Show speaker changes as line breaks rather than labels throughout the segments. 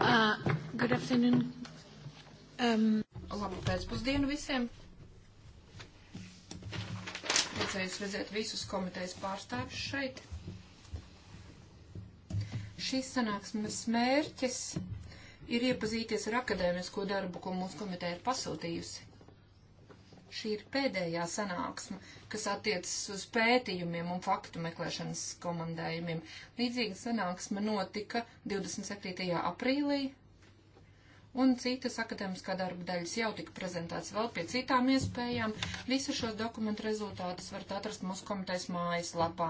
Uh, good afternoon. Um. Labu pēcpusdienu visiem. Priecājos redzēt visus komitejas pārstāvjus šeit. Šīs sanāksmes mērķis ir iepazīties ar akadēmisko darbu, ko mūsu komiteja ir pasūtījusi. Šī ir pēdējā sanāksme, kas attiecas uz pētījumiem un faktu meklēšanas komandējumiem. Līdzīga sanāksme notika 27. aprīlī un citas akadēmiskā darba daļas jau tika prezentēts vēl pie citām iespējām. Visu šo dokumentu rezultātus varat atrast mūsu komitejas mājas lapā.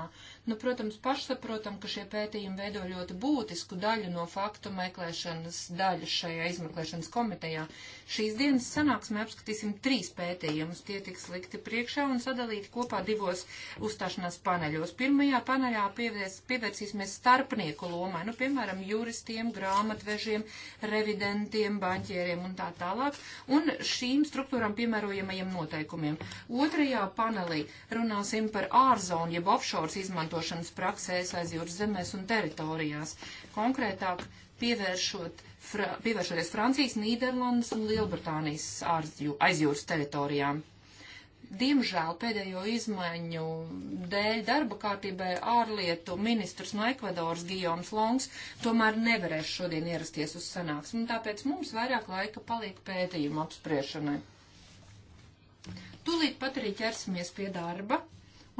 Nu, protams, pašsaprotam, ka šie pētījumi veido ļoti būtisku daļu no faktu meklēšanas daļas šajā izmeklēšanas komitejā. Šīs dienas sanāksmē apskatīsim trīs pētījumus. Tie tiks likti priekšā un sadalīti kopā divos uzstāšanās paneļos. Pirmajā paneļā pievērs, pievērsīsimies starpnieku lomai, nu, piemēram, juristiem, grāmatvežiem, revidentiem, bankām, banķieriem un tā tālāk, un šīm struktūram piemērojamajiem noteikumiem. Otrajā panelī runāsim par ārzonu, jeb offshore izmantošanas praksēs aiz jūras zemēs un teritorijās. Konkrētāk pievēršot, fra, pievēršoties Francijas, Nīderlandes un Lielbritānijas aizjūras teritorijām. Diemžēl pēdējo izmaiņu dēļ darba kārtībai ārlietu ministrs no Ekvadoras Gijoms Longs tomēr nevarēs šodien ierasties uz sanāksmi, tāpēc mums vairāk laika paliek pētījumu apspriešanai. Tūlīt pat arī ķersimies pie darba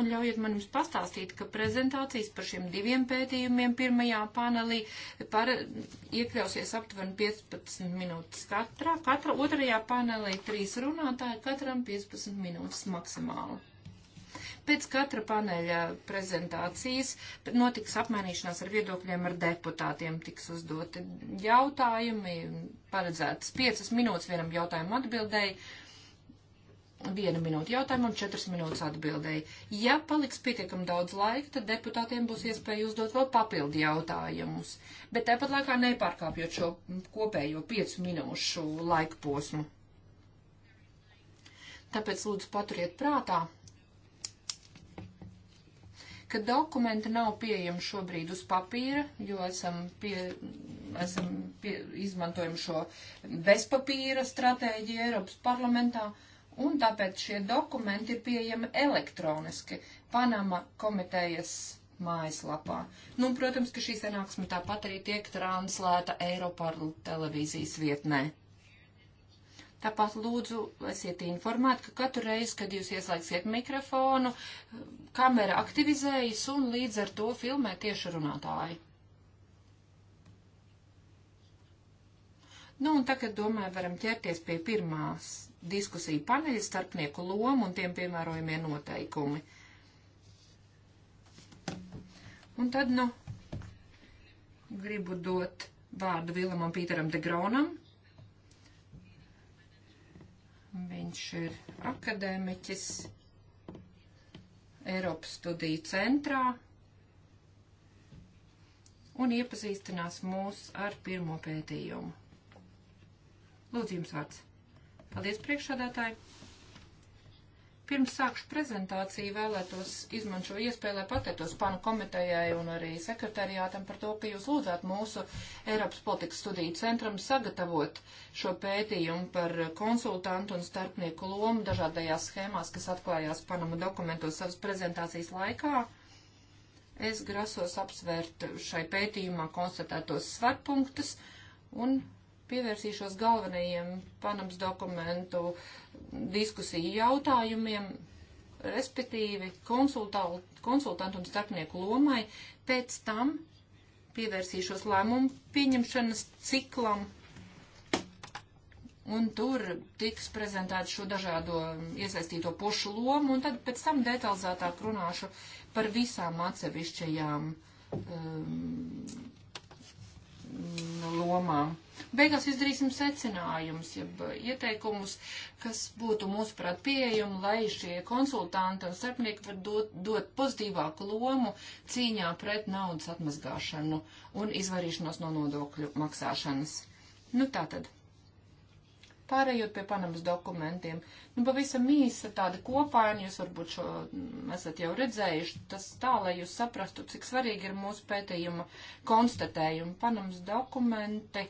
un ļaujiet man jums pastāstīt, ka prezentācijas par šiem diviem pētījumiem pirmajā panelī par, iekļausies aptuveni 15 minūtes katrā, katra otrajā panelī trīs runātāji, katram 15 minūtes maksimāli. Pēc katra paneļa prezentācijas notiks apmainīšanās ar viedokļiem ar deputātiem, tiks uzdoti jautājumi, paredzētas 5 minūtes vienam jautājumu atbildēji viena minūte jautājumu un četras minūtes atbildēji. Ja paliks pietiekam daudz laika, tad deputātiem būs iespēja uzdot vēl papildu jautājumus, bet tāpat laikā nepārkāpjot šo kopējo piecu minūšu laika posmu. Tāpēc lūdzu paturiet prātā, ka dokumenti nav pieejami šobrīd uz papīra, jo esam, pie, esam pie, izmantojam šo bezpapīra stratēģiju Eiropas parlamentā. Uh, un tāpēc šie dokumenti ir pieejami elektroniski Panama komitejas mājaslapā. Nu, un, protams, ka šī sanāksme tāpat arī tiek translēta Eiroparlu televīzijas vietnē. Tāpat lūdzu, esiet informēti, ka katru reizi, kad jūs ieslēgsiet mikrofonu, kamera aktivizējas un līdz ar to filmē tieši runātāji. Nu, un tagad, domāju, varam ķerties pie pirmās diskusiju paneļa starpnieku lomu un tiem piemērojumie noteikumi. Un tad, nu, gribu dot vārdu Vilamam Pīteram de Gronam. Viņš ir akadēmiķis Eiropas studiju centrā un iepazīstinās mūs ar pirmo pētījumu. Lūdzu, jums vārds. Paldies, priekšādātāji! Pirms sākšu prezentāciju vēlētos izmantot šo iespēju, lai pateiktos panu komitejai un arī sekretariātam par to, ka jūs lūdzāt mūsu Eiropas politikas studiju centram sagatavot šo pētījumu par konsultantu un starpnieku lomu dažādajās schēmās, kas atklājās panama dokumentos savas prezentācijas laikā. Es grasos apsvērt šai pētījumā konstatētos svarpunktus un pievērsīšos galvenajiem Panams dokumentu diskusiju jautājumiem, respektīvi konsultantu un starpnieku lomai, pēc tam pievērsīšos lēmumu pieņemšanas ciklam, un tur tiks prezentēt šo dažādo iesaistīto pušu lomu, un tad pēc tam detalizētāk runāšu par visām atsevišķajām um, lomām. Beigās izdarīsim secinājumus, jeb ieteikumus, kas būtu mūsuprāt pieejami, lai šie konsultanti un starpnieki var dot, dot pozitīvāku lomu cīņā pret naudas atmazgāšanu un izvairīšanos no nodokļu maksāšanas. Nu tā tad. Pārējot pie Panamas dokumentiem, nu pavisam īsa tāda kopaina, jūs varbūt šo mm, esat jau redzējuši, tas tā, lai jūs saprastu, cik svarīgi ir mūsu pētījuma konstatējumi. Panamas dokumenti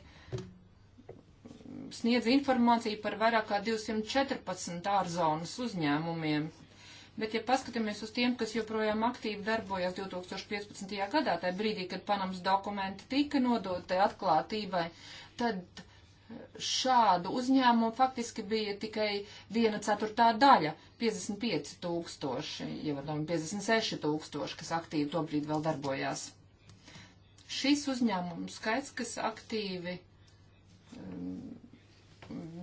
sniedz informāciju par vairāk kā 214 ārzonas uzņēmumiem. Bet, ja paskatāmies uz tiem, kas joprojām aktīvi darbojas 2015. gadā, tajā brīdī, kad Panamas dokumenti tika nodoti atklātībai, tad šādu uzņēmumu faktiski bija tikai viena ceturtā daļa - 55 tūkstoši, ievadām 56 tūkstoši, kas aktīvi tobrīd vēl darbojās. Šis uzņēmumu skaits, kas aktīvi um,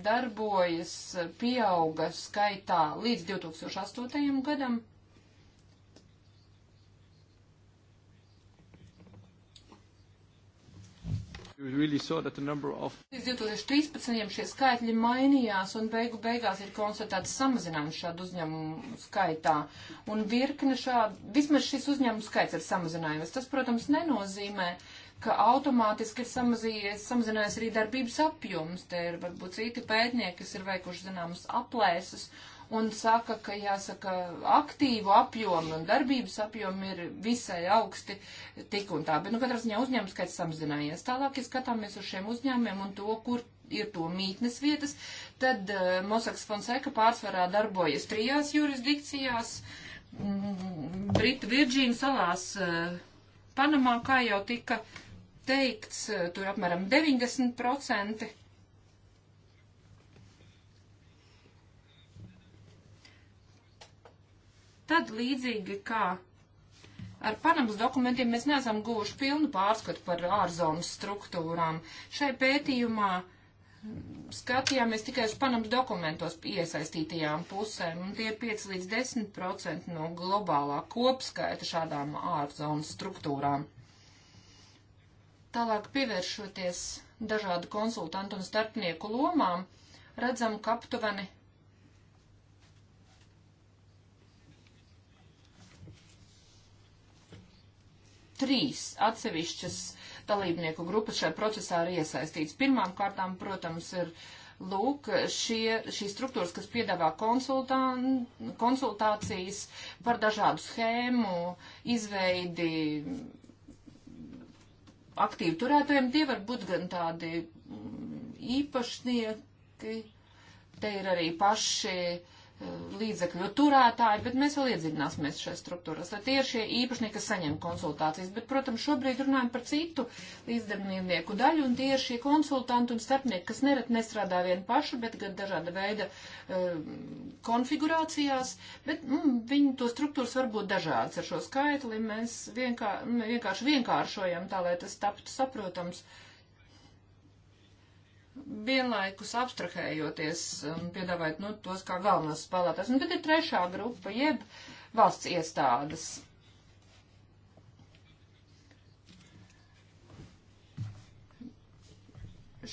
darbojas, pieauga skaitā līdz 2008. gadam really saw
that the number of.
Līdz 2013. šie skaitļi mainījās un beigu beigās ir konstatēts samazinājums šādu uzņēmumu skaitā. Un virkne šādu, vismaz šis uzņēmumu skaits ir samazinājies. Tas, protams, nenozīmē, ka automātiski ir samazinājies arī darbības apjoms. Te ir varbūt citi pētnieki, kas ir veikuši zināmas aplēses un saka, ka jāsaka aktīvu apjomu un darbības apjomu ir visai augsti tik un tā. Bet, nu, katrā ziņā uzņēmums skaits samazinājies. Tālāk, ja skatāmies uz šiem uzņēmumiem un to, kur ir to mītnes vietas, tad uh, Mosaks Fonseca pārsvarā darbojas trijās jurisdikcijās mm, - Britu Virģīnu salās uh, Panamā, kā jau tika teikts, uh, tur apmēram 90%. tad līdzīgi kā ar Panamas dokumentiem mēs neesam guvuši pilnu pārskatu par ārzonas struktūrām. Šai pētījumā skatījāmies tikai uz Panamas dokumentos iesaistītajām pusēm, un tie ir 5 līdz 10 procenti no globālā kopskaita šādām ārzonas struktūrām. Tālāk pievēršoties dažādu konsultantu un starpnieku lomām, redzam, ka aptuveni trīs atsevišķas dalībnieku grupas šajā procesā ir iesaistīts. Pirmām kārtām, protams, ir lūk, šie, šīs struktūras, kas piedāvā konsultācijas par dažādu schēmu, izveidi aktīvu turētājiem, tie var būt gan tādi mm, īpašnieki, te ir arī paši uh, Mm. līdzekļu turētāji, bet mēs vēl iedziļināsimies šajā struktūrās. Tad tie ir šie īpašnieki, kas saņem konsultācijas. Bet, protams, šobrīd runājam par citu līdzdarbnieku daļu, un tie ir šie konsultanti un starpnieki, kas nerad nestrādā vien paši, bet gan dažāda veida uh, konfigurācijās. Bet mm, viņu to struktūras var būt dažādas ar šo skaitli. Mēs vienkār, vienkārši vienkāršojam tā, lai tas taptu saprotams. Uh, vienlaikus abstrahējoties un piedāvājot nu, tos kā galvenos spēlētājus. Un tad ir trešā grupa, jeb valsts iestādes.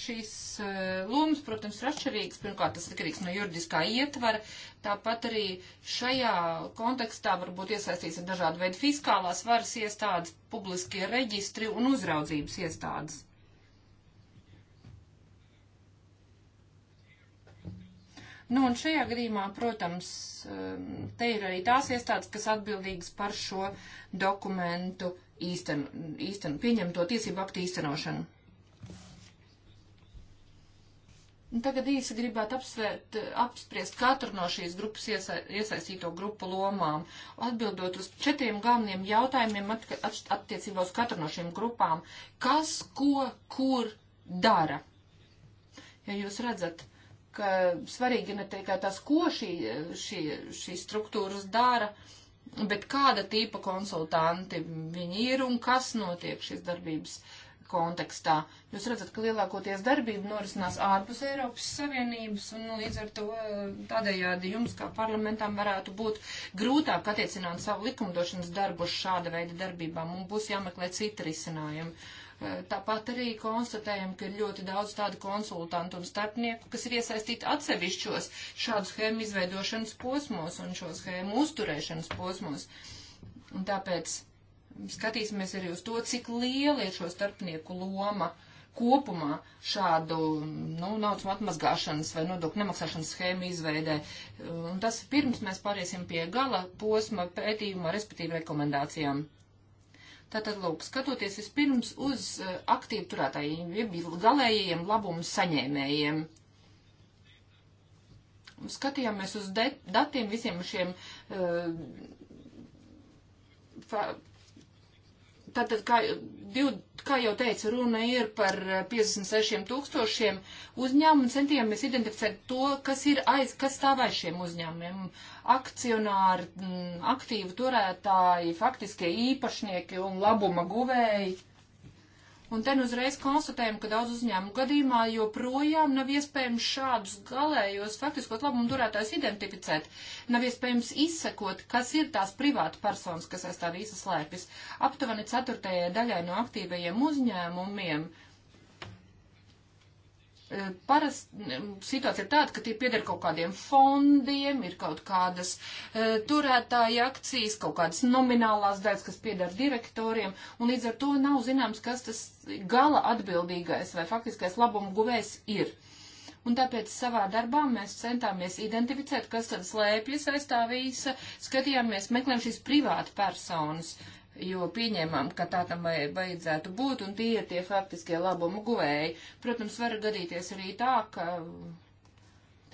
šīs eh, lomas, protams, ir atšķirīgas. Pirmkārt, tas atkarīgs no juridiskā ietvara. Tāpat arī šajā kontekstā var būt iesaistīts ar dažādu veidu fiskālās varas iestādes, publiskie reģistri un uzraudzības iestādes. Nu, un šajā gadījumā, protams, um, te ir arī tās iestādes, kas atbildīgas par šo dokumentu īstenu, īstenu pieņemto tiesību aktu īstenošanu. Un tagad īsi gribētu apsvērt, apspriest katru no šīs grupas iesa, iesaistīto grupu lomām, atbildot uz četriem galveniem jautājumiem at, at, attiecībā uz katru no šīm grupām. Kas, ko, kur dara? Ja jūs redzat, ka svarīgi ne tikai tas, ko šī, šī, šī struktūras dara, bet kāda tīpa konsultanti viņi ir un kas notiek šīs darbības kontekstā. Jūs redzat, ka lielākoties darbība norisinās ārpus Eiropas Savienības, un nu, līdz ar to eh, tādējādi jums kā parlamentam varētu būt grūtāk attiecināt savu likumdošanas darbu uz šāda veida darbībām, un būs jāmeklē citi risinājumi. Tāpat arī konstatējam, ka ir ļoti daudz tādu konsultantu un starpnieku, kas ir iesaistīti atsevišķos šādu schēmu izveidošanas posmos un šo schēmu uzturēšanas posmos. Un tāpēc skatīsimies arī uz to, cik liela ir šo starpnieku loma kopumā šādu nu, naudas atmazgāšanas vai nodokļu nemaksāšanas schēmu izveidē. Un tas pirms mēs pāriesim pie gala posma pētījuma, respektīvi rekomendācijām. Tātad, lūk, skatoties vispirms uz eh, aktīvu turētājiem, jeb galējiem labumu saņēmējiem. Skatījāmies uz datiem visiem šiem uh, Tātad, kā, div, kā jau teicu, runa ir par 56 tūkstošiem uzņēmumu. Centījāmies identificēt to, kas ir aiz, kas stāv aiz šiem uzņēmumiem. Akcionāri, aktīvu turētāji, faktiskie īpašnieki un labuma guvēji. Un ten nu uzreiz konstatējam, ka daudz uzņēmumu gadījumā joprojām nav iespējams šādus galējos faktiskos labumu turētājus identificēt. Nav iespējams izsekot, kas ir tās privāta personas, kas aiz tā visa slēpjas. Aptuveni ceturtajai daļai no aktīvajiem uzņēmumiem uh, Parasti situācija ir tāda, ka tie pieder kaut kādiem fondiem, ir kaut kādas uh, e, turētāja akcijas, kaut kādas nominālās daļas, kas pieder direktoriem, un līdz ar to nav zināms, kas tas gala atbildīgais vai faktiskais labuma guvējs ir. Un tāpēc savā darbā mēs centāmies identificēt, kas tad slēpjas aiz tā visa, skatījāmies, meklējām šīs privāta personas, jo pieņēmām, ka tā tam vajadzētu būt, un tie ir tie faktiskie labumu guvēji. Protams, var gadīties arī tā, ka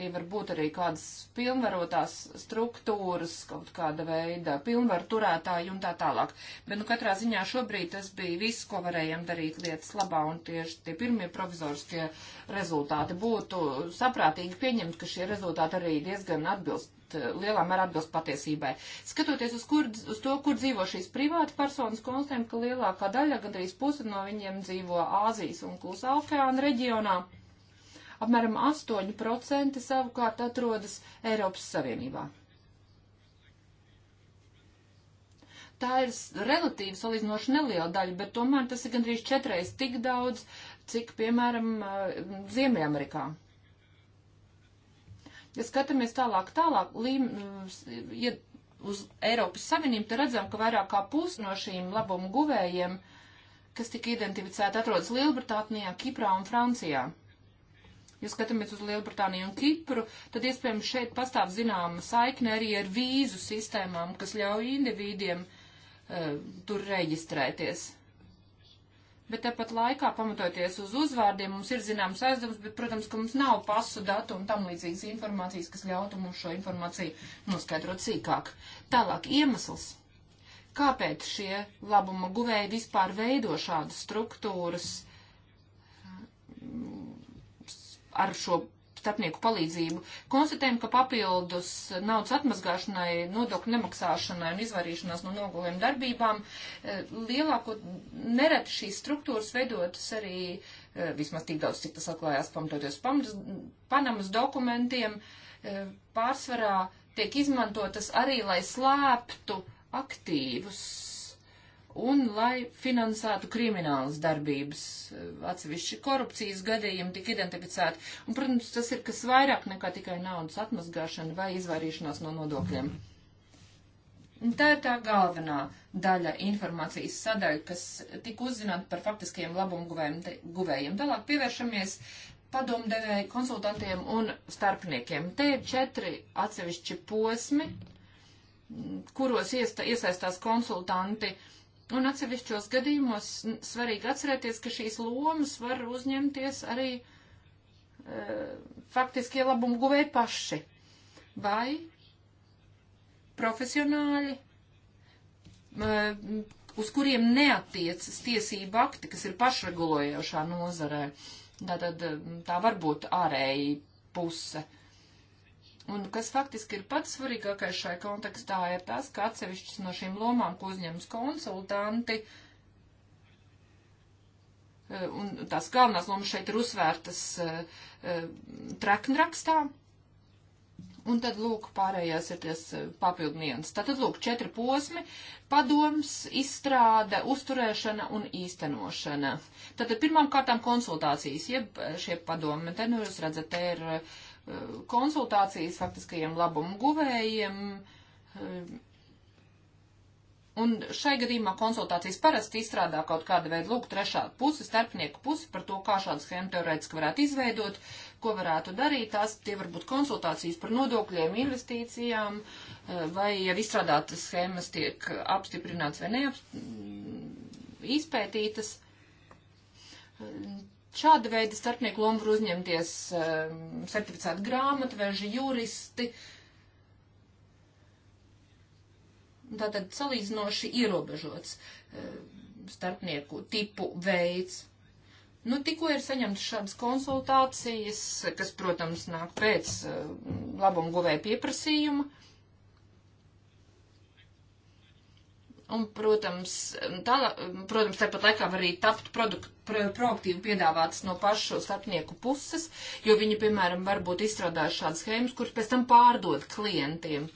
tie var būt arī kādas pilnvarotās struktūras, kaut kāda veida pilnvaru turētāji un tā tālāk. Bet, nu, katrā ziņā šobrīd tas bija viss, ko varējām darīt lietas labā, un tieši tie pirmie provizoriskie rezultāti būtu saprātīgi pieņemt, ka šie rezultāti arī diezgan atbilst lielā mērā atbilst patiesībai. Skatoties uz, kur, uz to, kur dzīvo šīs privāti personas, konstatējam, ka lielākā daļa, gandrīz puse no viņiem dzīvo Āzijas un Klusā okeāna reģionā. Apmēram 8% savukārt atrodas Eiropas Savienībā. Tā ir relatīvi salīdzinoši neliela daļa, bet tomēr tas ir gandrīz četreiz tik daudz, cik, piemēram, eh, Ziemeļamerikā. Ja skatāmies tālāk, tālāk, līm, ja mm, uz Eiropas Savienību, tad redzam, ka vairāk kā pus no šīm labumu guvējiem, kas tika identificēti, atrodas Lielbritānijā, Kiprā un Francijā. Ja skatāmies uz Lielbritāniju un Kipru, tad iespējams šeit pastāv zināma saikne arī ar vīzu sistēmām, kas ļauj individiem uh, tur reģistrēties bet tāpat laikā, pamatoties uz uzvārdiem, mums ir zināms aizdoms, bet, protams, ka mums nav pasu datu un tam līdzīgas informācijas, kas ļautu mums šo informāciju noskaidrot sīkāk. Tālāk iemesls. Kāpēc šie labuma guvēji vispār veido šādas struktūras mm, ar šo starpnieku palīdzību, konstatējam, ka papildus naudas atmazgāšanai, nodokļu nemaksāšanai un izvarīšanās no noguliem darbībām e, lielāko nereti šīs struktūras veidotas arī, e, vismaz tik daudz, cik tas atklājās pamatoties Panamas dokumentiem, e, pārsvarā tiek izmantotas arī, lai slēptu aktīvus un lai finansētu kriminālas darbības. Atsevišķi korupcijas gadījumi tika identificēti. Un, protams, tas ir kas vairāk nekā tikai naudas atmazgāšana vai izvairīšanās no nodokļiem. Un tā ir tā galvenā daļa informācijas sadaļa, kas tika uzzināta par faktiskajiem labumguvējiem. Tālāk pievēršamies padomdevēju konsultantiem un starpniekiem. Te ir četri atsevišķi posmi, kuros iesta, iesaistās konsultanti uh, Un atsevišķos gadījumos svarīgi atcerēties, ka šīs lomas var uzņemties arī e, faktiski labumu guvēji paši vai profesionāļi, e, uz kuriem neatiecas tiesība akti, kas ir pašregulējošā nozarē. Tātad tā var būt ārēji puse. Uh, Un kas faktiski ir pats svarīgākais šai kontekstā, ir tas, ka atsevišķas no šīm lomām, ko uzņemas konsultanti, e, un tās galvenās lomas šeit ir uzsvērtas e, e, traknrakstā, un tad, lūk, pārējās ir tas papildniens. Tātad, lūk, četri posmi - padoms, izstrāde, uzturēšana un īstenošana. Tātad, pirmām kārtām konsultācijas, jeb šie padomi, te, nu, jūs redzat, te ir uh, konsultācijas faktiskajiem labumu guvējiem. Un šai gadījumā konsultācijas parasti izstrādā kaut kāda veida lūk trešā puse, starpnieku puse par to, kā šādu schēmu teorētiski varētu izveidot, ko varētu darīt. Tās tie var būt konsultācijas par nodokļiem, investīcijām, eh, vai jau izstrādātas schēmas tiek apstiprināts vai neapstiprināts, izpētītas Šāda veida starpnieku lomu var uzņemties um, certificēti grāmatveži, juristi. Tātad salīdzinoši ierobežots um, starpnieku tipu veids. Nu, tikko ir saņemts šādas konsultācijas, kas, protams, nāk pēc um, ehm, labumu govēja pieprasījuma. Uh, Un, protams, tālā, protams, tāpat laikā var arī tapt produkt, pro, proaktīvi piedāvātas no pašu starpnieku puses, jo viņi, piemēram, varbūt izstrādājuši šādas schēmas, kuras pēc tam pārdod klientiem.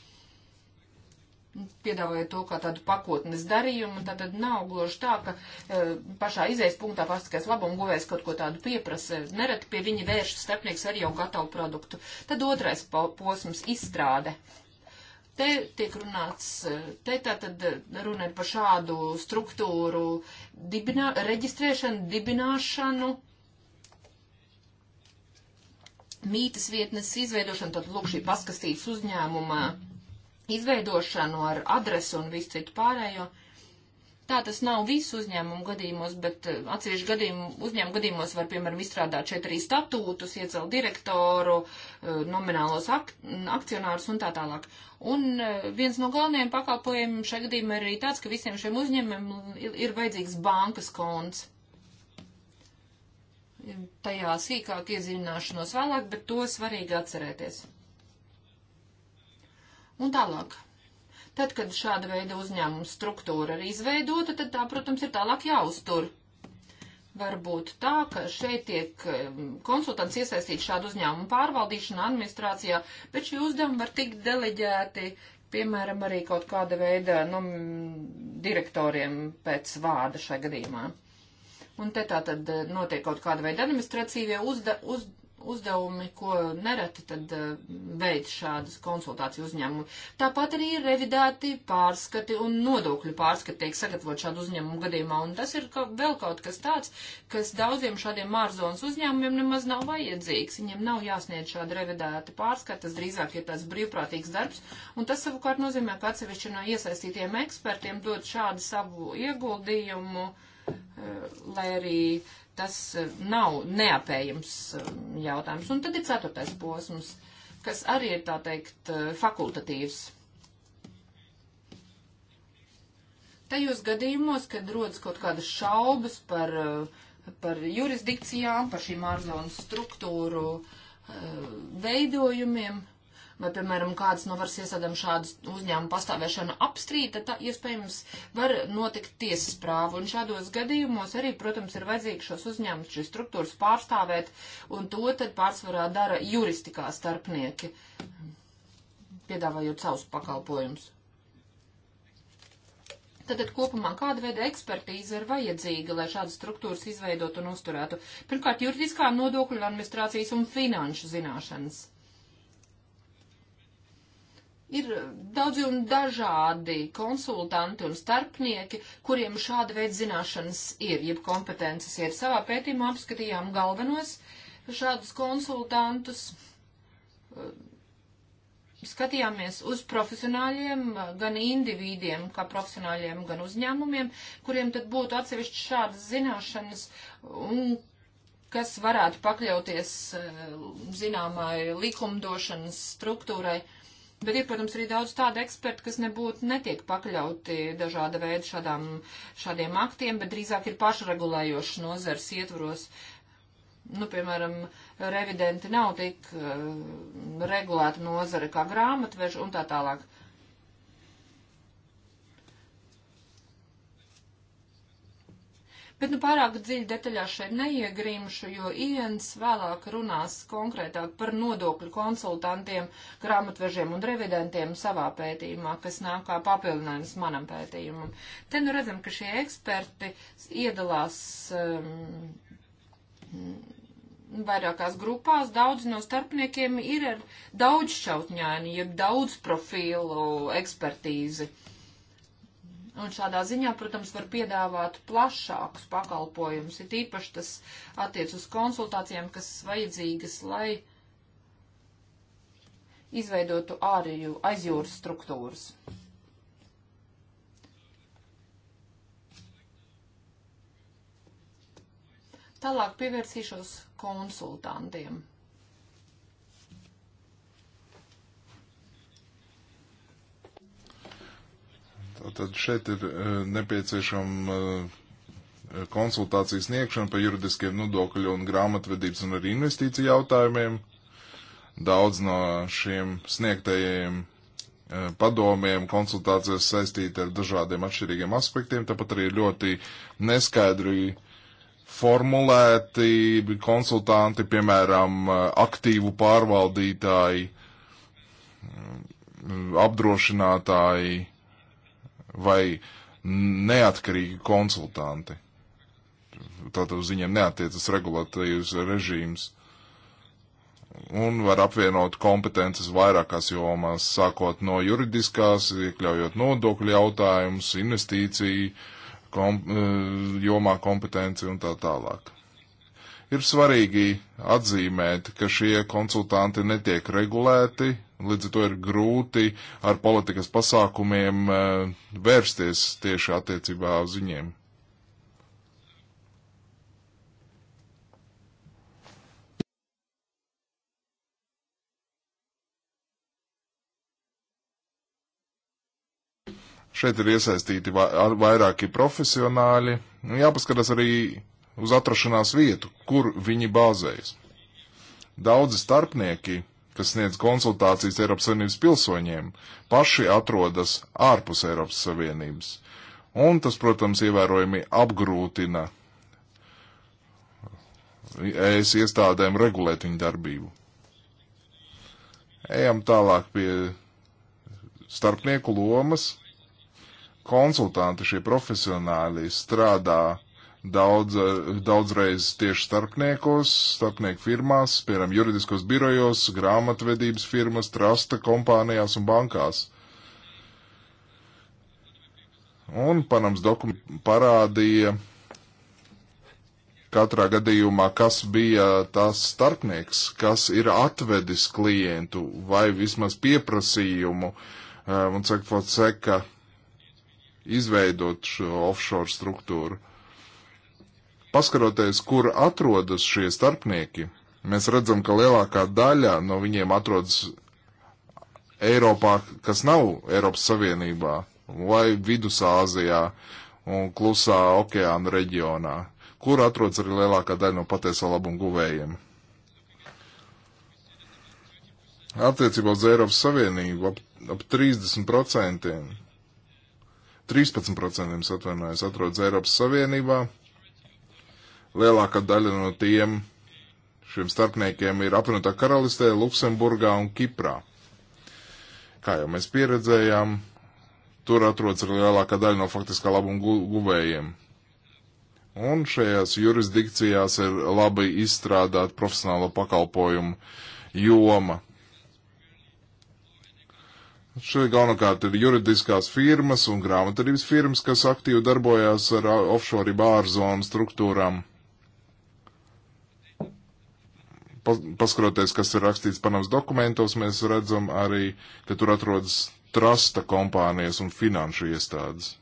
Piedāvājot to kā tādu pakotnes darījumu, tā tad nav gluži tā, ka e, pašā izējas punktā pasakās labumu guvējs kaut ko tādu pieprasa. Nereti pie viņa vēršas starpnieks ar jau gatavu produktu. Tad otrais posms - izstrāde. Te tiek runāts, te tātad runa ir par šādu struktūru dibinā, reģistrēšanu, dibināšanu, mītas vietnes izveidošanu, tad lūk šī paskastītas uzņēmuma izveidošanu ar adresu un visu citu pārējo. Tā tas nav visu uzņēmumu gadījumos, bet eh, atsevišķu gadījumu, uzņēmumu gadījumos var, piemēram, izstrādāt šeit arī statūtus, iecelt direktoru, eh, nominālos ak akcionārus un tā tālāk. Un eh, viens no galvenajiem pakalpojumiem šajā gadījumā ir arī tāds, ka visiem šiem uzņēmumiem ir vajadzīgs bankas konts. Tajā sīkāk iedzināšanos vēlāk, bet to svarīgi atcerēties. Un tālāk. Tad, kad šāda veida uzņēmuma struktūra ir izveidota, tad tā, protams, ir tālāk jāuztur. Varbūt tā, ka šeit tiek konsultants iesaistīts šādu uzņēmumu pārvaldīšanā, administrācijā, bet šie uzdevumi var tikt deleģēti, piemēram, arī kaut kāda veida nu, direktoriem pēc vārda šajā gadījumā. Un te tā tad eh, notiek kaut kāda veida administratīvie uzda, uz, uzdevumi, ko nereti tad eh, veids šādas konsultāciju uzņēmumu. Tāpat arī ir revidēti pārskati un nodokļu pārskati tiek sagatavot šādu uzņēmumu gadījumā, un tas ir kaut, vēl kaut kas tāds, kas daudziem šādiem ārzonas uzņēmumiem nemaz nav vajadzīgs. Viņiem nav jāsniedz šādi revidēti pārskati, tas drīzāk ir tāds brīvprātīgs darbs, un tas savukārt nozīmē, ka atsevišķi no iesaistītiem ekspertiem dod šādu savu ieguldījumu, eh, lai arī Tas eh, nav neapējams eh, jautājums. Un tad ir ceturtais posms, kas arī ir, tā teikt, eh, fakultatīvs. Tajos gadījumos, kad rodas kaut kādas šaubas par, par jurisdikcijām, par šīm ārzonas struktūru veidojumiem, uh, vai, piemēram, kādas no varas iestādēm šādas uzņēmuma pastāvēšana apstrīd, tad tā iespējams var notikt tiesas prāvu. Un šādos gadījumos arī, protams, ir vajadzīgi šos uzņēmumus, šīs struktūras pārstāvēt, un to tad pārsvarā dara juristikā starpnieki, piedāvājot savus pakalpojumus. Tātad kopumā kāda veida ekspertīze ir vajadzīga, lai šādas struktūras izveidot un uzturētu? Pirmkārt, juridiskā nodokļu administrācijas un finanšu zināšanas. Ir daudz un dažādi konsultanti un starpnieki, kuriem šāda veida zināšanas ir, jeb kompetences ir. Savā pētījumā apskatījām galvenos šādus konsultantus, skatījāmies uz profesionāļiem, gan individiem, kā profesionāļiem, gan uzņēmumiem, kuriem tad būtu atsevišķi šādas zināšanas un kas varētu pakļauties eh, zināmai likumdošanas struktūrai. Uh, Bet ir, protams, arī daudz tādu ekspertu, kas nebūtu netiek pakļauti dažāda veida šādām, šādiem aktiem, bet drīzāk ir pašregulējoši nozars ietvaros. Nu, piemēram, revidenti nav tik uh, regulēta nozara kā grāmatveži un tā tālāk. Bet nu pārāk dziļi detaļās šeit neiegrimšu, jo Iens vēlāk runās konkrētāk par nodokļu konsultantiem, grāmatvežiem un revidentiem savā pētījumā, kas nāk kā papildinājums manam pētījumam. Te nu redzam, ka šie eksperti iedalās. Um, vairākās grupās, daudz no starpniekiem ir ar daudz šķautņaini, jeb daudz profilu ekspertīzi. Uh, Un šādā ziņā, protams, var piedāvāt plašākus pakalpojumus, ir īpaši tas attiec uz konsultācijām, kas vajadzīgas, lai izveidotu ārēju aizjūras struktūras. Tālāk pievērsīšos konsultantiem.
Tad šeit ir e, nepieciešama e, konsultācijas sniegšana par juridiskiem nodokļu un grāmatvedības un arī investīciju jautājumiem. Daudz no šiem sniegtajiem e, padomiem, konsultācijas saistīti ar dažādiem atšķirīgiem aspektiem, tāpat arī ļoti neskaidri formulēti konsultanti, piemēram, aktīvu pārvaldītāji, apdrošinātāji, vai neatkarīgi konsultanti. Tātad uz viņiem neatiecas regulatīvs režīms un var apvienot kompetences vairākās jomās, sākot no juridiskās, iekļaujot nodokļu jautājumus, investīciju kom, e, jomā kompetenci un tā tālāk. Ir svarīgi atzīmēt, ka šie konsultanti netiek regulēti Līdz ar to ir grūti ar politikas pasākumiem eh, vērsties tieši attiecībā uz viņiem. Šeit ir iesaistīti vairāki profesionāļi. Nu, jāpaskatās arī uz atrašanās vietu, kur viņi bāzējas. Daudzi starpnieki kas sniedz konsultācijas Eiropas Savienības pilsoņiem, paši atrodas ārpus Eiropas Savienības. Un tas, protams, ievērojami apgrūtina ES iestādēm regulēt viņu darbību. Ejam tālāk pie starpnieku lomas. Konsultanti šie profesionāļi strādā daudz, daudzreiz tieši starpniekos, starpnieku firmās, piemēram, juridiskos birojos, grāmatvedības firmas, trasta kompānijās un bankās. Un Panams dokumenti parādīja katrā gadījumā, kas bija tas starpnieks, kas ir atvedis klientu vai vismaz pieprasījumu, um, un cik fot seka izveidot šo offshore struktūru. Paskaroties, kur atrodas šie starpnieki, mēs redzam, ka lielākā daļa no viņiem atrodas Eiropā, kas nav Eiropas Savienībā, vai Vidusāzijā un Klusā okeāna reģionā, kur atrodas arī lielākā daļa no patieso labumu guvējiem. Attiecībā uz Eiropas Savienību ap, ap 30%, 13% atvainojas, atrodas Eiropas Savienībā, Lielākā daļa no tiem šiem starpniekiem ir apvienotā karalistē, Luksemburgā un Kiprā. Kā jau mēs pieredzējām, tur atrodas arī lielākā daļa no faktiskā labuma guvējiem. Un šajās jurisdikcijās ir labi izstrādāt profesionālo pakalpojumu joma. Šeit galvenokārt ir juridiskās firmas un grāmatvedības firmas, kas aktīvi darbojās ar offshore bārzonu struktūrām. paskatoties, kas ir rakstīts Panamas dokumentos, mēs redzam arī, ka tur atrodas trasta kompānijas un finanšu iestādes.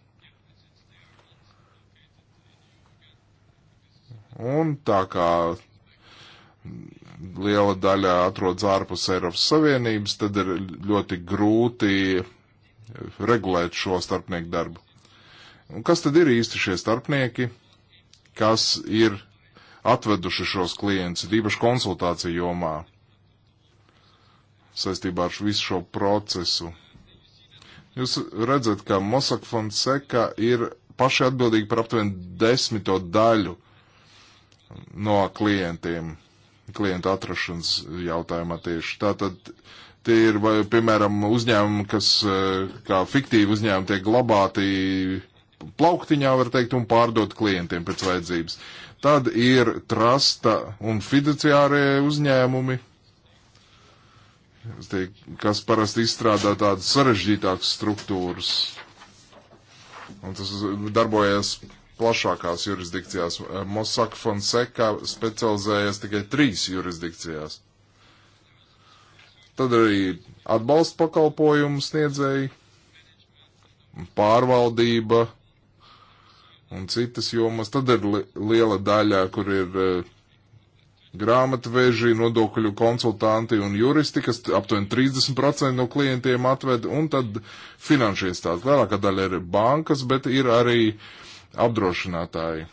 Un tā kā liela daļa atrodas ārpus Eiropas Savienības, tad ir ļoti grūti regulēt šo starpnieku darbu. Un kas tad ir īsti šie starpnieki? Kas ir atveduši šos klientus, īpaši konsultāciju jomā, saistībā ar visu šo procesu. Jūs redzat, ka Mosak Fonseca ir paši atbildīgi par aptuveni desmito daļu no klientiem, klientu atrašanas jautājumā tieši. Tātad tie ir, vai, piemēram, uzņēmumi, kas e, kā fiktīvi uzņēmumi tiek glabāti plauktiņā, var teikt, un pārdot klientiem pēc vajadzības. Tad ir trasta un fiduciārie uzņēmumi, kas parasti izstrādā tādas sarežģītākas struktūras. Un tas darbojas plašākās jurisdikcijās. Mossack Fonseca specializējies tikai trīs jurisdikcijās. Tad arī atbalsta pakalpojumu sniedzēji, pārvaldība, un citas jomas, tad ir li liela daļa, kur ir uh, grāmatveži, nodokļu konsultanti un juristi, kas aptuveni 30% no klientiem atved, un tad finanšu iestādes. Lielākā daļa ir bankas, bet ir arī apdrošinātāji.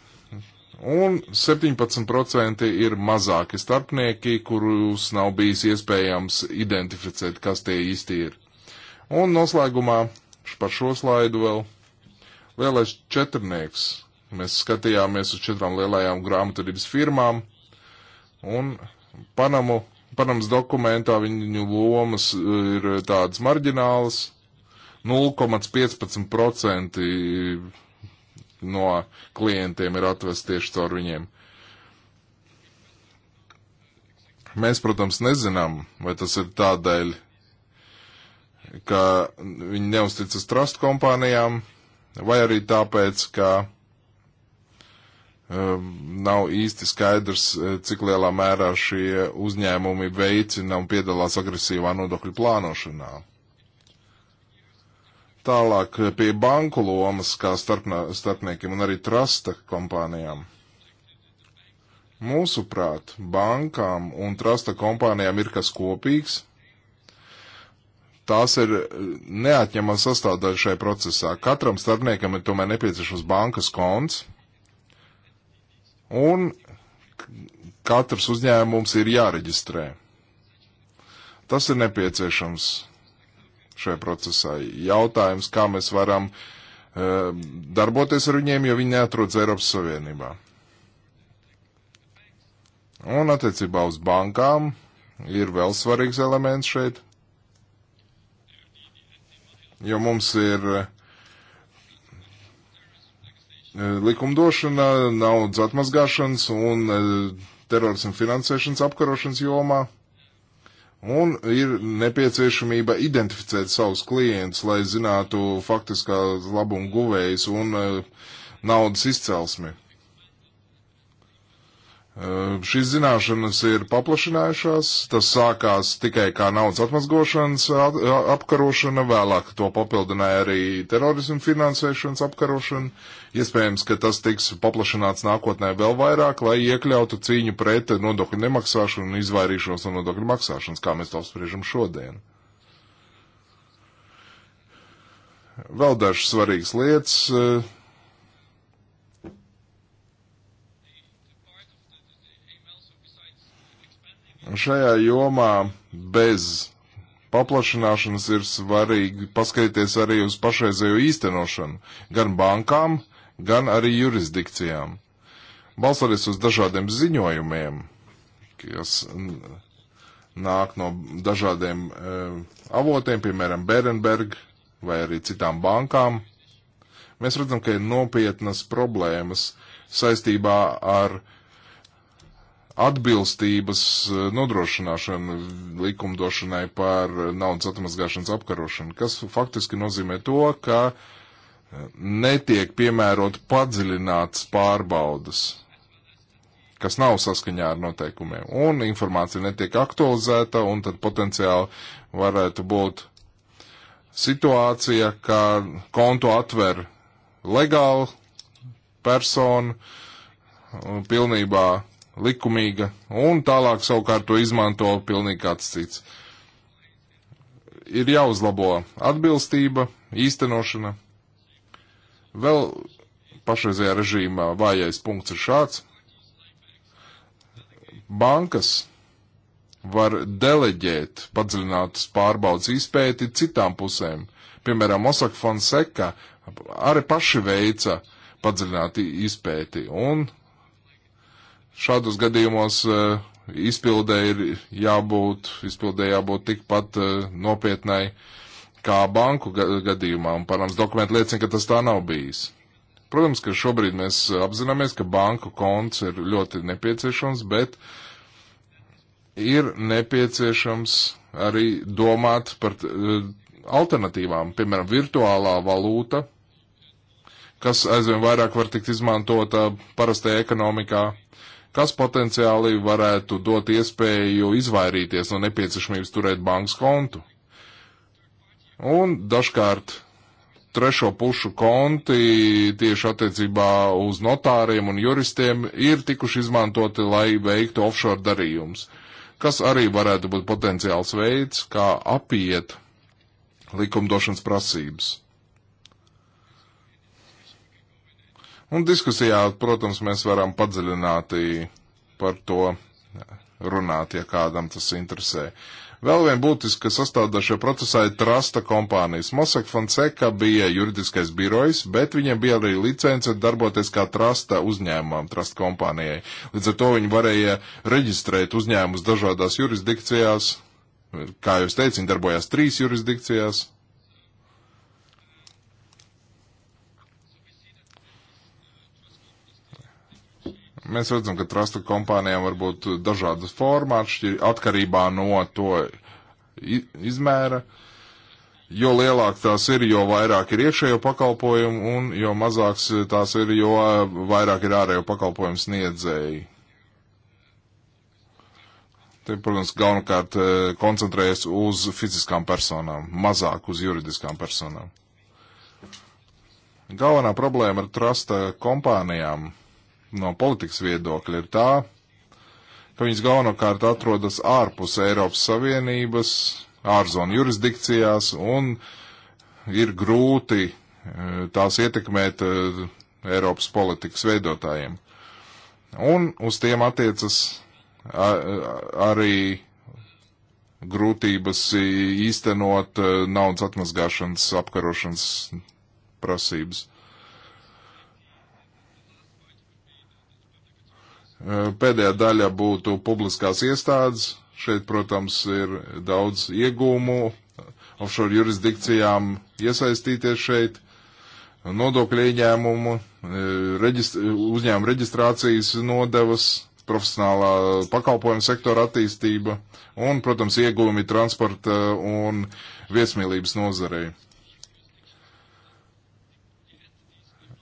Un 17% ir mazāki starpnieki, kurus nav bijis iespējams identificēt, kas tie īsti ir. Un noslēgumā par šo slaidu vēl Lielais četrnieks. Mēs skatījāmies uz četrām lielajām grāmatvedības firmām un Panamu, Panamas dokumentā viņu lomas uh, ir tādas marģinālas. 0,15% no klientiem ir atvest tieši caur viņiem. Mēs, protams, nezinām, vai tas ir tādēļ, ka viņi neusticas trust kompānijām, vai arī tāpēc, ka um, nav īsti skaidrs, eh, cik lielā mērā šie uzņēmumi veicina un piedalās agresīvā nodokļu plānošanā. Tālāk eh, pie banku lomas kā starpnā, starpniekiem un arī trasta kompānijām. Mūsuprāt, bankām un trasta kompānijām ir kas kopīgs – Tās ir eh, neatņemama sastāvdaļa šai procesā. Katram starpniekam ir tomēr nepieciešams bankas konts, un katrs uzņēmums ir jāreģistrē. Tas ir nepieciešams šajā procesā. Jautājums, kā mēs varam uh, darboties ar viņiem, jo viņi neatrodas Eiropas Savienībā. Un attiecībā uz bankām ir vēl svarīgs elements šeit jo mums ir eh, likumdošana naudas atmazgāšanas un eh, terorismu finansēšanas apkarošanas jomā. Un ir nepieciešamība identificēt savus klientus, lai zinātu faktiskā labuma guvējus un eh, naudas izcelsmi. Šīs zināšanas ir paplašinājušās, tas sākās tikai kā naudas atmazgošanas apkarošana, vēlāk to papildināja arī terorismu finansēšanas apkarošana. Iespējams, ka tas tiks paplašināts nākotnē vēl vairāk, lai iekļautu cīņu pret nodokļu nemaksāšanu un izvairīšanos no nodokļu maksāšanas, kā mēs to spriežam šodien. Vēl dažas svarīgas lietas Šajā jomā bez paplašināšanas ir svarīgi paskatīties arī uz pašreizējo īstenošanu, gan bankām, gan arī jurisdikcijām. Balsoties uz dažādiem ziņojumiem, kas nāk no dažādiem e, avotiem, piemēram, Berenberg vai arī citām bankām, mēs redzam, ka ir nopietnas problēmas saistībā ar e, atbilstības eh, nodrošināšanu likumdošanai par naudas atmazgāšanas apkarošanu, kas faktiski nozīmē to, ka eh, netiek piemērot padziļināts pārbaudas, kas nav saskaņā ar noteikumiem, un informācija netiek aktualizēta, un tad potenciāli varētu būt situācija, ka kontu atver legāli personu, pilnībā likumīga, un tālāk savukārt to izmanto pilnīgi kāds cits. Ir jāuzlabo atbilstība, īstenošana. Vēl pašreizajā režīmā vājais punkts ir šāds. Bankas var deleģēt padziļinātas pārbaudas izpēti citām pusēm. Piemēram, Osaka Fonseca arī paši veica padziļināti izpēti, un Šādos gadījumos e, izpildē ir jābūt, izpildē jābūt tikpat e, nopietnai kā banku gadījumā, un params dokumenti liecina, ka tas tā nav bijis. Protams, ka šobrīd mēs apzināmies, ka banku konts ir ļoti nepieciešams, bet ir nepieciešams arī domāt par e, alternatīvām, piemēram, virtuālā valūta, kas aizvien vairāk var tikt izmantota parastajā ekonomikā, kas potenciāli varētu dot iespēju izvairīties no nepieciešamības turēt bankas kontu. Un dažkārt trešo pušu konti tieši attiecībā uz notāriem un juristiem ir tikuši izmantoti, lai veiktu offshore darījumus, kas arī varētu būt potenciāls veids, kā apiet likumdošanas prasības. Un diskusijā, protams, mēs varam padziļināti par to runāt, ja kādam tas interesē. Vēl viena būtiska sastāvdaļa šajā procesā ir trasta kompānijas. Mosek Fonseca bija juridiskais birojs, bet viņam bija arī licence darboties kā trasta uzņēmumam, trasta kompānijai. Līdz ar to viņi varēja reģistrēt uzņēmumus dažādās jurisdikcijās. Kā jūs teicat, viņi darbojās trīs jurisdikcijās. Mēs redzam, ka trusta kompānijām var būt dažādas formātas atkarībā no to izmēra. Jo lielāk tās ir, jo vairāk ir iekšējo pakalpojumu, un jo mazāks tās ir, jo vairāk ir ārējo pakalpojumu sniedzēji. Te, protams, galvenokārt eh, koncentrējas uz fiziskām personām, mazāk uz juridiskām personām. Galvenā problēma ar trusta kompānijām no politikas viedokļa ir tā, ka viņas galvenokārt atrodas ārpus Eiropas Savienības, ārzonu jurisdikcijās, un ir grūti e, tās ietekmēt e, Eiropas politikas veidotājiem. Un uz tiem attiecas arī grūtības īstenot e, naudas atmazgāšanas apkarošanas prasības. Eh, pēdējā daļa būtu publiskās iestādes. Šeit, protams, ir daudz iegūmu offshore jurisdikcijām iesaistīties šeit. Nodokļu ieņēmumu, eh, reģistr uzņēmumu reģistrācijas nodevas, profesionālā pakalpojuma sektora attīstība un, protams, iegūmi transporta un viesmīlības nozarei.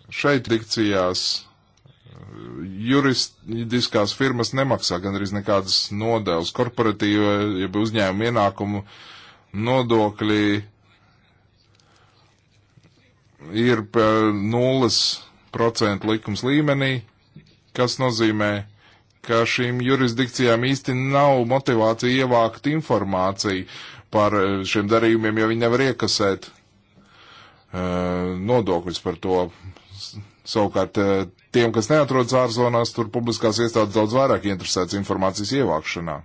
Šeit dikcijās juridiskās firmas nemaksā gandrīz nekādas nodevas. Korporatīva, jeb uzņēmuma ienākumu nodokļi ir nulles procentu likums līmenī, kas nozīmē, ka šīm jurisdikcijām īsti nav motivācija ievākt informāciju par eh, šiem darījumiem, jo viņi nevar iekasēt eh, nodokļus par to. Savukārt eh, tiem, kas neatrodas ārzonās, tur publiskās iestādes daudz vairāk interesēts informācijas ievākšanā.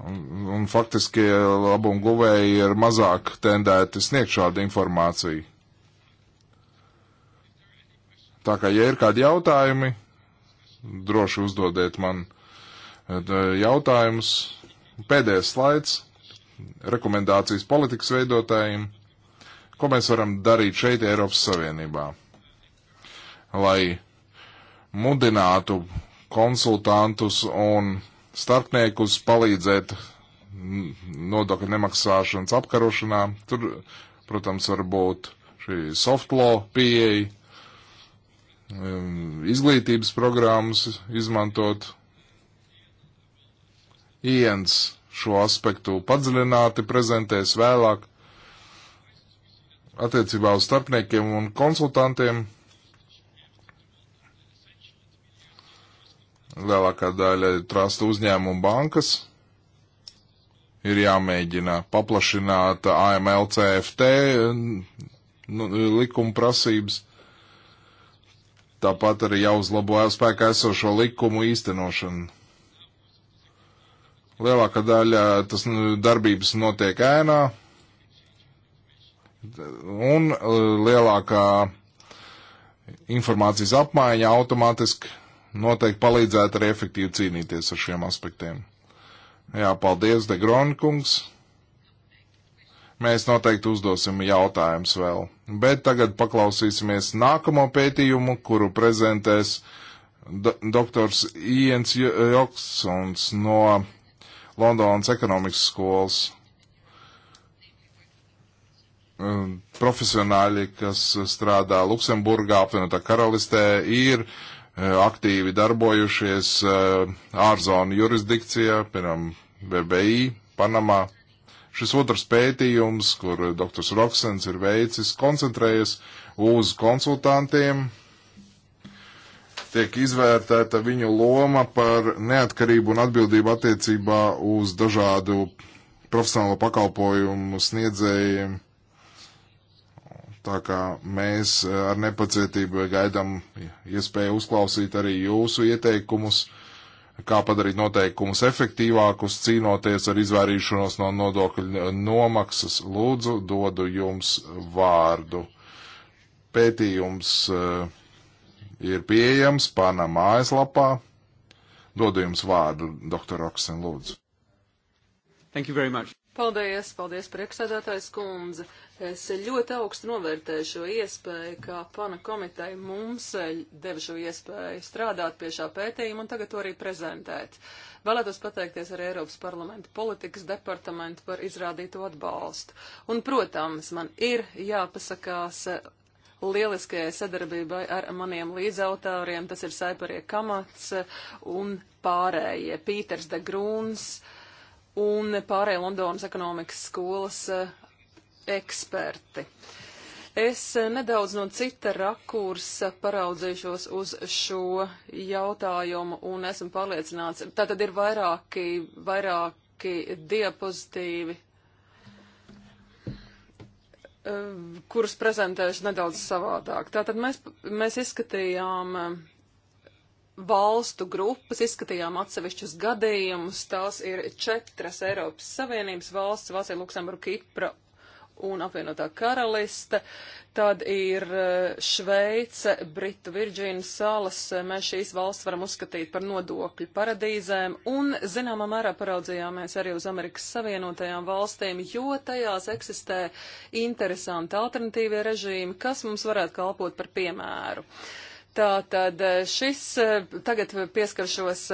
Un, un faktiski labumu guvēji ir mazāk tendēti sniegt šādu informāciju. Tā kā, ja ir kādi jautājumi, droši uzdodiet man eh, jautājumus. Pēdējais slaids - rekomendācijas politikas veidotājiem, ko mēs varam darīt šeit Eiropas Savienībā lai mudinātu konsultantus un starpniekus palīdzēt nodokļu nemaksāšanas apkarošanā. Tur, protams, var būt šī soft law pieeja, um, izglītības programmas izmantot. Iens šo aspektu padziļināti prezentēs vēlāk attiecībā uz starpniekiem un konsultantiem lielākā daļa trasta uzņēmumu bankas ir jāmēģina paplašināt AML CFT nu, likuma prasības. Tāpat arī jāuzlabo jau spēkā esošo likumu īstenošanu. Lielākā daļa tas nu, darbības notiek ēnā, un uh, lielākā informācijas apmaiņa automātiski noteikti palīdzētu arī efektīvi cīnīties ar šiem aspektiem. Jā, paldies, Degronkungs. Mēs noteikti uzdosim jautājumus vēl, bet tagad paklausīsimies nākamo pētījumu, kuru prezentēs do doktors Iens Joksons no Londonas ekonomikas skolas profesionāļi, kas strādā Luksemburgā, apvienotā karalistē, ir uh, Eh, aktīvi darbojušies eh, ārzonu jurisdikcijā, piemēram, BBI, Panamā. Šis otrs pētījums, kur dr. Roksens ir veicis, koncentrējas uz konsultantiem, tiek izvērtēta viņu loma par neatkarību un atbildību attiecībā uz dažādu profesionālo pakalpojumu sniedzējiem Tā kā mēs eh, ar nepacietību gaidām iespēju uzklausīt arī jūsu ieteikumus, kā padarīt noteikumus efektīvākus, cīnoties ar izvairīšanos no nodokļu nomaksas. Lūdzu, dodu jums vārdu. Pētījums eh, ir pieejams pana mājaslapā. Dodu jums vārdu, doktor Oksen, lūdzu.
Paldies, paldies, priekšsēdētājs kundze. Es ļoti augstu novērtēju šo iespēju, kā pana komiteja mums deva šo iespēju strādāt pie šā pētījuma un tagad to arī prezentēt. Vēlētos pateikties arī Eiropas parlamenta politikas departamentu par izrādīto atbalstu. Un, protams, man ir jāpasakās lieliskajai sadarbībai ar maniem līdzautoriem, tas ir Saiparie Kamats un pārējie Pīters de Grūns un pārējie Londonas ekonomikas skolas eksperti. Es eh, nedaudz no cita rakursa paraudzīšos uz šo jautājumu un esmu pārliecināts. Tā tad ir vairāki, vairāki diapozitīvi, eh, kurus prezentēšu nedaudz savādāk. Tātad mēs, mēs izskatījām eh, valstu grupas, izskatījām atsevišķus gadījumus. Tās ir četras Eiropas Savienības valsts - Vācija, Luksemburga, Kipra un apvienotā karaliste, tad ir e, Šveice, Britu Virģīnas salas, e, mēs šīs valsts varam uzskatīt par nodokļu paradīzēm, un zināmā mērā paraudzījāmies arī uz Amerikas Savienotajām valstīm, jo tajās eksistē interesanti alternatīvie režīmi, kas mums varētu kalpot par piemēru. Tātad e, šis tagad pieskaršos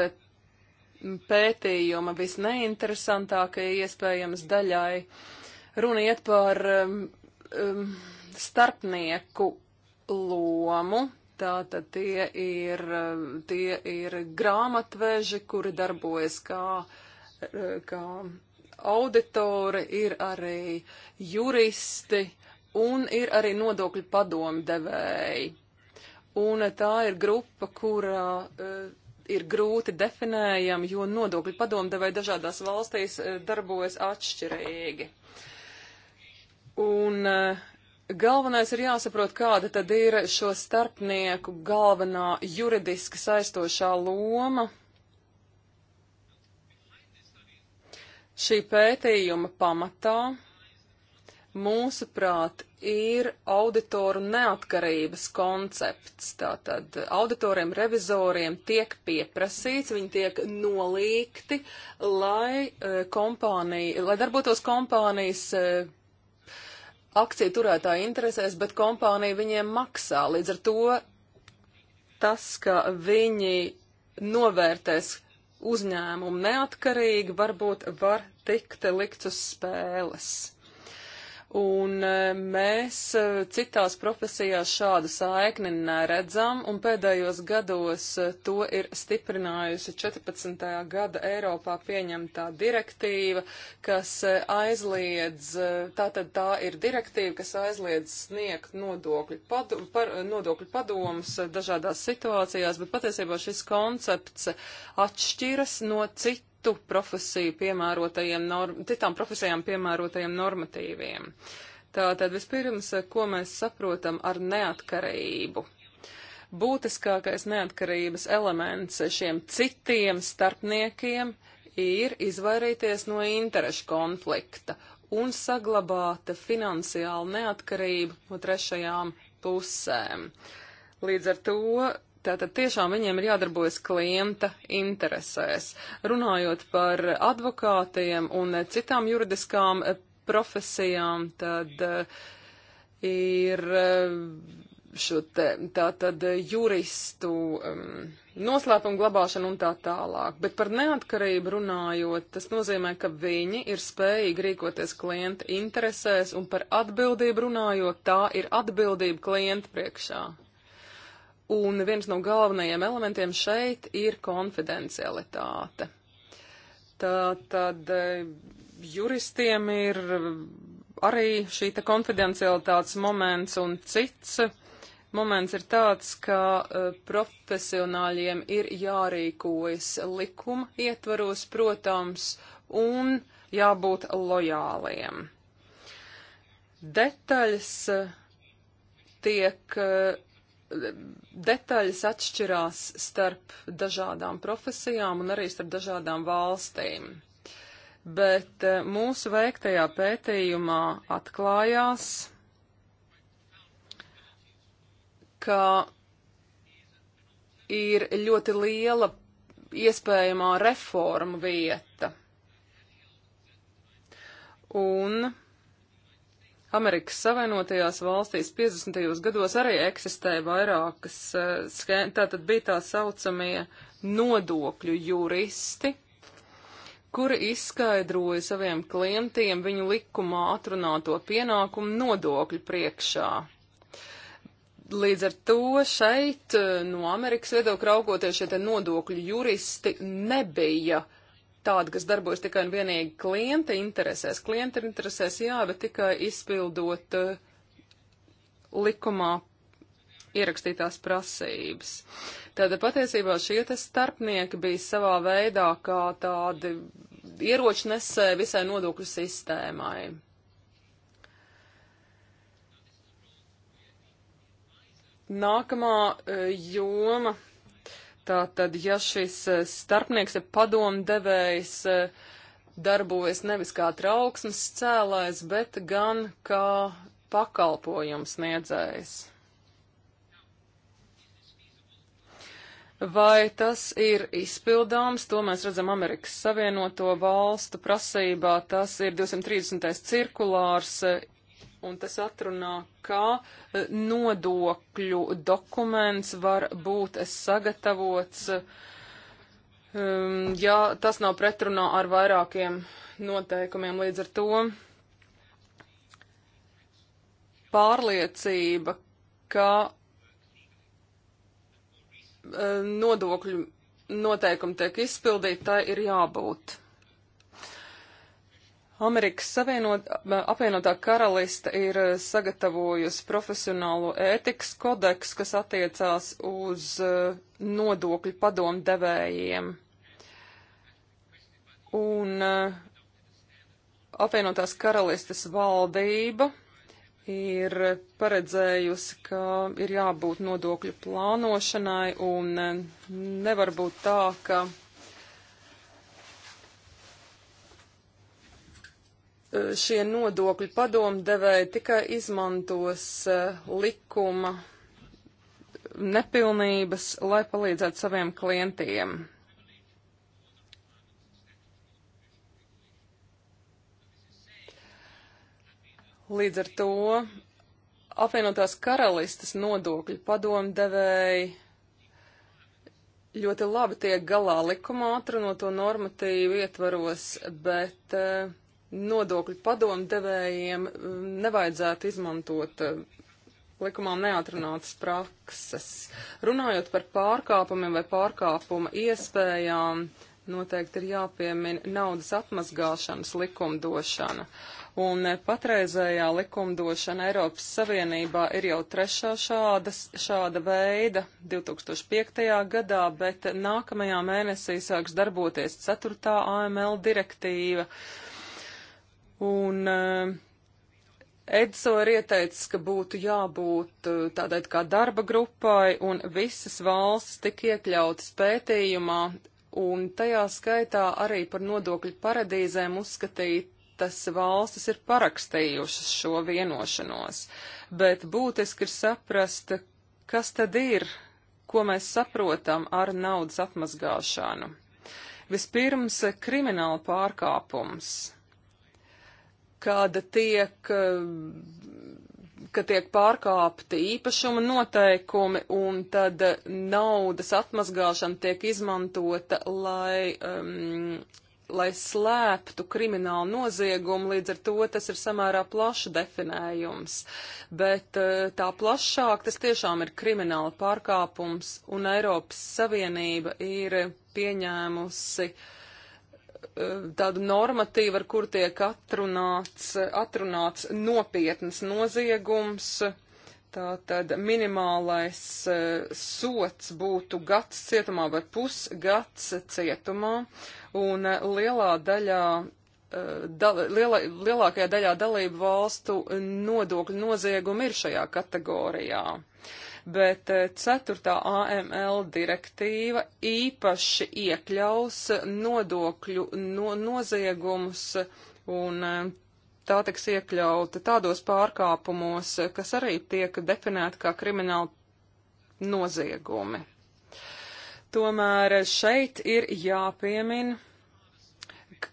pētījuma visneinteresantākajai iespējams daļai. Uh, Runa iet par um, um, starpnieku lomu. Tātad tie ir, um, tie ir grāmatveži, kuri darbojas kā, uh, kā auditori, ir arī juristi un ir arī nodokļu padomu devēji. Un tā ir grupa, kura uh, ir grūti definējama, jo nodokļu padomu devēji dažādās valstīs uh, darbojas atšķirīgi. Uh, Un eh, galvenais ir jāsaprot, kāda tad ir šo starpnieku galvenā juridiski saistošā loma. Šī pētījuma pamatā mūsuprāt, ir auditoru neatkarības koncepts. Tātad auditoriem, revizoriem tiek pieprasīts, viņi tiek nolīgti, lai, eh, kompānija, lai darbotos kompānijas eh, akciju turētāji interesēs, bet kompānija viņiem maksā. Līdz ar to tas, ka viņi novērtēs uzņēmumu neatkarīgi, varbūt var tikt likts uz spēles un e, mēs e, citās profesijās šādu saikni neredzam, un pēdējos gados e, to ir stiprinājusi 14. gada Eiropā pieņemtā direktīva, kas aizliedz, tātad tā ir direktīva, kas aizliedz sniegt nodokļu, padu, par, nodokļu padomus dažādās situācijās, bet patiesībā šis koncepts atšķiras no citu citu profesiju piemērotajiem, norm, citām profesijām piemērotajiem normatīviem. Tātad vispirms, ko mēs saprotam ar neatkarību. Būtiskākais neatkarības elements šiem citiem starpniekiem ir izvairīties no interešu konflikta un saglabāt finansiālu neatkarību no trešajām pusēm. Līdz ar to Tātad tiešām viņiem ir jādarbojas klienta interesēs. Runājot par advokātiem un citām juridiskām eh, profesijām, tad eh, ir eh, šo te, tātad juristu um, mm, noslēpumu glabāšanu un tā tālāk. Bet par neatkarību runājot, tas nozīmē, ka viņi ir spējīgi rīkoties klienta interesēs un par atbildību runājot, tā ir atbildība klienta priekšā. Un viens no galvenajiem elementiem šeit ir konfidencialitāte. Tā tad e, juristiem ir e, arī šī konfidencialitātes moments un cits moments ir tāds, ka uh, profesionāļiem ir jārīkojas likuma ietvaros, protams, un jābūt lojāliem. Detaļas tiek uh, detaļas atšķirās starp dažādām profesijām un arī starp dažādām valstīm. Bet eh, mūsu veiktajā pētījumā atklājās, ka ir ļoti liela iespējamā reforma vieta. Un Amerikas Savienotajās valstīs 50. gados arī eksistēja vairākas eh, schēmas, tātad bija tā saucamie nodokļu juristi, kuri izskaidroja saviem klientiem viņu likumā atrunāto pienākumu nodokļu priekšā. Līdz ar to šeit eh, no Amerikas viedokļa raugoties šie nodokļu juristi nebija uh, tāda, kas darbojas tikai un vienīgi klienta interesēs. Klienta interesēs, jā, bet tikai izpildot uh, likumā ierakstītās prasības. Tātad patiesībā šie te starpnieki bija savā veidā kā tādi ieroči nesēja visai nodokļu sistēmai. Nākamā uh, joma Tātad, ja šis e, starpnieks ir padomdevējs, e, darbojas nevis kā trauksmes cēlājs, bet gan kā pakalpojums sniedzējs. Vai tas ir izpildāms, to mēs redzam Amerikas Savienoto valstu prasībā, tas ir 230. cirkulārs un tas atrunā, kā e, nodokļu dokuments var būt sagatavots, e, um, ja tas nav pretrunā ar vairākiem noteikumiem līdz ar to. Pārliecība, ka um, nodokļu noteikumi tiek izpildīti, tai ir jābūt. Amerikas Savienot, apvienotā karaliste ir eh, sagatavojusi profesionālo ētikas kodeksu, kas attiecās uz eh, nodokļu padomdevējiem. Un eh, apvienotās karalistes valdība ir paredzējusi, ka ir jābūt nodokļu plānošanai un nevar būt tā, ka Eh, šie nodokļu padomdevēji tikai izmantos eh, likuma nepilnības, lai palīdzētu saviem klientiem. Līdz ar to apvienotās karalistas nodokļu padomdevēji ļoti labi tiek galā likumā atrunot to normatīvu ietvaros, bet uh, nodokļu padomdevējiem um, nevajadzētu izmantot uh, likumām neatrunātas prakses. Runājot par pārkāpumiem vai pārkāpuma iespējām, noteikti ir jāpiemina naudas atmazgāšanas likumdošana. Un uh, patreizējā likumdošana Eiropas Savienībā ir jau trešā šādas, šāda veida 2005. gadā, bet nākamajā mēnesī sāks darboties ceturtā AML direktīva. Uh, Un eh, Edso ir ieteicis, ka būtu jābūt eh, tādai kā darba grupai, un visas valstis tika iekļautas pētījumā, un tajā skaitā arī par nodokļu paradīzēm uzskatīt tas valstis ir parakstījušas šo vienošanos, bet būtiski ir saprast, kas tad ir, ko mēs saprotam ar naudas atmazgāšanu. Vispirms krimināla pārkāpums kad tiek, eh, ka tiek pārkāpti īpašuma noteikumi un tad naudas atmazgāšana tiek izmantota, lai, um, lai slēptu kriminālu noziegumu, līdz ar to tas ir samērā plašs definējums. Bet uh, tā plašāk tas tiešām ir krimināla pārkāpums un Eiropas Savienība ir pieņēmusi uh, tādu normatīvu, ar kur tiek atrunāts, atrunāts nopietnas noziegums. Tātad minimālais eh, sots būtu gads cietumā vai pusgads cietumā, un eh, lielā daļā eh, da, liela, lielākajā daļā dalību valstu nodokļu noziegumi ir šajā kategorijā bet 4. Eh, AML direktīva īpaši iekļaus nodokļu no, noziegumus un eh, tā tiks iekļauta tādos pārkāpumos, kas arī tiek definēti kā krimināli noziegumi. Tomēr šeit ir jāpiemina,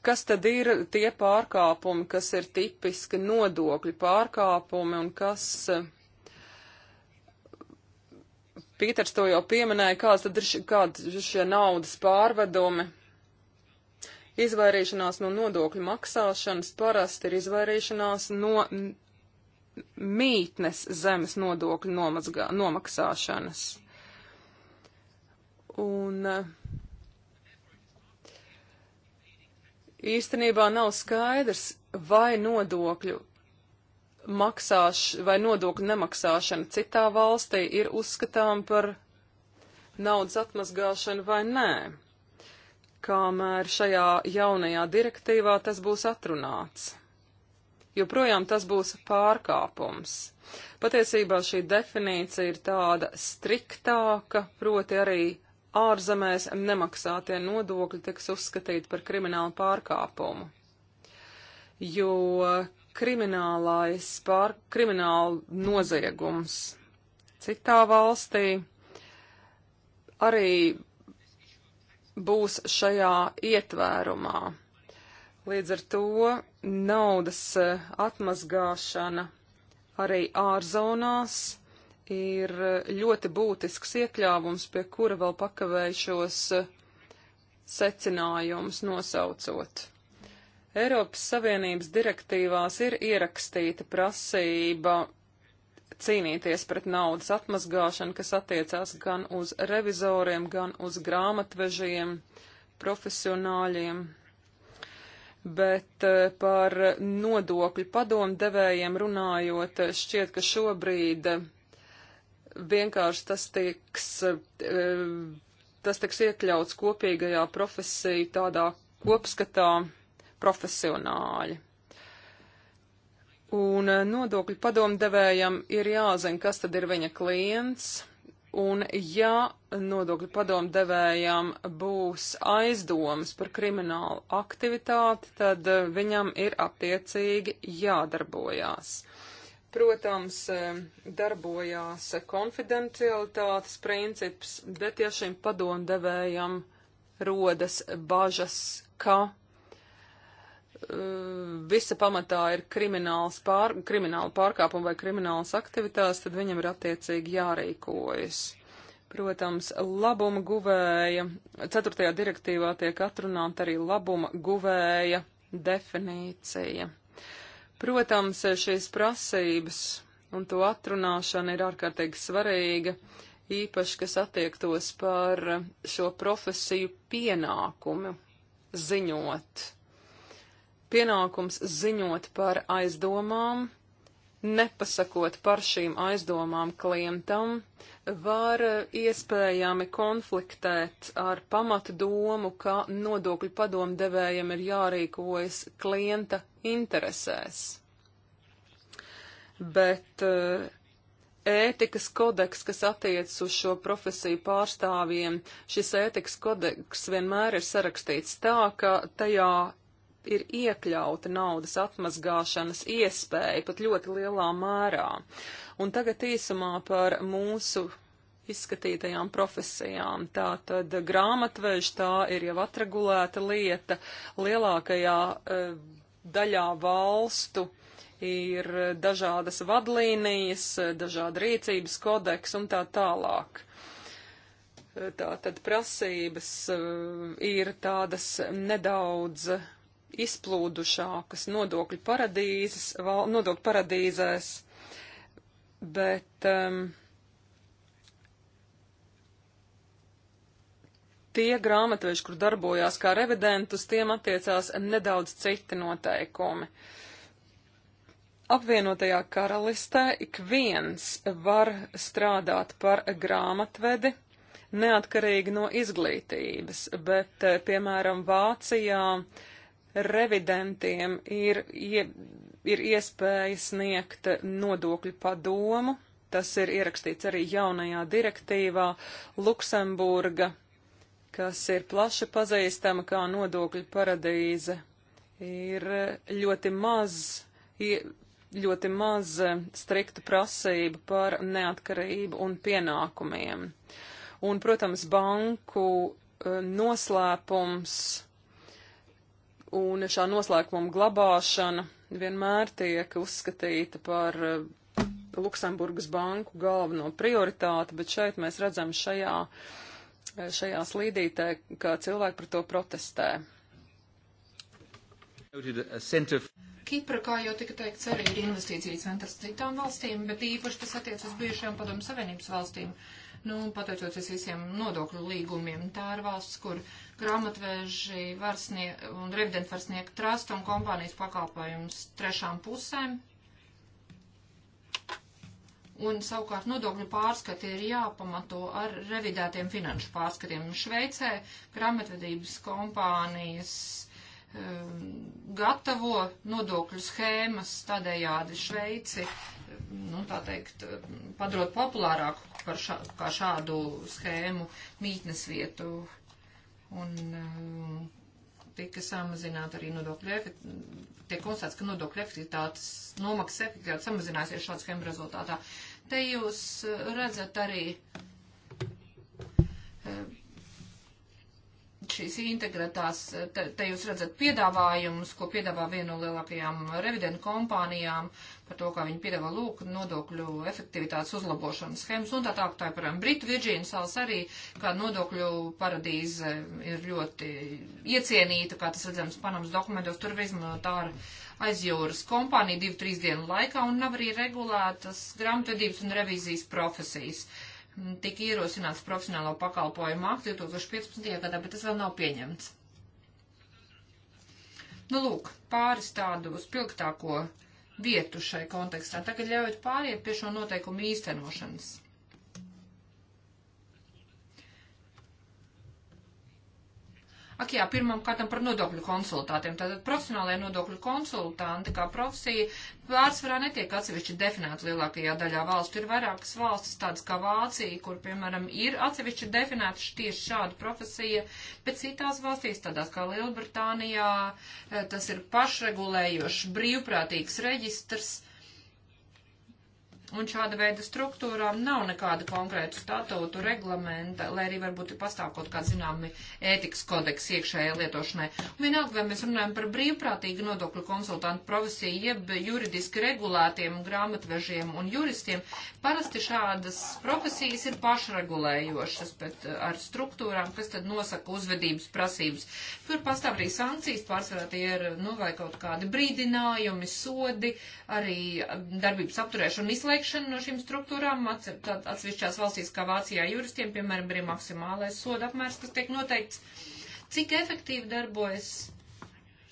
kas tad ir tie pārkāpumi, kas ir tipiski nodokļu pārkāpumi un kas uh, Pīters to jau pieminēja, kāds tad ir ši, kāds šie naudas pārvedumi. Izvairīšanās no nodokļu maksāšanas parasti ir izvairīšanās no mītnes zemes nodokļu nomazgā, nomaksāšanas. Un eh, īstenībā nav skaidrs, vai nodokļu maksāš vai nodokļu nemaksāšana citā valstī ir uzskatām par naudas atmazgāšanu vai nē. Kamēr šajā jaunajā direktīvā tas būs atrunāts. Joprojām tas būs pārkāpums. Patiesībā šī definīcija ir tāda striktāka, proti arī ārzemēs nemaksātie nodokļi tiks uzskatīti par kriminālu pārkāpumu. Jo kriminālais pār kriminālu noziegums citā valstī arī būs šajā ietvērumā. Līdz ar to naudas eh, atmazgāšana arī ārzonās ir eh, ļoti būtisks iekļāvums, pie kura vēl pakavējušos eh, secinājumus nosaucot. Eiropas Savienības direktīvās ir ierakstīta prasība cīnīties pret naudas atmazgāšanu, kas attiecās gan uz revizoriem, gan uz grāmatvežiem, profesionāļiem. Bet eh, par nodokļu padomdevējiem runājot, eh, šķiet, ka šobrīd eh, vienkārši tas tiks, tas tiks iekļauts kopīgajā profesiju tādā kopskatā profesionāļi. Un eh, nodokļu padomdevējam ir jāzina, kas tad ir viņa klients, un ja nodokļu padomdevējam būs aizdomas par kriminālu aktivitāti, tad eh, viņam ir attiecīgi jādarbojās. Protams, eh, darbojās konfidencialitātes princips, bet ja šim padomdevējam rodas bažas, ka Eh, visa pamatā ir krimināls pār, krimināla pārkāpuma vai kriminālas aktivitātes, tad viņam ir attiecīgi jārīkojas. Protams, labuma guvēja, ceturtajā direktīvā tiek atrunāta arī labuma guvēja definīcija. Protams, šīs prasības un to atrunāšana ir ārkārtīgi svarīga, īpaši, kas attiektos par šo profesiju pienākumu ziņot pienākums ziņot par aizdomām, nepasakot par šīm aizdomām klientam, var iespējami konfliktēt ar pamatu domu, ka nodokļu padomdevējiem ir jārīkojas klienta interesēs. Bet eh, ētikas kodeks, kas attiecas uz šo profesiju pārstāvjiem, šis ētikas kodeks vienmēr ir sarakstīts tā, ka tajā ir iekļauta naudas atmazgāšanas iespēja pat ļoti lielā mērā. Un tagad īsumā par mūsu izskatītajām profesijām. Tā tad grāmatvež tā ir jau atregulēta lieta lielākajā e, daļā valstu ir dažādas vadlīnijas, dažādi rīcības kodeks un tā tālāk. E, tā tad prasības e, ir tādas nedaudz izplūdušākas nodokļu paradīzes, val, nodokļu paradīzēs, bet um, tie grāmatveži, kur darbojās kā revidenti, uz tiem attiecās nedaudz citi noteikumi. Apvienotajā karalistē ik viens var strādāt par grāmatvedi, neatkarīgi no izglītības, bet, eh, piemēram, Vācijā uh, revidentiem ir, ie, ir iespēja sniegt nodokļu padomu. Tas ir ierakstīts arī jaunajā direktīvā Luksemburga, kas ir plaši pazīstama kā nodokļu paradīze. Ir ļoti maz, ļoti maz eh, striktu prasību par neatkarību un pienākumiem. Un, protams, banku eh, noslēpums un šā noslēpuma glabāšana vienmēr tiek uzskatīta par eh, Luksemburgas banku galveno prioritāti, bet šeit mēs redzam šajā, eh, šajā slīdītē, ka cilvēki par to protestē.
Kipra, kā jau tika teikts, arī ir investīcija centrs citām valstīm, bet īpaši tas attiec uz bijušajām padomu savienības valstīm. Uh, nu, pateicoties visiem nodokļu līgumiem. Tā ir valsts, kur grāmatvēži varsniek, un revidenti var sniegt trust un kompānijas pakalpojumus trešām pusēm. Un savukārt nodokļu pārskati ir jāpamato ar revidētiem finanšu pārskatiem. Šveicē grāmatvedības kompānijas um, gatavo nodokļu schēmas, tādējādi Šveici nu, tā teikt, padarot populārāku par šā, kā šādu schēmu mītnes vietu. Un uh, tika samazināta arī nodokļu efektivitāte, tiek konstatēts, ka nodokļu efektivitātes nomaksas efektivitāte samazināsies šādu schēmu rezultātā. Te jūs uh, redzat arī uh, šīs integratās, te, te jūs redzat piedāvājumus, ko piedāvā viena no lielākajām revidentu kompānijām, uh, par to, kā viņi piedāvā lūk nodokļu efektivitātes uzlabošanas schēmas un tā tālāk. Tā, piemēram, Britu Virģīna salas arī kā nodokļu paradīze ir ļoti iecienīta, kā tas redzams Panamas dokumentos, tur ir izmantotāra aizjūras kompānija divu, trīs dienu laikā un nav arī regulētas grāmatvedības un revīzijas profesijas tika ierosināts profesionālo pakalpojumu akts 2015. gadā, bet tas vēl nav pieņemts. Nu, lūk, pāris tādu spilgtāko vietu šai kontekstā. Tagad ļaujiet pāriet pie šo noteikumu īstenošanas. Ak jā, pirmam kārtam par nodokļu konsultātiem. Tātad profesionālajie nodokļu konsultanti kā profesija pārsvarā netiek atsevišķi definēta lielākajā daļā valstu. Ir vairākas valstis, tādas kā Vācija, kur, piemēram, ir atsevišķi definēta tieši šāda profesija, bet citās valstīs, tādās kā Lielbritānijā, eh, tas ir pašregulējošs brīvprātīgs reģistrs Un šāda veida struktūrām nav nekāda konkrēta statūtu reglamenta, lai arī varbūt pastāv kaut kā zināmi ētikas kodeks iekšējai lietošanai. Un vienalga, vai mēs runājam par brīvprātīgu nodokļu konsultantu profesiju, jeb juridiski regulētiem grāmatvežiem un juristiem, parasti šādas profesijas ir pašregulējošas, bet eh, ar struktūrām, kas tad nosaka uzvedības prasības. Tur pastāv arī sankcijas, pārsvarā tie ir, nu, vai kaut kādi brīdinājumi, sodi, arī eh, darbības apturēšana, izslēgšana izslēgšana no šīm struktūrām atsevišķās valstīs, kā Vācijā juristiem, piemēram, ir maksimālais soda apmērs, kas tiek noteikts. Cik efektīvi darbojas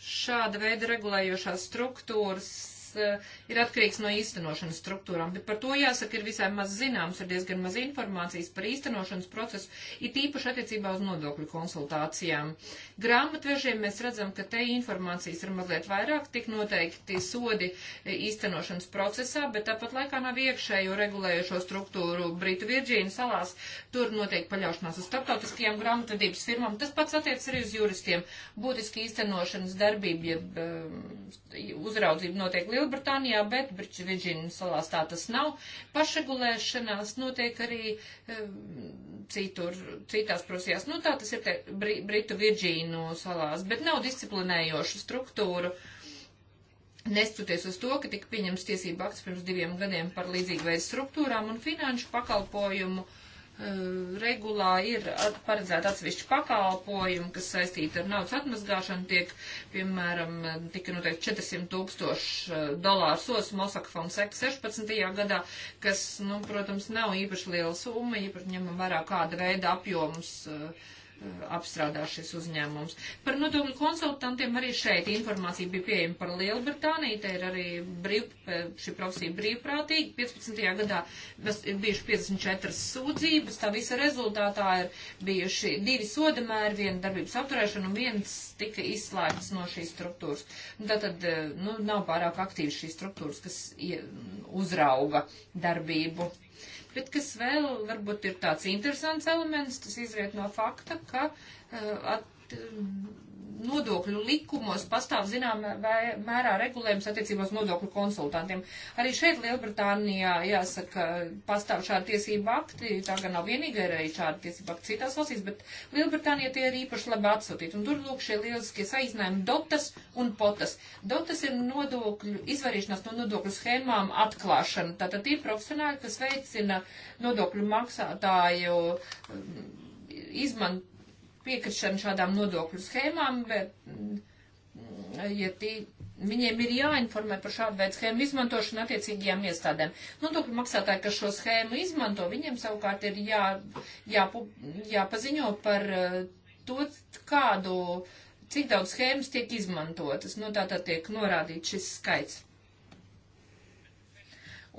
šāda veida regulējošās struktūras Eh, ir atkarīgs no īstenošanas struktūrām, bet par to jāsaka ir visai maz zināms, ir diezgan maz informācijas par īstenošanas procesu, it īpaši attiecībā uz nodokļu konsultācijām. Grāmatvežiem mēs redzam, ka te informācijas ir mazliet vairāk, tik noteikti sodi eh, īstenošanas procesā, bet tāpat laikā nav iekšējo regulējušo struktūru Britu Virģīnu salās, tur notiek paļaušanās uz starptautiskajām grāmatvedības firmām. Tas pats attiec arī uz juristiem. Būtiski īstenošanas darbība, ja eh, uzraudzība notiek lielā Lielbritānijā, bet Virģīnas salās tā tas nav. Pašregulēšanās notiek arī eh, citur, citās prosijās. Nu, tā tas ir te Bri Britu Virģīnu salās, bet nav disciplinējošu struktūru. Nestoties uz to, ka tika pieņems tiesība akts pirms diviem gadiem par līdzīgu veidu struktūrām un finanšu pakalpojumu uh, Eh, regulā ir paredzēta atsevišķa pakalpojuma, kas saistīta ar naudas atmazgāšanu, tiek, piemēram, eh, tika noteikti 400 tūkstoši eh, dolāru sots Mosaka Fonseca 16. gadā, kas, nu, protams, nav īpaši liela summa, īpaši ņemam vērā kāda veida apjomus. Uh, apstrādā šis uzņēmums. Par nodokļu konsultantiem arī šeit informācija bija pieejama par Lielbritāniju, te ir arī brīv, eh, šī profesija brīvprātīga. 15. gadā ir bijuši 54 sūdzības, tā visa rezultātā ir bijuši divi sodamēri, viena darbības apturēšana un viens tika izslēgts no šīs struktūras. Nu, Tātad, eh, nu, nav pārāk aktīvas šīs struktūras, kas uzrauga darbību. Bet kas vēl varbūt ir tāds interesants elements, tas izriet no fakta, ka uh, at, Eh, nodokļu likumos pastāv zinām mērā regulējums attiecībās nodokļu konsultantiem. Arī šeit Lielbritānijā, jāsaka, pastāv šādi tiesība akti, tā gan nav vienīgā arī šādi tiesība akti citās valstīs, bet Lielbritānijā tie ir īpaši labi atsūtīti. Un tur lūk šie lieliskie saīsinājumi dotas un potas. Dotas ir nodokļu, izvarīšanās no nodokļu schēmām atklāšana. Tātad ir profesionāļi, kas veicina nodokļu maksātāju eh, izmantošanu piekrišanu šādām nodokļu schēmām, bet mm, ja tī, viņiem ir jāinformē par šādu veidu schēmu izmantošanu attiecīgajām iestādēm. Nodokļu maksātāji, kas šo schēmu izmanto, viņiem savukārt ir jā, jā, jāpaziņo par eh, to, kādu, cik daudz schēmas tiek izmantotas. Nu, tā tad tiek norādīts šis skaits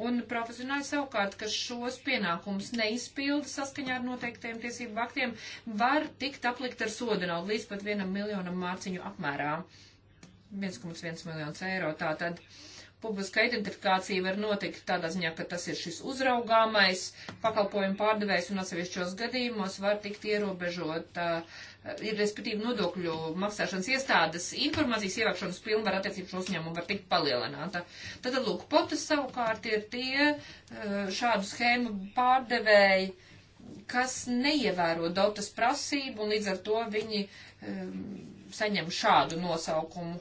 un profesionāļi savukārt, kas šos pienākumus neizpilda saskaņā ar noteiktajiem tiesību aktiem, var tikt aplikt ar sodu naudu līdz pat vienam miljonam mārciņu apmērā. 1,1 miljonus eiro tātad. Publiska identifikācija var notikt tādā ziņā, ka tas ir šis uzraugāmais pakalpojumu pārdevējs un atsevišķos gadījumos var tikt ierobežot uh, ir, respektīvi, nodokļu maksāšanas iestādes informācijas ievākšanas pilnvar attiecību šo uzņēmumu var tikt palielināta. Tad, lūk, potas savukārt ir tie eh, šādu schēmu pārdevēji, kas neievēro dautas prasību un līdz ar to viņi um, saņem šādu nosaukumu.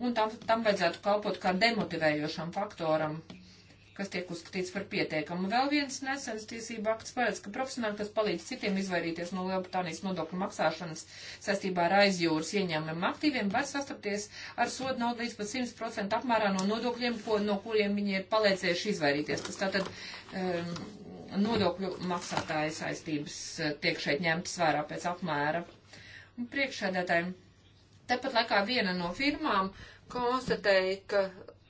Un tam, tam vajadzētu kalpot kā demotivējošam faktoram kas tiek uzskatīts par pieteikamu. Vēl viens nesens tiesība akts paredz, ka profesionāli, kas palīdz citiem izvairīties no Lielbritānijas nodokļu maksāšanas saistībā ar aizjūras ieņēmumiem aktīviem, var sastapties ar sodu naudu līdz pat 100% apmērā no nodokļiem, ko, no kuriem viņi ir palēdzējuši izvairīties. Tas tātad um, nodokļu maksātāja saistības uh, tiek šeit ņemtas vērā pēc apmēra. Un priekšsēdētājiem. Tepat laikā viena no firmām konstatēja, ka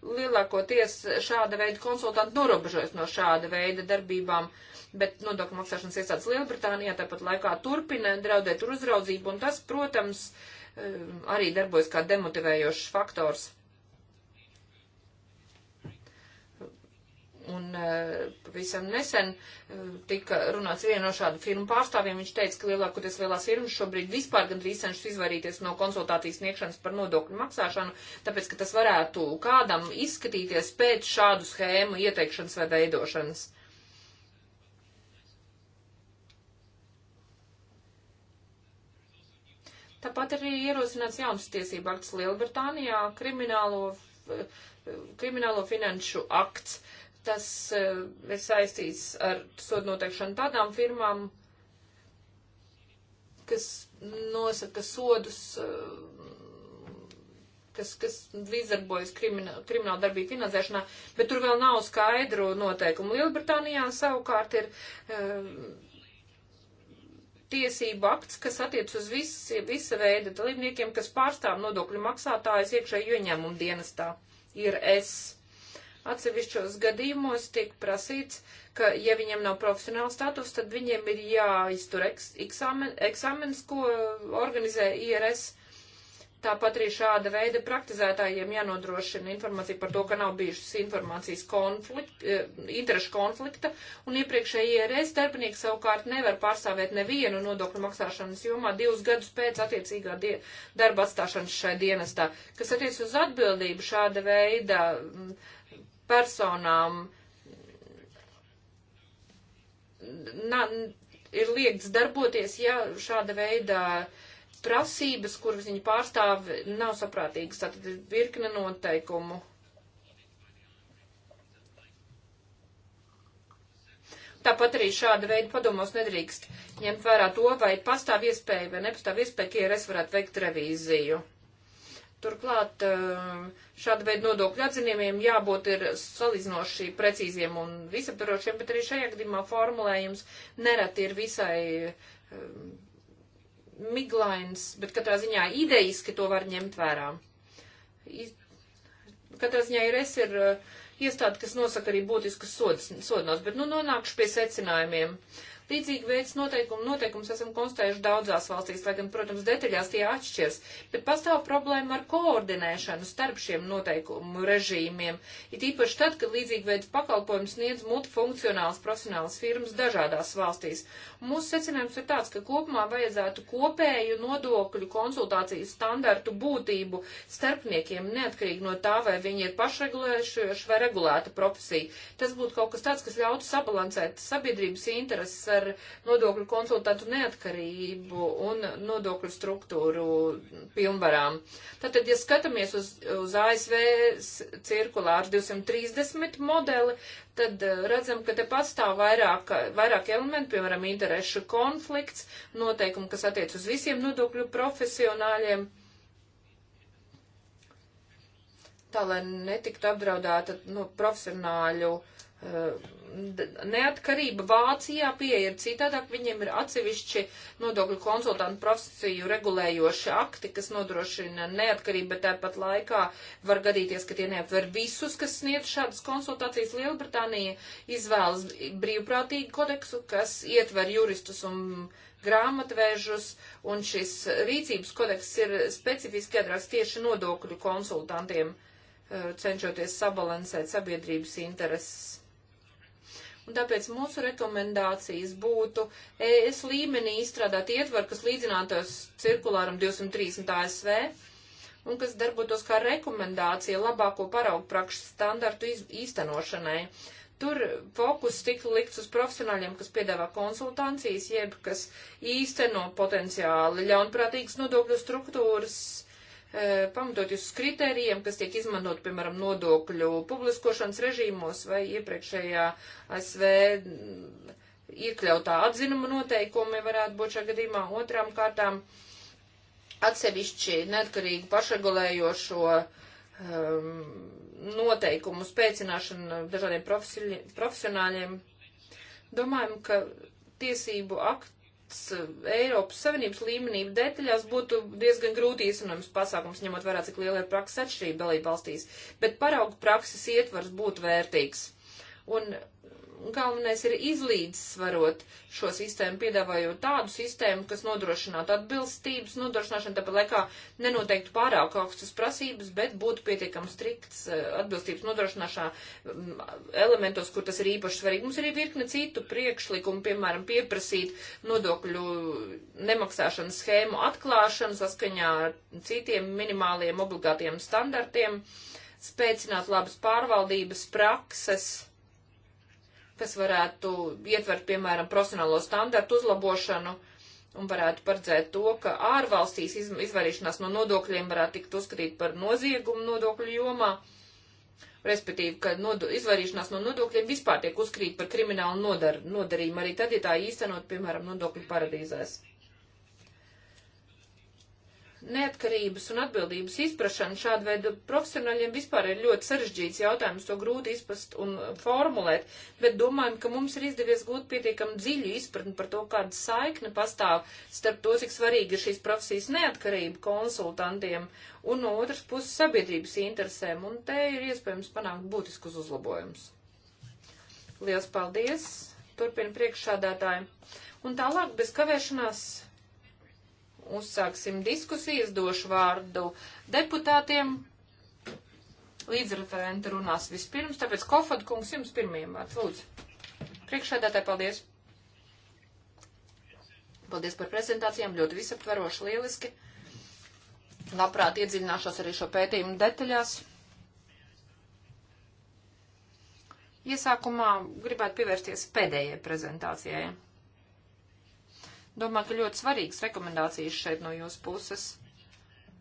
lielākoties šāda veida konsultanti norobežojas no šāda veida darbībām, bet nodokļu maksāšanas iestādes Lielbritānijā tāpat laikā turpina draudēt uzraudzību, un tas, protams, eh, arī darbojas kā demotivējošs faktors. Un eh, pavisam nesen eh, tika runāts viena no šādu firmu pārstāvjiem. Viņš teica, ka lielākoties lielās firmas šobrīd vispār gandrīz cenšas izvairīties no konsultācijas sniegšanas par nodokļu maksāšanu, tāpēc, ka tas varētu kādam izskatīties pēc šādu schēmu ieteikšanas vai veidošanas. Tāpat arī ierosināts jauns tiesību akts Lielbritānijā, kriminālo, eh, kriminālo finanšu akts. Uh, Tas uh, ir saistīts ar sodu noteikšanu tādām firmām, kas nosaka sodus, uh, kas, kas līdzdarbojas krimināla darbību finansēšanā, bet tur vēl nav skaidru noteikumu. Lielbritānijā savukārt ir uh, tiesību akts, kas attiec uz visi, visa veida dalībniekiem, kas pārstāv nodokļu maksātājus iekšējo ieņēmumu dienestā, ir S. Atsevišķos gadījumos tiek prasīts, ka, ja viņiem nav profesionāla status, tad viņiem ir jāiztur eksāmen, eksāmens, ko organizē IRS. Tāpat arī šāda veida praktizētājiem jānodrošina informācija par to, ka nav bijušas informācijas konflikta, e, interešu konflikta, un iepriekšējie IRS darbinieki savukārt nevar pārstāvēt nevienu nodokļu maksāšanas jomā divus gadus pēc attiecīgā die, darba atstāšanas šai dienestā. Kas attiec uz atbildību šāda veida. M, personām na, ir liegts darboties, ja šāda veida prasības, kuras viņi pārstāv, nav saprātīgas. Tātad ir virkne noteikumu. Tāpat arī šāda veida padomos nedrīkst ņemt vērā to, vai pastāv iespēja vai nepastāv iespēja, ka IRS varētu veikt revīziju. Turklāt ehm, šāda veida nodokļu atzinumiem jābūt ir salīdzinoši precīziem un visaptvarošiem, bet arī šajā gadījumā formulējums nereti ir visai um, ehm, miglains, bet katrā ziņā idejiski to var ņemt vērā. I, katrā ziņā ir es ir uh, iestāde, kas nosaka arī būtiskas sodnos, bet nu nonākšu pie secinājumiem. Uh, Līdzīgi veids noteikumu noteikums esam konstatējuši daudzās valstīs, lai gan, protams, detaļās tie atšķirs, bet pastāv problēma ar koordinēšanu starp šiem noteikumu režīmiem, it īpaši tad, kad līdzīgi veids pakalpojums sniedz multifunkcionāls profesionāls firmas dažādās valstīs. Mūsu secinājums ir tāds, ka kopumā vajadzētu kopēju nodokļu konsultāciju standartu būtību starpniekiem, neatkarīgi no tā, vai viņi ir pašregulējuši vai regulēta profesija. Tas būtu kaut kas tāds, kas ļautu sabalansēt sabiedrības intereses par nodokļu konsultantu neatkarību un nodokļu struktūru pilnvarām. Tātad, ja skatāmies uz, uz ASV cirkulāru 230 modeli, tad eh, redzam, ka te pastāv vairāk, vairāk elementi, piemēram, interešu konflikts, noteikumi, kas attiec uz visiem nodokļu profesionāļiem. Tā, lai netiktu apdraudēta no nu, profesionāļu uh, Eh, neatkarība Vācijā pieeja ir citādāk, viņiem ir atsevišķi nodokļu konsultantu profesiju regulējoši akti, kas nodrošina neatkarību, bet tāpat laikā var gadīties, ka tie neaptver visus, kas sniedz šādas konsultācijas. Lielbritānija izvēlas brīvprātīgu kodeksu, kas ietver juristus un grāmatvēžus, un šis rīcības kodeks ir specifiski iedraks tieši nodokļu konsultantiem, eh, cenšoties sabalansēt sabiedrības intereses Un tāpēc mūsu rekomendācijas būtu ES līmenī izstrādāt ietvaru, kas līdzinātos cirkulāram 230 ASV un kas darbotos kā rekomendācija labāko paraugu prakšu standartu īstenošanai. Tur fokus tika likts uz profesionāļiem, kas piedāvā konsultācijas, jeb kas īsteno potenciāli ļaunprātīgas nodokļu struktūras E, pamatot uz kritērijiem, kas tiek izmantot, piemēram, nodokļu publiskošanas režīmos vai iepriekšējā ASV iekļautā atzinuma noteikumi varētu būt šajā gadījumā. Otrām kārtām atsevišķi neatkarīgi pašregulējošo um, noteikumu spēcināšana dažādiem profesionāļiem. Domājam, ka tiesību aktu Eh, Eiropas Savienības līmenī detaļās būtu diezgan grūti īstenojams pasākums, ņemot vērā, cik liela ir prakses atšķirība dalība valstīs, bet paraugu prakses ietvars būtu vērtīgs. Un galvenais ir izlīdzsvarot šo sistēmu, piedāvājot tādu sistēmu, kas nodrošinātu atbilstības nodrošināšanu, tāpat laikā nenoteiktu pārāk augstas prasības, bet būtu pietiekami strikts eh, atbilstības nodrošināšanā mm, elementos, kur tas ir īpaši svarīgi. Mums ir arī virkne citu priekšlikumu, piemēram, pieprasīt nodokļu nemaksāšanas schēmu atklāšanu saskaņā ar citiem minimāliem obligātiem standartiem, spēcināt labas pārvaldības prakses kas varētu ietvert, piemēram, profesionālo standartu uzlabošanu un varētu paredzēt to, ka ārvalstīs izvairīšanās no nodokļiem varētu tikt uzskatīt par noziegumu nodokļu jomā, respektīvi, ka nodo, izvairīšanās no nodokļiem vispār tiek uzskatīt par kriminālu nodar, nodarījumu, arī tad, ja tā īstenot, piemēram, nodokļu paradīzēs neatkarības un atbildības izprašana šādu veidu profesionāļiem vispār ir ļoti sarežģīts jautājums, to grūti izprast un uh, formulēt, bet domājam, ka mums ir izdevies gūt pietiekam dziļu izpratni par to, kāda saikne pastāv starp to, cik svarīgi ir šīs profesijas neatkarība konsultantiem un no otras puses sabiedrības interesēm, un te ir iespējams panākt būtiskus uzlabojumus. Liels paldies! Turpina priekšsādātāji. Un tālāk bez kavēšanās uzsāksim diskusijas, došu vārdu deputātiem. Līdzreferenta runās vispirms, tāpēc Kofod kungs jums pirmajam vārds, lūdzu. Priekšēdētāji, paldies. Paldies par prezentācijām, ļoti visaptveroši, lieliski. Labprāt iedziļināšos arī šo pētījumu detaļās. Iesākumā gribētu pievērsties pēdējai prezentācijai. Domāju, ka ļoti svarīgas rekomendācijas šeit no jūsu puses.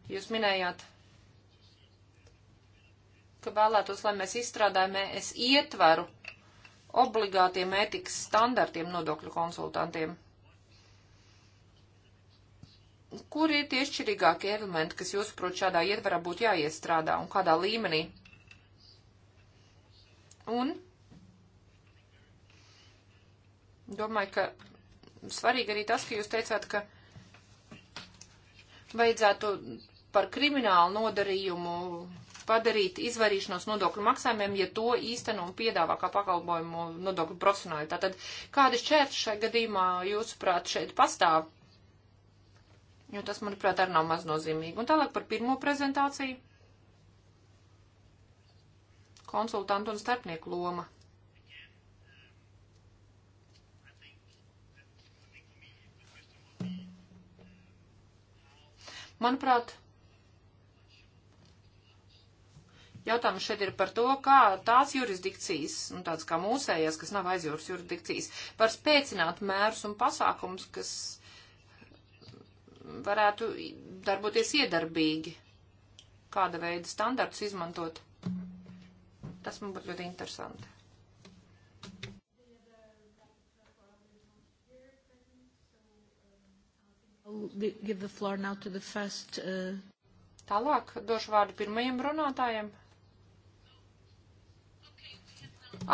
Jūs minējāt, ka vēlētos, lai mēs izstrādājam es ietveru obligātiem ētikas standartiem nodokļu konsultantiem. Kur ir tie šķirīgākie elementi, kas jūs, prot, šādā ietverā būtu jāiestrādā un kādā līmenī? Un domāju, ka svarīgi arī tas, ka jūs teicāt, ka vajadzētu par kriminālu nodarījumu padarīt izvairīšanos nodokļu maksājumiem, ja to īsteno un piedāvā kā pakalpojumu nodokļu profesionāli. Tātad, kādi šķērti šai gadījumā, jūsuprāt, šeit pastāv? Jo tas, manuprāt, arī nav maznozīmīgi. Un tālāk par pirmo prezentāciju. Konsultantu un starpnieku loma. Manuprāt, Jautājums šeit ir par to, kā tās jurisdikcijas, nu tāds kā mūsējās, kas nav aizjūras jurisdikcijas, var spēcināt mērus un pasākums, kas varētu darboties iedarbīgi, kāda veida standartus izmantot. Tas man būtu ļoti interesanti. Give the floor now to the first. Uh... Tālāk došu vārdu pirmajam runātājam.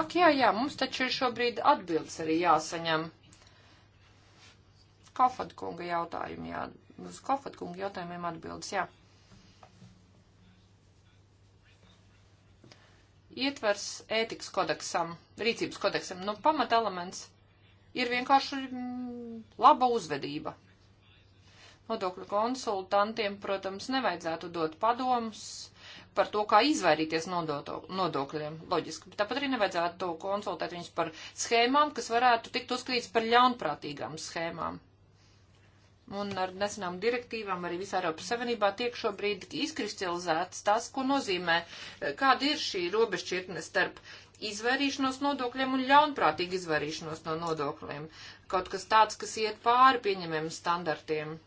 Ak, jā, jā, mums taču ir šobrīd atbildes arī jāsaņem. Kofadkunga jautājumu, jā, uz Kofadkunga jautājumiem atbildes, jā. Ietvers ētikas kodeksam, rīcības kodeksam, nu, pamatelements ir vienkārši mm, laba uzvedība Nodokļu konsultantiem, protams, nevajadzētu dot padomus par to, kā izvairīties nodoto, nodokļiem, loģiski. Tāpat arī nevajadzētu konsultēt viņus par schēmām, kas varētu tikt uzskatīts par ļaunprātīgām schēmām. Un ar nesenām direktīvām arī visā Eiropas Savienībā tiek šobrīd izkristalizēts tas, ko nozīmē, eh, kāda ir šī robežšķirtne starp izvairīšanos nodokļiem un ļaunprātīgu izvairīšanos no nodokļiem. Kaut kas tāds, kas iet pāri pieņemiem standartiem.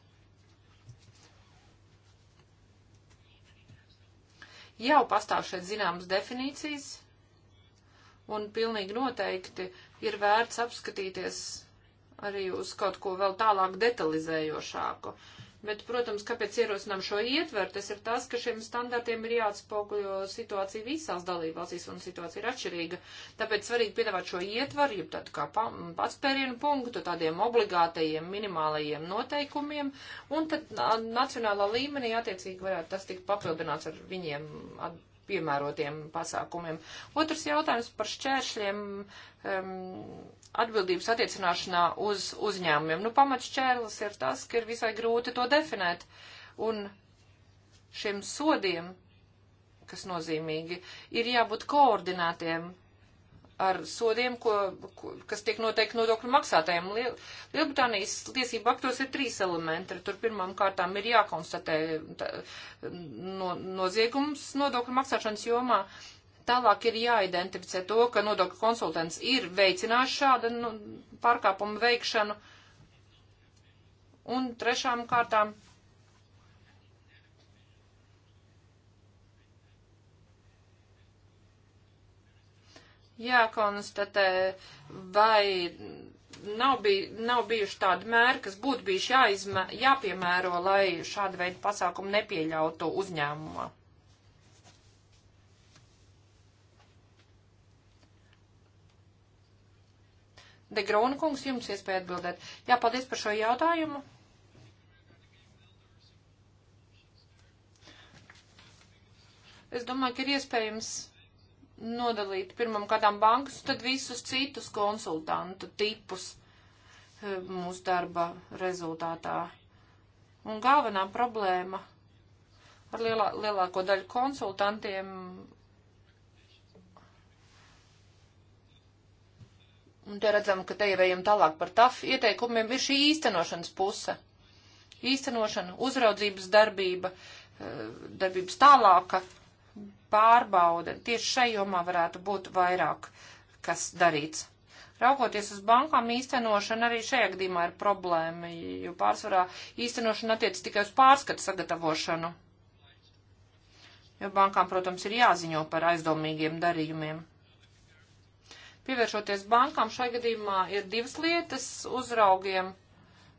Jau pastāv šeit zināmas definīcijas, un pilnīgi noteikti ir vērts apskatīties arī uz kaut ko vēl tālāk detalizējošāku. Bet, protams, kāpēc ierosinām šo ietveru, tas ir tas, ka šiem standartiem ir jāatspoguļo situācija visās dalībvalstīs, un situācija ir atšķirīga. Tāpēc svarīgi piedāvāt šo ietveru, jeb tādu kā atspērienu punktu, tādiem obligātajiem minimālajiem noteikumiem, un tad nacionālā līmenī attiecīgi varētu tas tikt papildināts ar viņiem at piemērotiem pasākumiem. Otrs jautājums par šķēršļiem um, atbildības attiecināšanā uz uzņēmumiem. Nu, pamats šķērlis ir tas, ka ir visai grūti to definēt. Un šiem sodiem, kas nozīmīgi, ir jābūt koordinētiem ar sodiem, ko, ko, kas tiek noteikti nodokļu maksātājiem. Liel, Lielbritānijas tiesību aktos ir trīs elementi. Tur pirmām kārtām ir jākonstatē tā, no, noziegums nodokļu maksāšanas jomā. Tālāk ir jāidentificē to, ka nodokļu konsultants ir veicinājis šādu nu, pārkāpumu veikšanu. Un trešām kārtām jākonstatē, vai nav, bij, nav bijuši tādi mēri, kas būtu bijuši jāizmē, jāpiemēro, lai šāda veida pasākumu nepieļautu uzņēmumā. De Grona kungs, jums iespēja atbildēt. Jā, paldies par šo jautājumu. Es domāju, ka ir iespējams nodalīt pirmam kādām bankas, tad visus citus konsultantu tipus eh, mūsu darba rezultātā. Un galvenā problēma ar lielā, lielāko daļu konsultantiem Un te redzam, ka te jau ejam tālāk par TAF ieteikumiem, ir šī īstenošanas puse. Īstenošana, uzraudzības darbība, eh, darbības tālāka pārbauda tieši šai jomā varētu būt vairāk, kas darīts. Raugoties uz bankām, īstenošana arī šajā gadījumā ir problēma, jo pārsvarā īstenošana attiec tikai uz pārskatu sagatavošanu. Jo bankām, protams, ir jāziņo par aizdomīgiem darījumiem. Pievēršoties bankām, šai gadījumā ir divas lietas uzraugiem.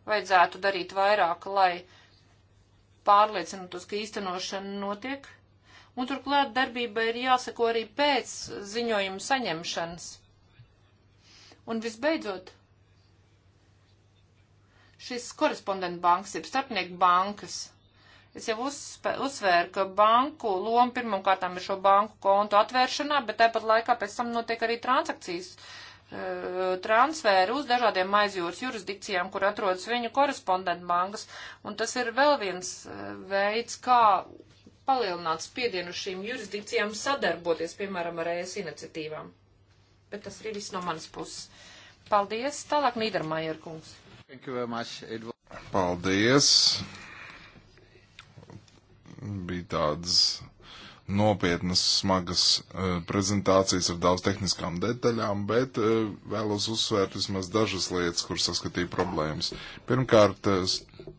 Vajadzētu darīt vairāk, lai pārliecinātos, ka īstenošana notiek un turklāt darbībai ir jāsako arī pēc ziņojuma saņemšanas. Un visbeidzot, šis korespondenta bankas, jeb starpnieku bankas. Es jau uzspē, uzsvēru, ka banku loma pirmkārtām ir šo banku kontu atvēršanā, bet tāpat laikā pēc tam notiek arī transakcijas eh, transferu uz dažādiem aizjūras jurisdikcijām, kur atrodas viņu korespondenta bankas. Un tas ir vēl viens eh, veids, kā palielināt spiedienu šīm jurisdikcijām sadarboties, piemēram, ar ES iniciatīvām. Bet tas arī viss no manas puses. Paldies. Tālāk Nīdermājer kungs.
Paldies. Bija tādas nopietnas, smagas uh, prezentācijas ar daudz tehniskām detaļām, bet uh, vēlos uzsvērt vismaz dažas lietas, kur saskatīju problēmas. Pirmkārt, uh,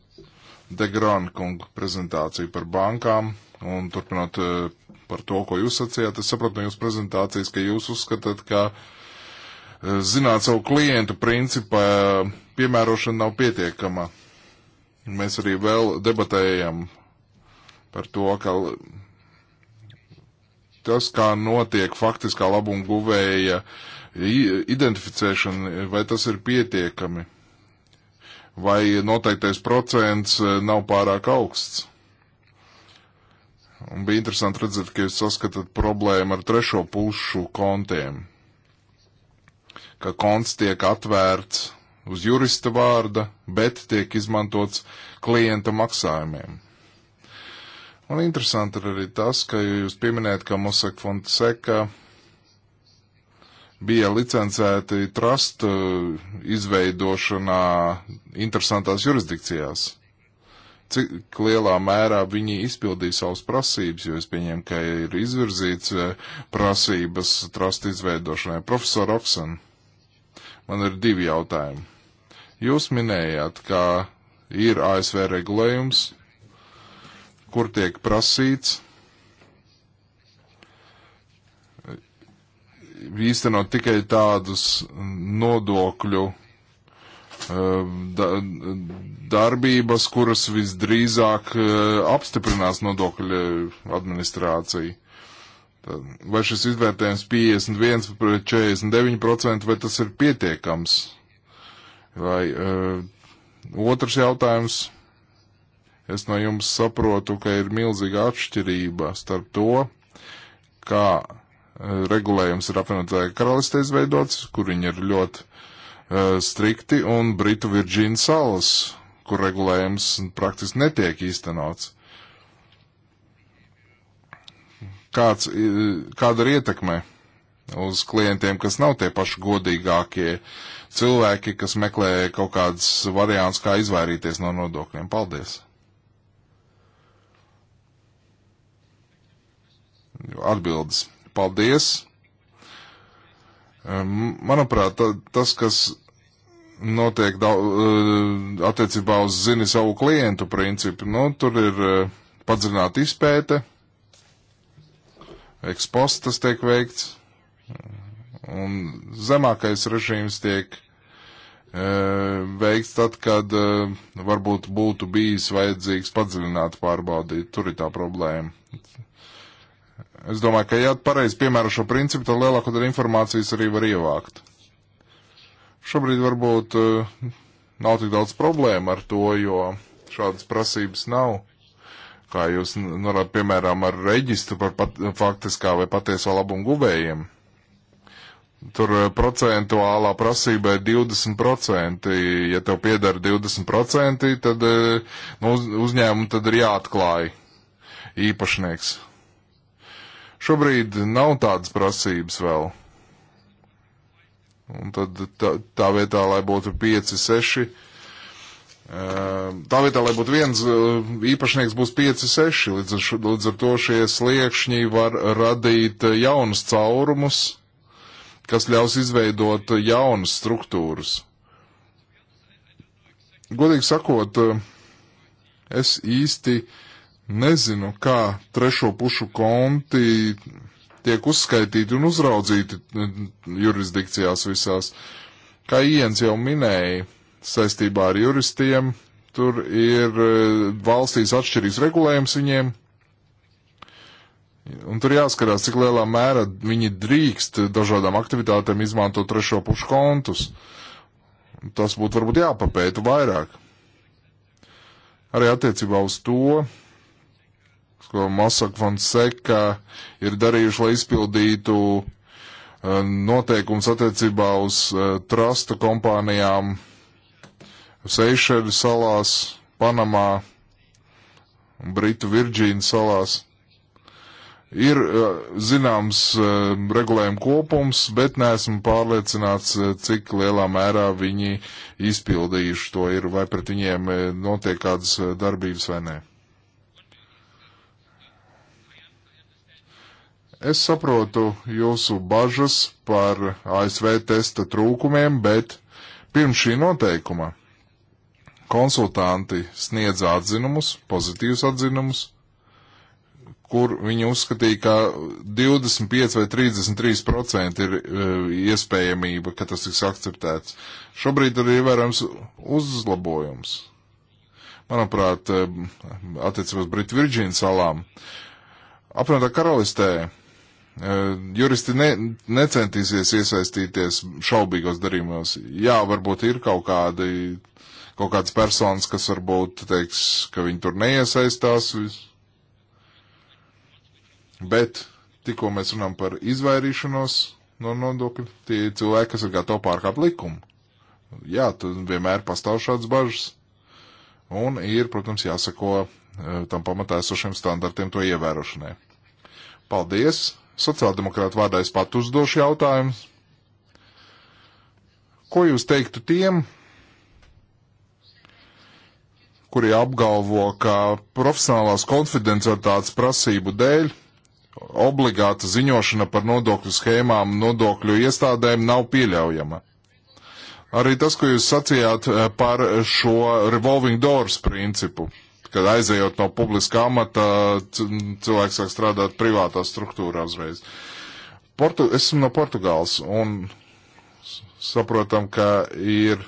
Degrāna kunga prezentāciju par bankām. Un turpinot eh, par to, ko jūs sacījāt, es saprotu no jūsu prezentācijas, ka jūs uzskatāt, ka eh, zināt savu klientu principa piemērošana nav pietiekama. Mēs arī vēl debatējam par to, ka tas, kā notiek faktiskā labuma guvēja identificēšana, vai tas ir pietiekami, vai noteiktais procents eh, nav pārāk augsts Un bija interesanti redzēt, ka jūs saskatāt problēmu ar trešo pušu kontiem. Ka konts tiek atvērts uz jurista vārda, bet tiek izmantots klienta maksājumiem. Un interesanti ir arī tas, ka jūs pieminējat, ka Mosek Fonseca bija licencēti trust izveidošanā interesantās jurisdikcijās cik lielā mērā viņi izpildīja savas prasības, jo es pieņemu, ka ir izvirzīts eh, prasības trasta izveidošanai. Profesor Oksan, man ir divi jautājumi. Jūs minējāt, ka ir ASV regulējums, kur tiek prasīts eh, īstenot tikai tādus nodokļu Ehm, darbības, kuras visdrīzāk eh, apstiprinās nodokļu administrācija. Vai šis izvērtējums 51 pret 49% vai tas ir pietiekams? Vai uh, otrs jautājums? Es no jums saprotu, ka ir milzīga atšķirība starp to, kā eh, regulējums ir apvienotāja karalistē izveidots, kur viņi ir ļoti Eh, strikti, un Britu Virģīna salas, kur regulējums praktiski netiek īstenots. Kāds, eh, kāda ir ietekme uz klientiem, kas nav tie paši godīgākie cilvēki, kas meklē kaut kādas variants, kā izvairīties no nodokļiem? Paldies! Atbildes. Paldies! Manuprāt, tas, kas notiek daudz, eh, attiecībā uz zini savu klientu principu, nu, tur ir eh, padzināta izpēte, ekspostas tiek veikts, un zemākais režīms tiek eh, veikts tad, kad varbūt būtu bijis vajadzīgs padziļināt pārbaudīt. Tur ir tā problēma. Es domāju, ka, ja pareizi piemēro šo principu, tad lielāko daļu informācijas arī var ievākt. Šobrīd varbūt eh, nav tik daudz problēmu ar to, jo šādas prasības nav. Kā jūs norādāt, piemēram, ar reģistru par pat, faktiskā vai patieso labumu guvējiem. Tur eh, procentuālā prasība ir 20%. Ja tev piedara 20%, tad eh, nu, uz, uzņēmumu tad ir jāatklāj īpašnieks. Šobrīd nav tādas prasības vēl. Un tad tā, tā vietā, lai būtu 5, 6, eh, tā vietā, lai būtu viens eh, īpašnieks, būs 5, 6. Līdz ar, līdz ar to šie sliekšņi var radīt eh, jaunus caurumus, kas ļaus izveidot jaunas struktūras. Godīgi sakot, es īsti uh, Nezinu, kā trešo pušu konti tiek uzskaitīti un uzraudzīti eh, jurisdikcijās visās. Kā Iens jau minēja, saistībā ar juristiem, tur ir eh, valstīs atšķirīgs regulējums viņiem, un tur jāskarās, cik lielā mērā viņi drīkst dažādām aktivitātēm izmantot trešo pušu kontus. Tas būtu varbūt jāpapēta vairāk. Arī attiecībā uz to, ko Mossack Fonseca ir darījuši, lai izpildītu eh, noteikums attiecībā uz eh, trusta kompānijām Seišeļu salās, Panamā, Britu Virģīnu salās ir eh, zināms regulējuma kopums, bet neesmu pārliecināts, cik lielā mērā viņi izpildījuši to ir, vai pret viņiem notiek kādas darbības vai nē. Es saprotu jūsu bažas par ASV testa trūkumiem, bet pirms šī noteikuma konsultanti sniedz atzinumus, pozitīvus atzinumus, kur viņi uzskatīja, ka 25 vai 33% ir e, iespējamība, ka tas tiks akceptēts. Šobrīd ir ievērams uzlabojums. Manuprāt, e, attiecībā uz Britu Virģīnu salām. Apvienotā karalistē Eh, juristi ne, necentīsies iesaistīties šaubīgos darījumos. Jā, varbūt ir kaut kādi, kaut kāds personas, kas varbūt teiks, ka viņi tur neiesaistās. Bet tikko mēs runājam par izvairīšanos no nodokļu, tie cilvēki, kas ir gatavi pārkāpt likumu. Jā, tad vienmēr pastāv šāds bažas. Un ir, protams, jāsako eh, tam pamatā esošiem standartiem to ievērošanai. Paldies! Sociāldemokrāta vārdā es pat uzdošu jautājumus. Ko jūs teiktu tiem, kuri apgalvo, ka profesionālās konfidencialitātes prasību dēļ obligāta ziņošana par nodokļu schēmām nodokļu iestādēm nav pieļaujama? Arī tas, ko jūs sacījāt eh, par šo revolving doors principu kad aizejot no publiska amata, cilvēks sāk strādāt privātā struktūrā uzreiz. Portu, esmu no Portugāles un saprotam, ka ir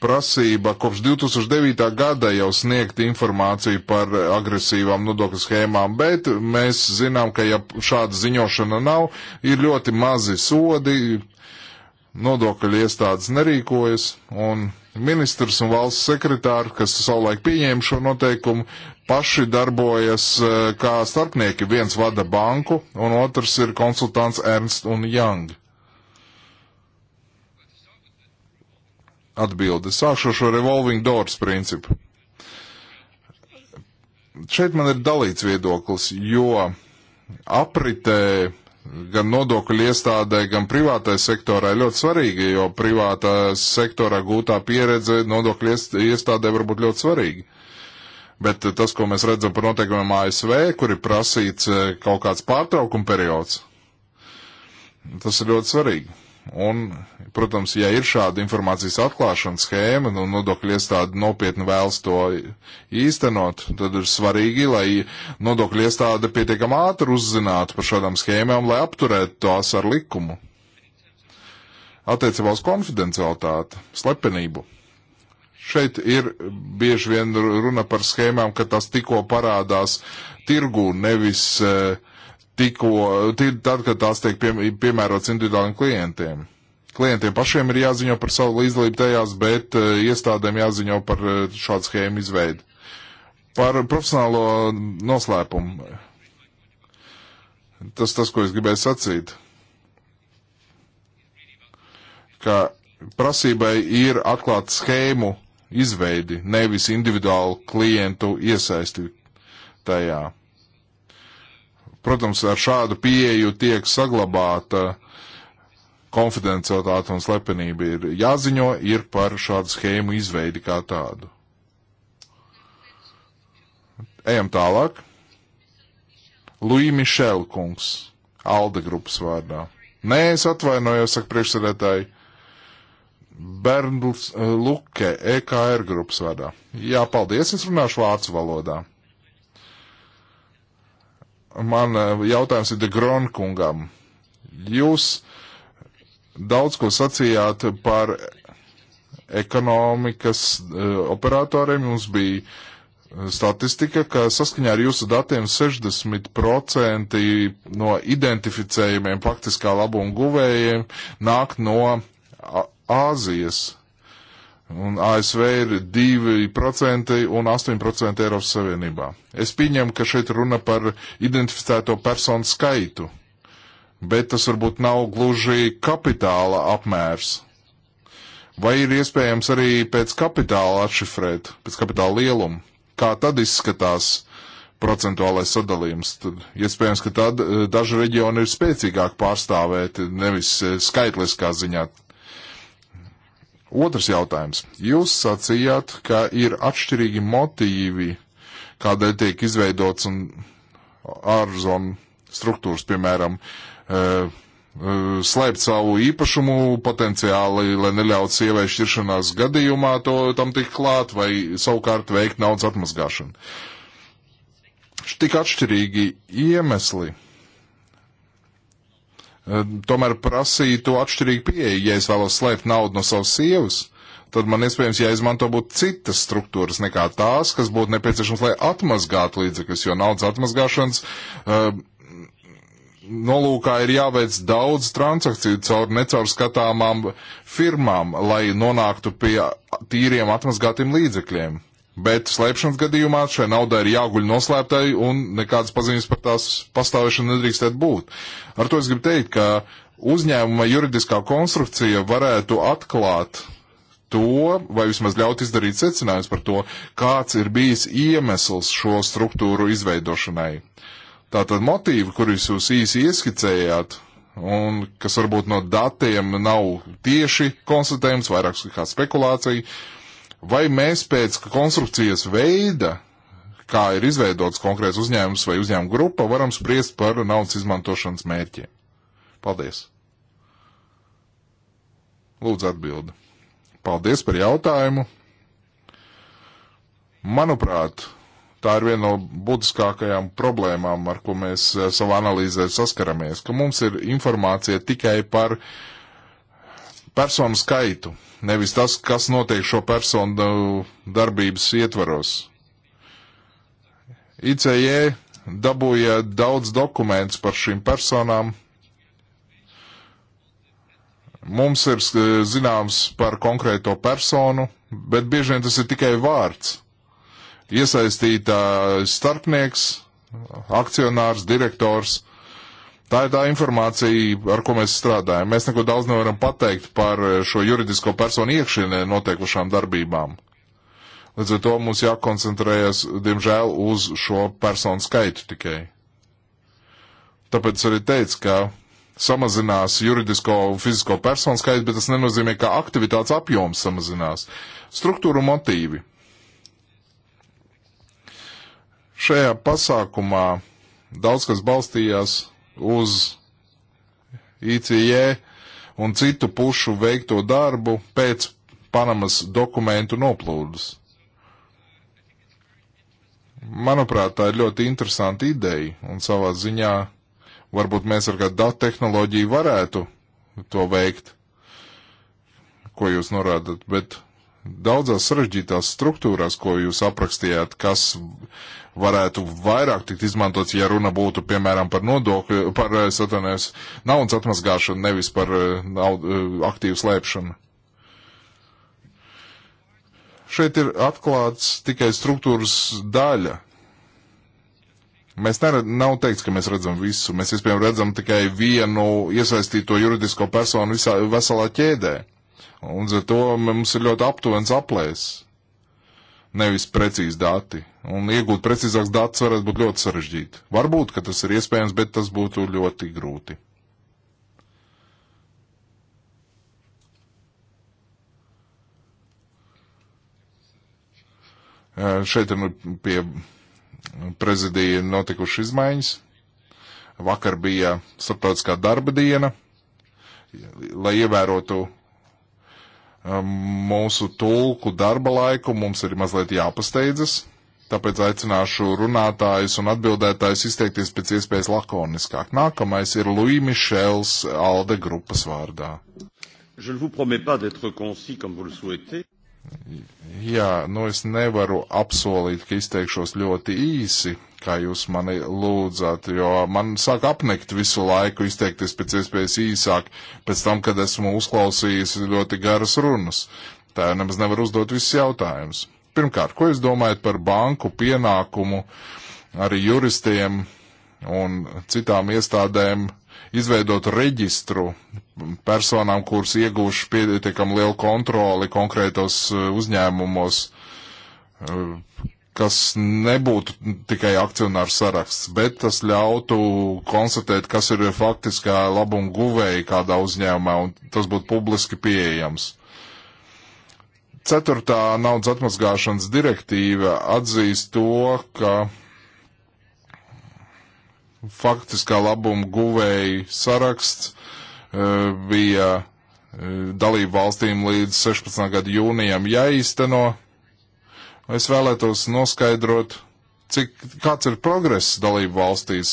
prasība kopš 2009. gada jau sniegt informāciju par agresīvām nodokļu schēmām, bet mēs zinām, ka ja šāda ziņošana nav, ir ļoti mazi sodi, nodokļu iestādes nerīkojas un ministrs un valsts sekretāri, kas savulaik pieņēma šo noteikumu, paši darbojas eh, kā starpnieki. Viens vada banku, un otrs ir konsultants Ernst un Young. Atbilde. Sākšu šo revolving doors principu. Šeit man ir dalīts viedoklis, jo apritē gan nodokļu iestādē, gan privātai sektorai ļoti svarīgi, jo privātā sektorā gūtā pieredze nodokļu iestādē var būt ļoti svarīga. Bet tas, ko mēs redzam par noteikumiem ASV, kur ir prasīts eh, kaut kāds pārtraukuma periods, tas ir ļoti svarīgi. Un, protams, ja ir šāda informācijas atklāšanas schēma un nu, nodokļu iestāde nopietni vēlas to īstenot, tad ir svarīgi, lai nodokļu iestāde pietiekam ātri uzzinātu par šādām schēmām, lai apturētu tās ar likumu. Attiecībā uz konfidencialitāti, slepenību. Šeit ir bieži vien runa par schēmām, ka tas tikko parādās tirgū, nevis uh, tikko, tad, kad tās tiek pie, piemērotas individuāliem klientiem. Klientiem pašiem ir jāziņo par savu līdzdalību tajās, bet uh, iestādēm jāziņo par uh, šādu schēmu izveidi. Par profesionālo noslēpumu. Tas tas, ko es gribēju sacīt. Ka prasībai ir atklāt schēmu izveidi, nevis individuālu klientu iesaisti tajā. Protams, ar šādu pieeju tiek saglabāta konfidencialitāte un slepenība. Ir jāziņo ir par šādu schēmu izveidi kā tādu. Ejam tālāk. Luī Mišel kungs, Alde grupas vārdā. Nē, es atvainojos, saka priekšsēdētāji. Bernds eh, Luke, EKR grupas vārdā. Jā, paldies, es runāšu vācu valodā. Man eh, jautājums ir Degronkungam. Jūs daudz ko sacījāt par ekonomikas uh, operatoriem. Mums bija eh, statistika, ka saskaņā ar jūsu datiem 60% no identificējumiem faktiskā labuma guvējiem nāk no Āzijas. Un ASV ir 2% un 8% Eiropas Savienībā. Es pieņemu, ka šeit runa par identificēto personu skaitu, bet tas varbūt nav gluži kapitāla apmērs. Vai ir iespējams arī pēc kapitāla atšifrēt, pēc kapitāla lieluma? Kā tad izskatās procentuālais sadalījums? Tad iespējams, ka tad eh, daži reģioni ir spēcīgāk pārstāvēti, nevis eh, skaitliskā ziņā Otrs jautājums. Jūs sacījāt, ka ir atšķirīgi motīvi, kādēļ tiek izveidots un ārzonu struktūras, piemēram, e, e, slēpt savu īpašumu potenciāli, lai neļautu sievai šķiršanās gadījumā to tam tik klāt, vai savukārt veikt naudas atmazgāšanu. Tik atšķirīgi iemesli tomēr prasītu atšķirīgu pieeju. Ja es vēlos slēpt naudu no savas sievas, tad man iespējams jāizmanto būtu citas struktūras nekā tās, kas būtu nepieciešams, lai atmazgātu līdzekļus, jo naudas atmazgāšanas uh, nolūkā ir jāveic daudz transakciju caur necaurskatāmām firmām, lai nonāktu pie tīriem atmazgātiem līdzekļiem. Bet slēpšanas gadījumā šai naudai ir jāguļ noslēptai un nekādas pazīmes par tās pastāvēšanu nedrīkstētu būt. Ar to es gribu teikt, ka uzņēmuma juridiskā konstrukcija varētu atklāt to, vai vismaz ļaut izdarīt secinājumus par to, kāds ir bijis iemesls šo struktūru izveidošanai. Tātad motīvi, kurus jūs īsi ieskicējāt, un kas varbūt no datiem nav tieši konstatējums, vairāk kā spekulācija, uh, Vai mēs pēc konstrukcijas veida, kā ir izveidots konkrēts uzņēmums vai uzņēmuma grupa, varam spriest par naudas izmantošanas mērķiem? Paldies! Lūdzu atbildi. Paldies par jautājumu. Manuprāt, tā ir viena no būtiskākajām problēmām, ar ko mēs savā analīzē saskaramies, ka mums ir informācija tikai par uh, personu skaitu, nevis tas, kas notiek šo personu uh, darbības ietvaros. ICJ e dabūja daudz dokumentus par šīm personām. Mums ir zināms par konkrēto personu, bet bieži vien tas ir tikai vārds. Iesaistītā starpnieks, akcionārs, direktors Tā ir tā informācija, ar ko mēs strādājam. Mēs neko daudz nevaram pateikt par šo juridisko personu iekšienē notiekušām darbībām. Līdz ar to mums jākoncentrējas, diemžēl, uz šo personu skaitu tikai. Tāpēc arī teicu, ka samazinās juridisko un fizisko personu skaits, bet tas nenozīmē, ka aktivitātes apjoms samazinās. Struktūra motīvi. Šajā pasākumā daudz kas balstījās uz ICJ un citu pušu veikto darbu pēc Panamas dokumentu noplūdes. Manuprāt, tā ir ļoti interesanta ideja, un savā ziņā varbūt mēs ar kādu datu tehnoloģiju varētu to veikt, ko jūs norādat, bet daudzās sarežģītās struktūrās, ko jūs aprakstījāt, kas varētu vairāk tikt izmantots, ja runa būtu, piemēram, par nodokļu, par eh, satanēs naudas atmazgāšanu, nevis par eh, naud, eh, aktīvu slēpšanu. Šeit ir atklāts tikai struktūras daļa. Mēs nered, nav teikts, ka mēs redzam visu. Mēs, vispējām, redzam tikai vienu iesaistīto juridisko personu visā veselā ķēdē. Un ar to mums ir ļoti aptuvens aplēs, nevis precīzi dati. Un iegūt precīzāks dats varētu būt ļoti sarežģīti. Varbūt, ka tas ir iespējams, bet tas būtu ļoti grūti. Šeit ir nu pie prezidija notikuši izmaiņas. Vakar bija starptautiskā darba diena, lai ievērotu mūsu tulku darba laiku, mums ir mazliet jāpasteidzas, tāpēc aicināšu runātājus un atbildētājus izteikties pēc iespējas lakoniskāk. Nākamais ir Louis Michels Alde grupas vārdā.
Je ne vous promets pas d'être concis comme vous le souhaitez.
Jā, nu es nevaru apsolīt, ka izteikšos ļoti īsi, kā jūs mani lūdzat, jo man sāk apnekt visu laiku izteikties pēc iespējas īsāk, pēc tam, kad esmu uzklausījis ļoti garas runas. Tā jau nemaz nevar uzdot visus jautājumus. Pirmkārt, ko jūs domājat par banku pienākumu arī juristiem un citām iestādēm izveidot reģistru personām, kuras iegūšu pietiekami lielu kontroli konkrētos eh, uzņēmumos, eh, kas nebūtu tikai akcionāru saraksts, bet tas ļautu konstatēt, kas ir faktiskā labuma guvēja kādā uzņēmumā, un tas būtu publiski pieejams. Ceturtā naudas atmazgāšanas direktīva atzīst to, ka faktiskā labuma guvēja saraksts Eh, bija eh, dalību valstīm līdz 16. gada jūnijam jāīsteno. Es vēlētos noskaidrot, cik, kāds ir progress dalību valstīs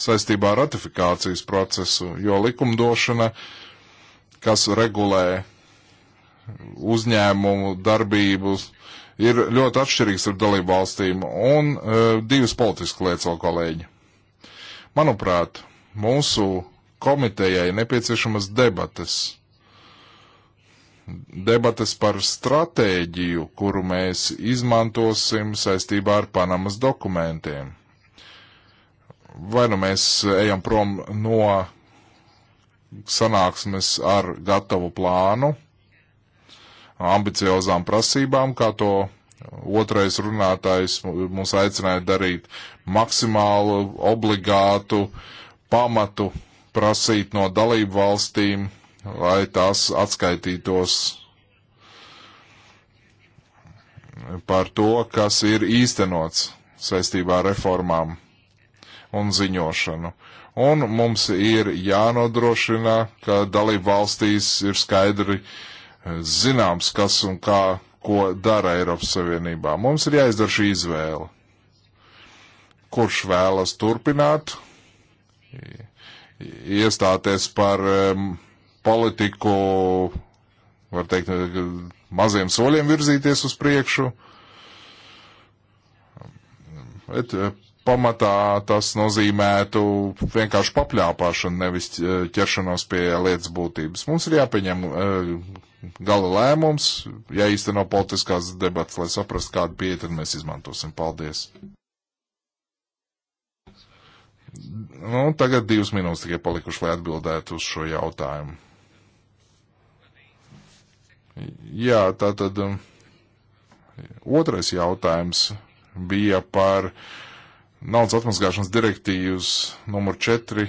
saistībā ar ratifikācijas procesu, jo likumdošana, kas regulē uzņēmumu darbības, ir ļoti atšķirīgs ar dalību valstīm un uh, divas politiskas lietas vēl kolēģi. Manuprāt, mūsu komitejai nepieciešamas debates. Debates par stratēģiju, kuru mēs izmantosim saistībā ar Panamas dokumentiem. Vai nu mēs ejam prom no sanāksmes ar gatavu plānu, ambiciozām prasībām, kā to otrais runātājs mums aicināja darīt maksimālu obligātu pamatu prasīt no dalību valstīm, lai tās atskaitītos par to, kas ir īstenots saistībā ar reformām un ziņošanu. Un mums ir jānodrošina, ka dalību valstīs ir skaidri eh, zināms, kas un kā, ko dara Eiropas Savienībā. Mums ir jāizdara šī izvēle. Kurš vēlas turpināt? Yeah iestāties par politiku, var teikt, maziem soļiem virzīties uz priekšu. Bet eh, pamatā tas nozīmētu vienkārši papļāpāšanu, nevis eh, ķeršanos pie lietas būtības. Mums ir jāpieņem eh, gala lēmums, jāīsteno politiskās debats, lai saprastu, kādu pieeja tad mēs izmantosim. Paldies! Nu, tagad divas minūtes tikai palikuši, lai atbildētu uz šo jautājumu. Jā, tā tad um, otrais jautājums bija par naudas atmazgāšanas direktīvas numur 4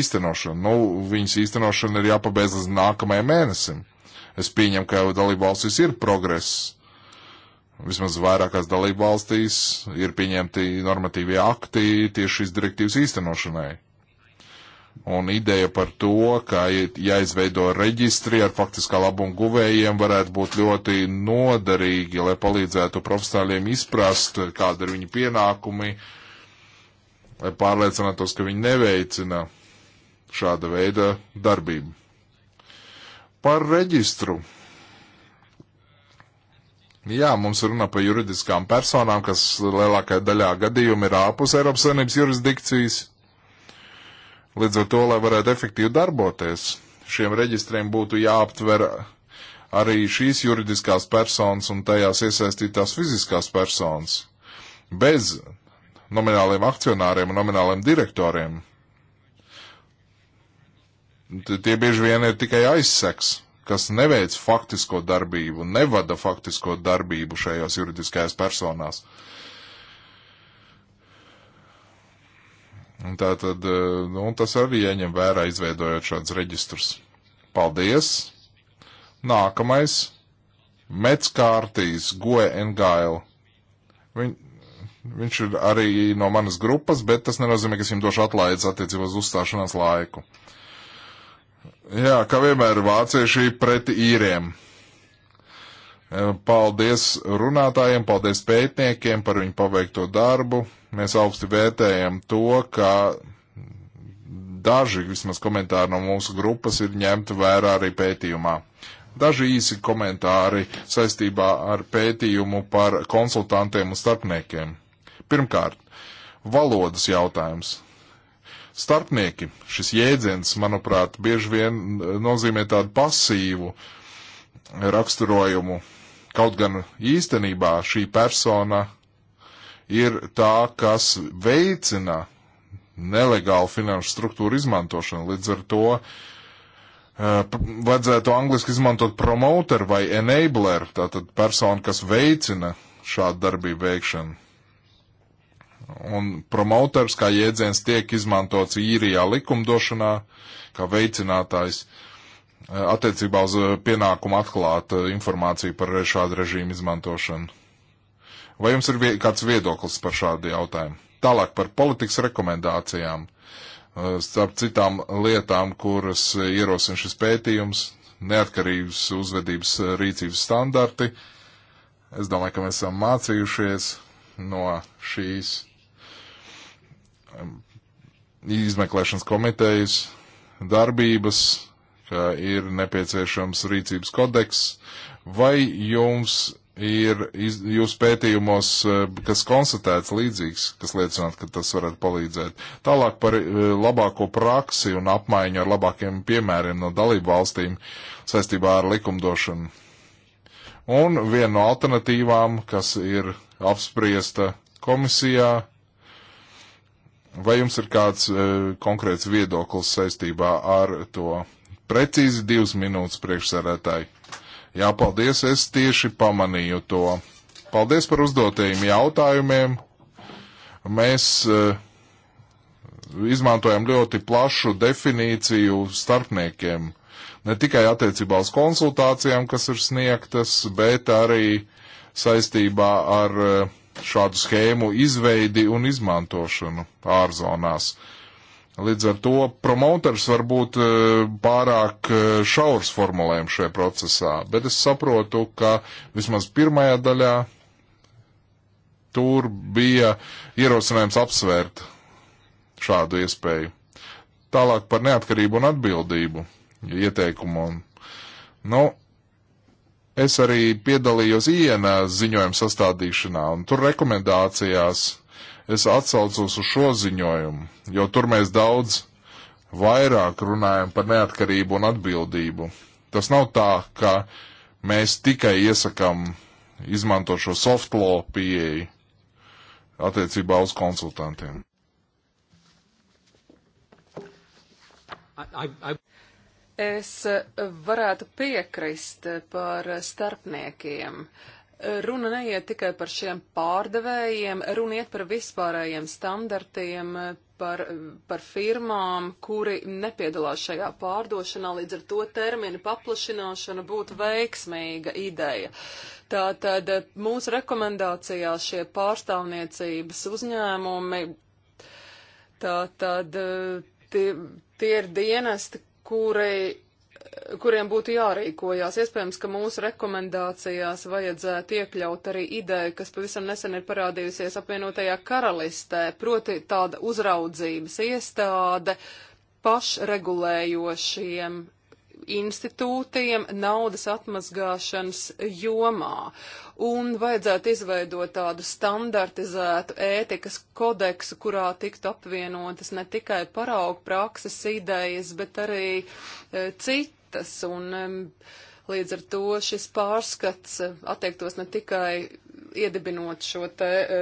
īstenošanu. Nu, viņas īstenošana ir jāpabeidz līdz nākamajam mēnesim. Es pieņemu, ka dalību valstīs ir progress Vismaz vairākās dalību valstīs ir pieņemti normatīvie akti tieši šīs direktīvas īstenošanai. Un ideja par to, ka jāizveido reģistri ar faktiskā labumu guvējiem, varētu būt ļoti noderīgi, lai palīdzētu profesionāļiem izprast, kāda ir viņa pienākumi, lai pārliecinātos, ka viņi neveicina šāda veida darbību. Par reģistru Jā, mums runā par juridiskām personām, kas lielākajā daļā gadījumu ir ārpus Eiropas Savienības jurisdikcijas. Līdz ar to, lai varētu efektīvi darboties, šiem reģistriem būtu jāaptver arī šīs juridiskās personas un tajās iesaistītās fiziskās personas. Bez nomināliem akcionāriem un nomināliem direktoriem. Tie bieži vien ir tikai aizseks kas neveic faktisko darbību, nevada faktisko darbību šajās juridiskajās personās. Un tā tad, eh, nu, tas arī jāņem vērā, izveidojot šādus reģistrus. Paldies! Nākamais - Metskārtīs Goe Engail. Viņ, viņš ir arī no manas grupas, bet tas nenozīmē, ka es viņam došu atlaides attiecībā uz uzstāšanās laiku. Uh, Jā, kā vienmēr vācieši pret īriem. Paldies runātājiem, paldies pētniekiem par viņu paveikto darbu. Mēs augsti vērtējam to, ka daži vismaz komentāri no mūsu grupas ir ņemti vērā arī pētījumā. Daži īsi komentāri saistībā ar pētījumu par konsultantiem un starpniekiem. Pirmkārt, valodas jautājums starpnieki. Šis jēdziens, manuprāt, bieži vien eh, nozīmē tādu pasīvu raksturojumu. Kaut gan īstenībā šī persona ir tā, kas veicina nelegālu finanšu struktūru izmantošanu. Līdz ar to uh, vajadzētu angliski izmantot promoter vai enabler, tātad persona, kas veicina šādu darbību veikšanu un promoters kā jēdziens tiek izmantots īrijā likumdošanā, kā veicinātājs eh, attiecībā uz eh, pienākumu atklāt eh, informāciju par šādu režīmu izmantošanu. Vai jums ir vie kāds viedoklis par šādu jautājumu? Tālāk par politikas rekomendācijām, starp citām lietām, kuras ierosina šis pētījums, neatkarības uzvedības rīcības standarti. Es domāju, ka mēs esam mācījušies no šīs izmeklēšanas komitejas darbības, ka ir nepieciešams rīcības kodeks, vai jums ir iz, jūs pētījumos, e, kas konstatēts līdzīgs, kas liecināt, ka tas varētu palīdzēt. Tālāk par e, labāko praksi un apmaiņu ar labākiem piemēriem no dalību valstīm saistībā ar likumdošanu. Un viena no alternatīvām, kas ir apspriesta komisijā, Vai jums ir kāds e, konkrēts viedoklis saistībā ar to? Precīzi divas minūtes priekšsarētāji. Jā, paldies, es tieši pamanīju to. Paldies par uzdotajiem jautājumiem. Mēs e, izmantojam ļoti plašu definīciju starpniekiem. Ne tikai attiecībā uz konsultācijām, kas ir sniegtas, bet arī saistībā ar e, šādu schēmu izveidi un izmantošanu ārzonās. Līdz ar to promoters var būt e, pārāk e, šaurs formulējums šajā procesā, bet es saprotu, ka vismaz pirmajā daļā tur bija ierosinājums apsvērt šādu iespēju. Tālāk par neatkarību un atbildību ieteikumu. Nu, Es arī piedalījos INA ziņojuma sastādīšanā, un tur rekomendācijās es atsaucos uz šo ziņojumu, jo tur mēs daudz vairāk runājam par neatkarību un atbildību. Tas nav tā, ka mēs tikai iesakam izmantot šo soft law pieeju attiecībā uz konsultantiem.
I, I, I... Es varētu piekrist par starpniekiem. Runa neiet tikai par šiem pārdevējiem, runa iet par vispārējiem standartiem, par, par firmām, kuri nepiedalās šajā pārdošanā, līdz ar to termina paplašināšana būtu veiksmīga ideja. Tātad mūsu rekomendācijā šie pārstāvniecības uzņēmumi, tātad eh, tie, tie ir dienesti, kurai, kuriem būtu jārīkojās. Iespējams, ka mūsu rekomendācijās vajadzētu iekļaut arī ideju, kas pavisam nesen ir parādījusies apvienotajā karalistē, proti tāda uzraudzības iestāde pašregulējošiem institūtiem naudas atmazgāšanas jomā. Un vajadzētu izveidot tādu standartizētu ētikas kodeksu, kurā tiktu apvienotas ne tikai paraugu prakses idejas, bet arī e, citas. Un, e, Līdz ar to šis pārskats e, attiektos ne tikai iedibinot šo te e,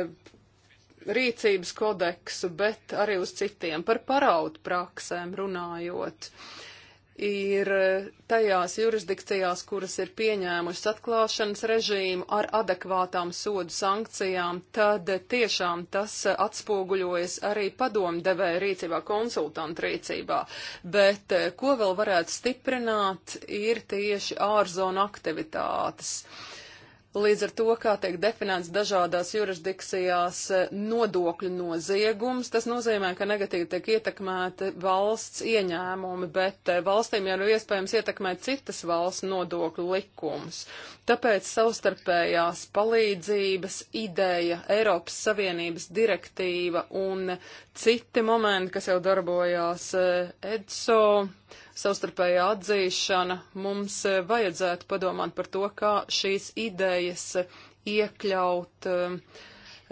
rīcības kodeksu, bet arī uz citiem par paraudu praksēm runājot. Uh, ir eh, tajās jurisdikcijās, kuras ir pieņēmušas atklāšanas režīmu ar adekvātām sodu sankcijām, tad tiešām tas eh, atspoguļojas arī padomdevēja rīcībā, konsultanta rīcībā. Bet eh, ko vēl varētu stiprināt, ir tieši ārzonu aktivitātes. Uh, Līdz ar to, kā tiek definēts dažādās jurisdikcijās eh, nodokļu noziegums, tas nozīmē, ka negatīvi tiek ietekmēti valsts ieņēmumi, bet eh, valstīm jau ir iespējams ietekmēt citas valsts nodokļu likumus. Tāpēc savstarpējās palīdzības ideja, Eiropas Savienības direktīva un citi momenti, kas jau darbojās eh, EDSO, savstarpējā atzīšana, mums e, vajadzētu padomāt par to, kā šīs idejas e, iekļaut e,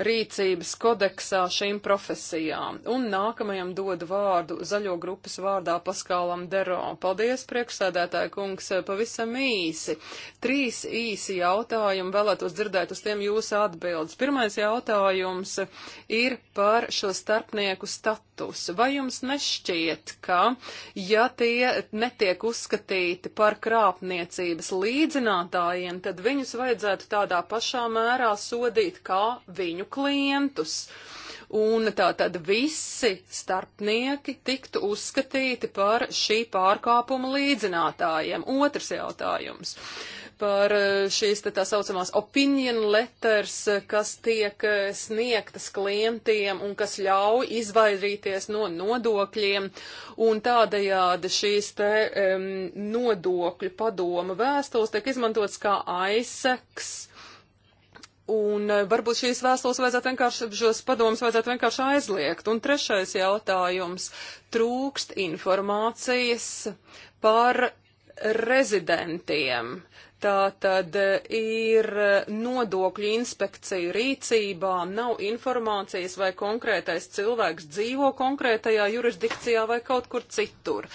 rīcības kodeksā šīm profesijām. Un nākamajam dodu vārdu zaļo grupas vārdā Paskālam Dero. Paldies, priekšsēdētāja kungs, pavisam īsi. Trīs īsi jautājumi vēlētos dzirdēt uz tiem jūsu atbildes. Pirmais jautājums ir par šo starpnieku statusu status. Vai jums nešķiet, ka, ja tie netiek uzskatīti par krāpniecības līdzinātājiem, tad viņus vajadzētu tādā pašā mērā sodīt kā viņu klientus? Un tā tad visi starpnieki tiktu uzskatīti par šī pārkāpuma līdzinātājiem. Otrs jautājums. Uh, par eh, šīs tā saucamās opinion letters, eh, kas tiek eh, sniegtas klientiem un kas ļauj izvairīties no nodokļiem, un tādējādi šīs te um, nodokļu padoma vēstules tiek izmantotas kā aizseks. Un varbūt šīs vēstules vajadzētu vienkārši, šos padomus vajadzētu vienkārši aizliegt. Un trešais jautājums - trūkst informācijas par rezidentiem. Tā tad e, ir e, nodokļu inspekciju rīcībā, nav informācijas, vai konkrētais cilvēks dzīvo konkrētajā jurisdikcijā vai kaut kur citur.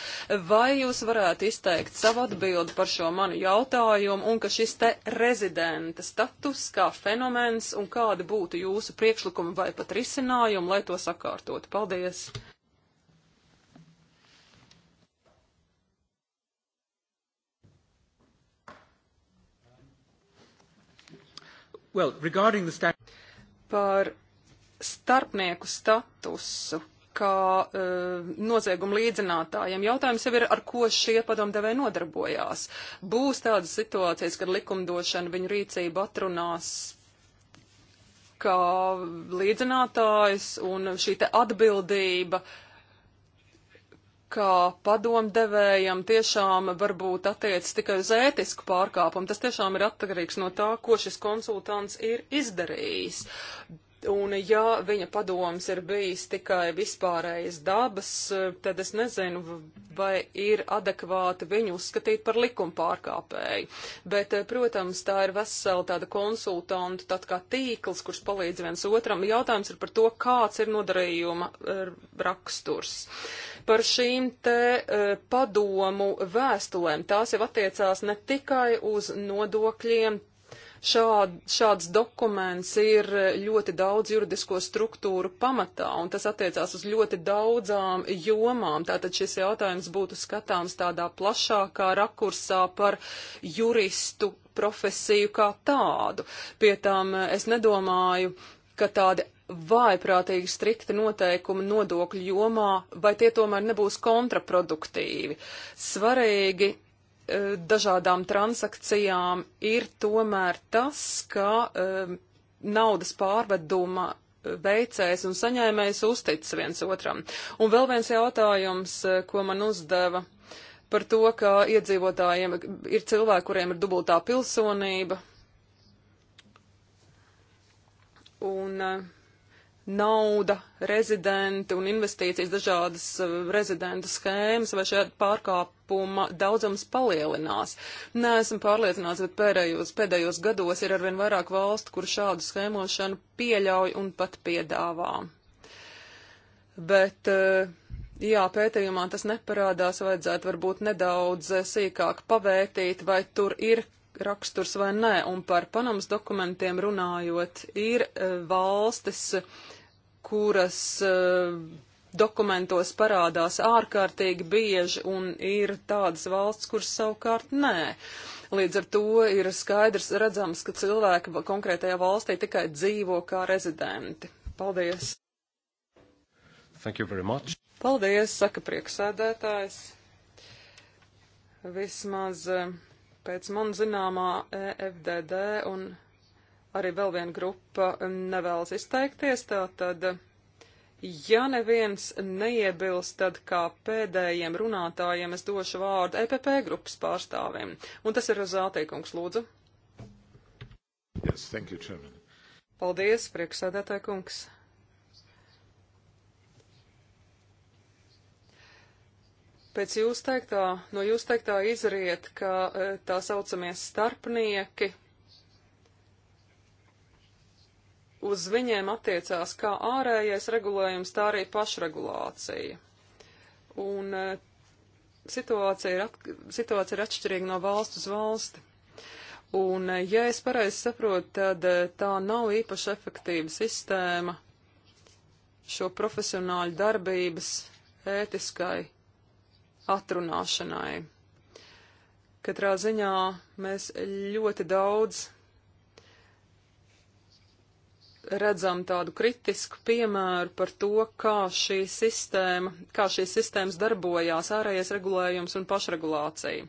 Vai jūs varētu izteikt savu atbildi par šo manu jautājumu un ka šis te rezidenta status kā fenomens un kādi būtu jūsu priekšlikumi vai pat risinājumi, lai to sakārtotu? Paldies! Well, the... Par starpnieku statusu kā uh, nozieguma līdzinātājiem. Jautājums jau ir, ar ko šie padomdevēji nodarbojās. Būs tādas situācijas, kad likumdošana viņu rīcību atrunās kā līdzinātājs un šī te atbildība uh, kā padomdevējam tiešām varbūt attiec tikai uz ētisku pārkāpumu. Tas tiešām ir atkarīgs no tā, ko šis konsultants ir izdarījis. Un ja viņa padoms ir bijis tikai vispārējas dabas, tad es nezinu, vai ir adekvāti viņu uzskatīt par likuma pārkāpēju. Bet, protams, tā ir vesela tāda konsultanta, tad kā tīkls, kurš palīdz viens otram. Jautājums ir par to, kāds ir nodarījuma er, raksturs. Par šīm te e, padomu vēstulēm tās jau attiecās ne tikai uz nodokļiem, Šād, šāds dokuments ir ļoti daudz juridisko struktūru pamatā, un tas attiecās uz ļoti daudzām jomām. Tātad šis jautājums būtu skatāms tādā plašākā rakursā par juristu profesiju kā tādu. Pie tām eh, es nedomāju, ka tādi vājprātīgi strikti noteikumi nodokļu jomā, vai tie tomēr nebūs kontraproduktīvi. Svarīgi E, dažādām transakcijām ir tomēr tas, ka e, naudas pārveduma veicējs un saņēmējs uzticas viens otram. Un vēl viens jautājums, e, ko man uzdeva par to, ka iedzīvotājiem ir cilvēki, kuriem ir dubultā pilsonība. Un uh, nauda, rezidenti un investīcijas dažādas eh, rezidentu schēmas vai šāda pārkāpuma daudzums palielinās. Nē, esam pārliecināts, bet pēdējos, pēdējos gados ir arvien vairāk valstu, kur šādu schēmošanu pieļauj un pat piedāvā. Bet uh, Jā, pētījumā tas neparādās, vajadzētu varbūt nedaudz eh, sīkāk pavētīt, vai tur ir raksturs vai nē, un par Panamas dokumentiem runājot, ir e, valstis, kuras e, dokumentos parādās ārkārtīgi bieži, un ir tādas valsts, kuras savukārt nē. Līdz ar to ir skaidrs redzams, ka cilvēki konkrētajā valstī tikai dzīvo kā rezidenti. Paldies! Thank you very much. Paldies, saka prieksēdētājs. Vismaz uh, Pēc man zināmā EFDD un arī vēl viena grupa nevēlas izteikties, tātad, ja neviens neiebilst, tad kā pēdējiem runātājiem es došu vārdu EPP grupas pārstāvim. Un tas ir Rozātīkungs, lūdzu. Yes,
thank you, Chairman.
Paldies, priekšsēdētāj kungs. Pēc jūs teiktā, no jūs teiktā izriet, ka e, tā saucamie starpnieki uz viņiem attiecās kā ārējais regulējums, tā arī pašregulācija. Un e, situācija ir, at, situācija ir atšķirīga no valsts uz valsti. Un, e, ja es pareizi saprotu, tad tā nav īpaši efektīva sistēma šo profesionāļu darbības ētiskai atrunāšanai. Katrā ziņā mēs ļoti daudz redzam tādu kritisku piemēru par to, kā šī sistēma, kā šīs sistēmas darbojās ārējais regulējums un pašregulācija.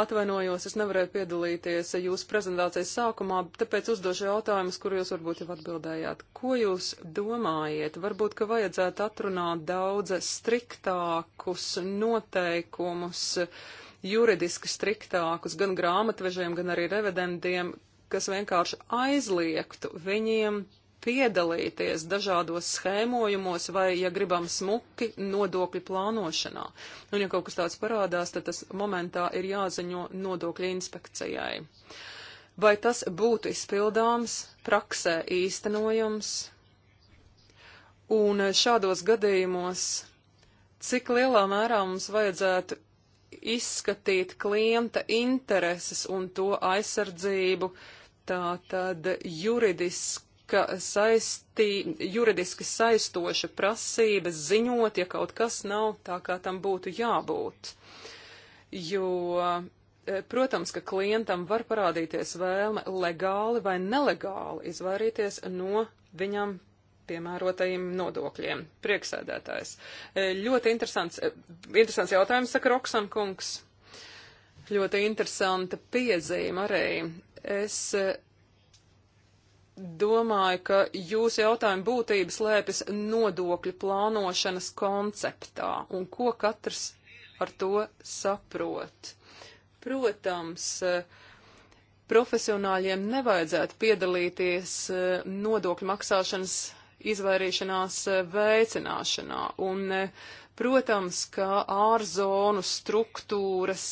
Atvainojos, es nevarēju piedalīties jūsu prezentācijas sākumā, tāpēc uzdošu jautājumus, kur jūs varbūt jau atbildējāt. Ko jūs domājat? Varbūt, ka vajadzētu atrunāt daudz striktākus noteikumus, juridiski striktākus gan grāmatvežiem, gan arī revedentiem, kas vienkārši aizliegtu viņiem piedalīties dažādos schēmojumos vai, ja gribam smuki, nodokļu plānošanā. Un, ja kaut kas tāds parādās, tad tas momentā ir jāziņo nodokļu inspekcijai. Vai tas būtu izpildāms, praksē īstenojams? Un šādos gadījumos, cik lielā mērā mums vajadzētu izskatīt klienta intereses un to aizsardzību, tā tad juridiski ka saistī, juridiski saistoša prasība ziņot, ja kaut kas nav tā, kā tam būtu jābūt. Jo, e, protams, ka klientam var parādīties vēlme legāli vai nelegāli izvairīties no viņam piemērotajiem nodokļiem. Prieksēdētājs. E, ļoti interesants, e, interesants jautājums, saka Roksam kungs. Ļoti interesanta piezīme arī. Es domāju, ka jūsu jautājuma būtība slēpjas nodokļu plānošanas konceptā un ko katrs ar to saprot. Protams, profesionāļiem nevajadzētu piedalīties eh, nodokļu maksāšanas izvairīšanās eh, veicināšanā. Un, eh, protams, ka ārzonu struktūras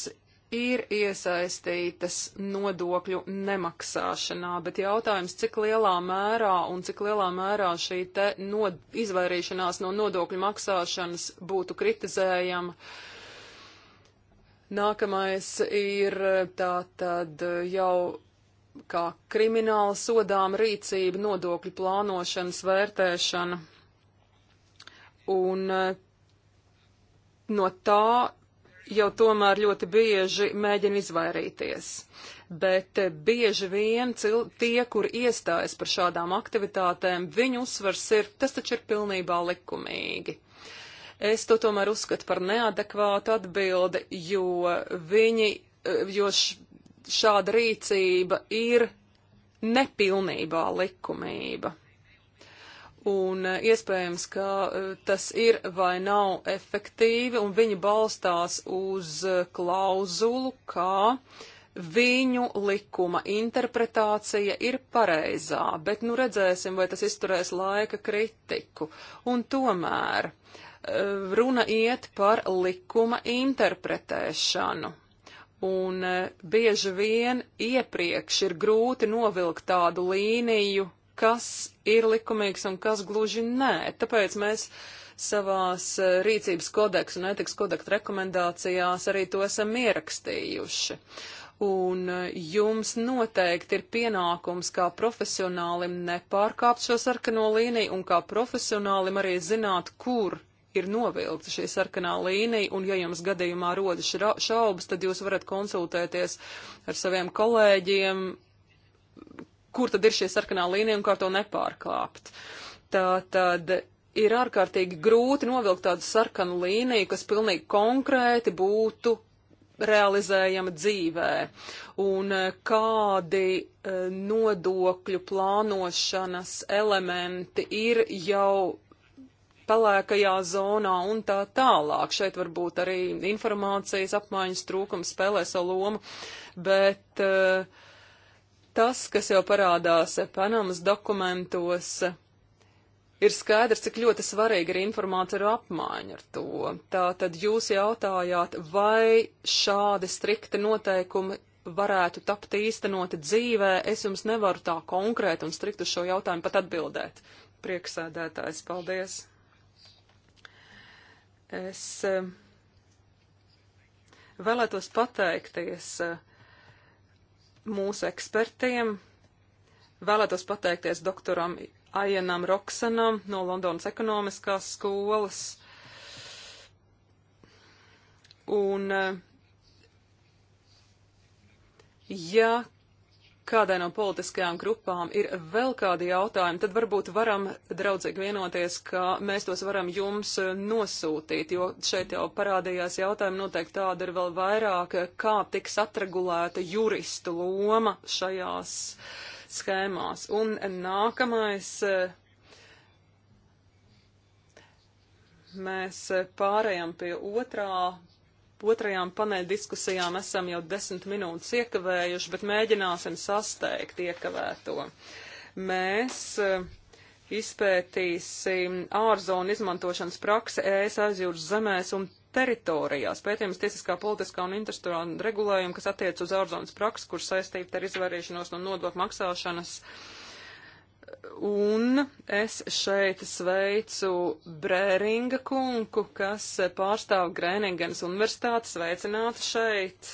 ir iesaistītas nodokļu nemaksāšanā, bet jautājums, cik lielā mērā un cik lielā mērā šī te nod, izvairīšanās no nodokļu maksāšanas būtu kritizējama. Nākamais ir tā tad jau kā krimināla sodām rīcība, nodokļu plānošanas vērtēšana. Un eh, no tā jau tomēr ļoti bieži mēģina izvairīties. Bet eh, bieži vien cil, tie, kur iestājas par šādām aktivitātēm, viņu uzsvars ir, tas taču ir pilnībā likumīgi. Es to tomēr uzskatu par neadekvātu atbildi, jo viņi, eh, jo š, šāda rīcība ir nepilnībā likumība un eh, iespējams, ka eh, tas ir vai nav efektīvi, un viņi balstās uz eh, klauzulu, kā viņu likuma interpretācija ir pareizā, bet nu redzēsim, vai tas izturēs laika kritiku. Un tomēr runa iet par likuma interpretēšanu. Un bieži vien iepriekš ir grūti novilkt tādu līniju, kas ir likumīgs un kas gluži nē. Tāpēc mēs savās eh, rīcības kodeksu un etikas kodektu rekomendācijās arī to esam ierakstījuši. Un eh, jums noteikti ir pienākums kā profesionālim nepārkāpt šo sarkano līniju un kā profesionālim arī zināt, kur ir novilkta šī sarkanā līnija, un ja jums gadījumā rodas šaubas, tad jūs varat konsultēties ar saviem kolēģiem, kur tad ir šie sarkanā līnija un kā to nepārkāpt. Tā tad ir ārkārtīgi grūti novilkt tādu sarkanu līniju, kas pilnīgi konkrēti būtu realizējama dzīvē. Un eh, kādi e, nodokļu plānošanas elementi ir jau pelēkajā zonā un tā tālāk. Šeit varbūt arī informācijas apmaiņas trūkums spēlē savu lomu, bet uh, e, Tas, kas jau parādās Panamas dokumentos, ir skaidrs, cik ļoti svarīga ir informācija ar apmaiņu ar to. Tātad jūs jautājāt, vai šādi strikti noteikumi varētu tapt īstenoti dzīvē, es jums nevaru tā konkrēti un strikt uz šo jautājumu pat atbildēt. Prieksēdētājs, paldies. Es eh, vēlētos pateikties eh, mūsu ekspertiem. Vēlētos pateikties doktoram Aienam Roksanam no Londonas ekonomiskās skolas. Un, eh, ja kādai no politiskajām grupām ir vēl kādi jautājumi, tad varbūt varam draudzīgi vienoties, ka mēs tos varam jums nosūtīt, jo šeit jau parādījās jautājumi, noteikti tāda ir vēl vairāk, kā tiks atregulēta juristu loma šajās schēmās. Un nākamais. Mēs pārējām pie otrā otrajām paneļdiskusijām esam jau desmit minūtes iekavējuši, bet mēģināsim sasteigt iekavēto. Mēs eh, izpētīsim ārzonu izmantošanas praksi ēs aizjūras zemēs un teritorijās. Pētījums tiesiskā, politiskā un interstruāla regulējuma, kas attiec uz ārzonas praksi, kur saistīta ar izvairīšanos no nodokļu maksāšanas uh, Un es šeit sveicu Brēringa kungu, kas pārstāv Grēningenas universitāti, sveicināti šeit.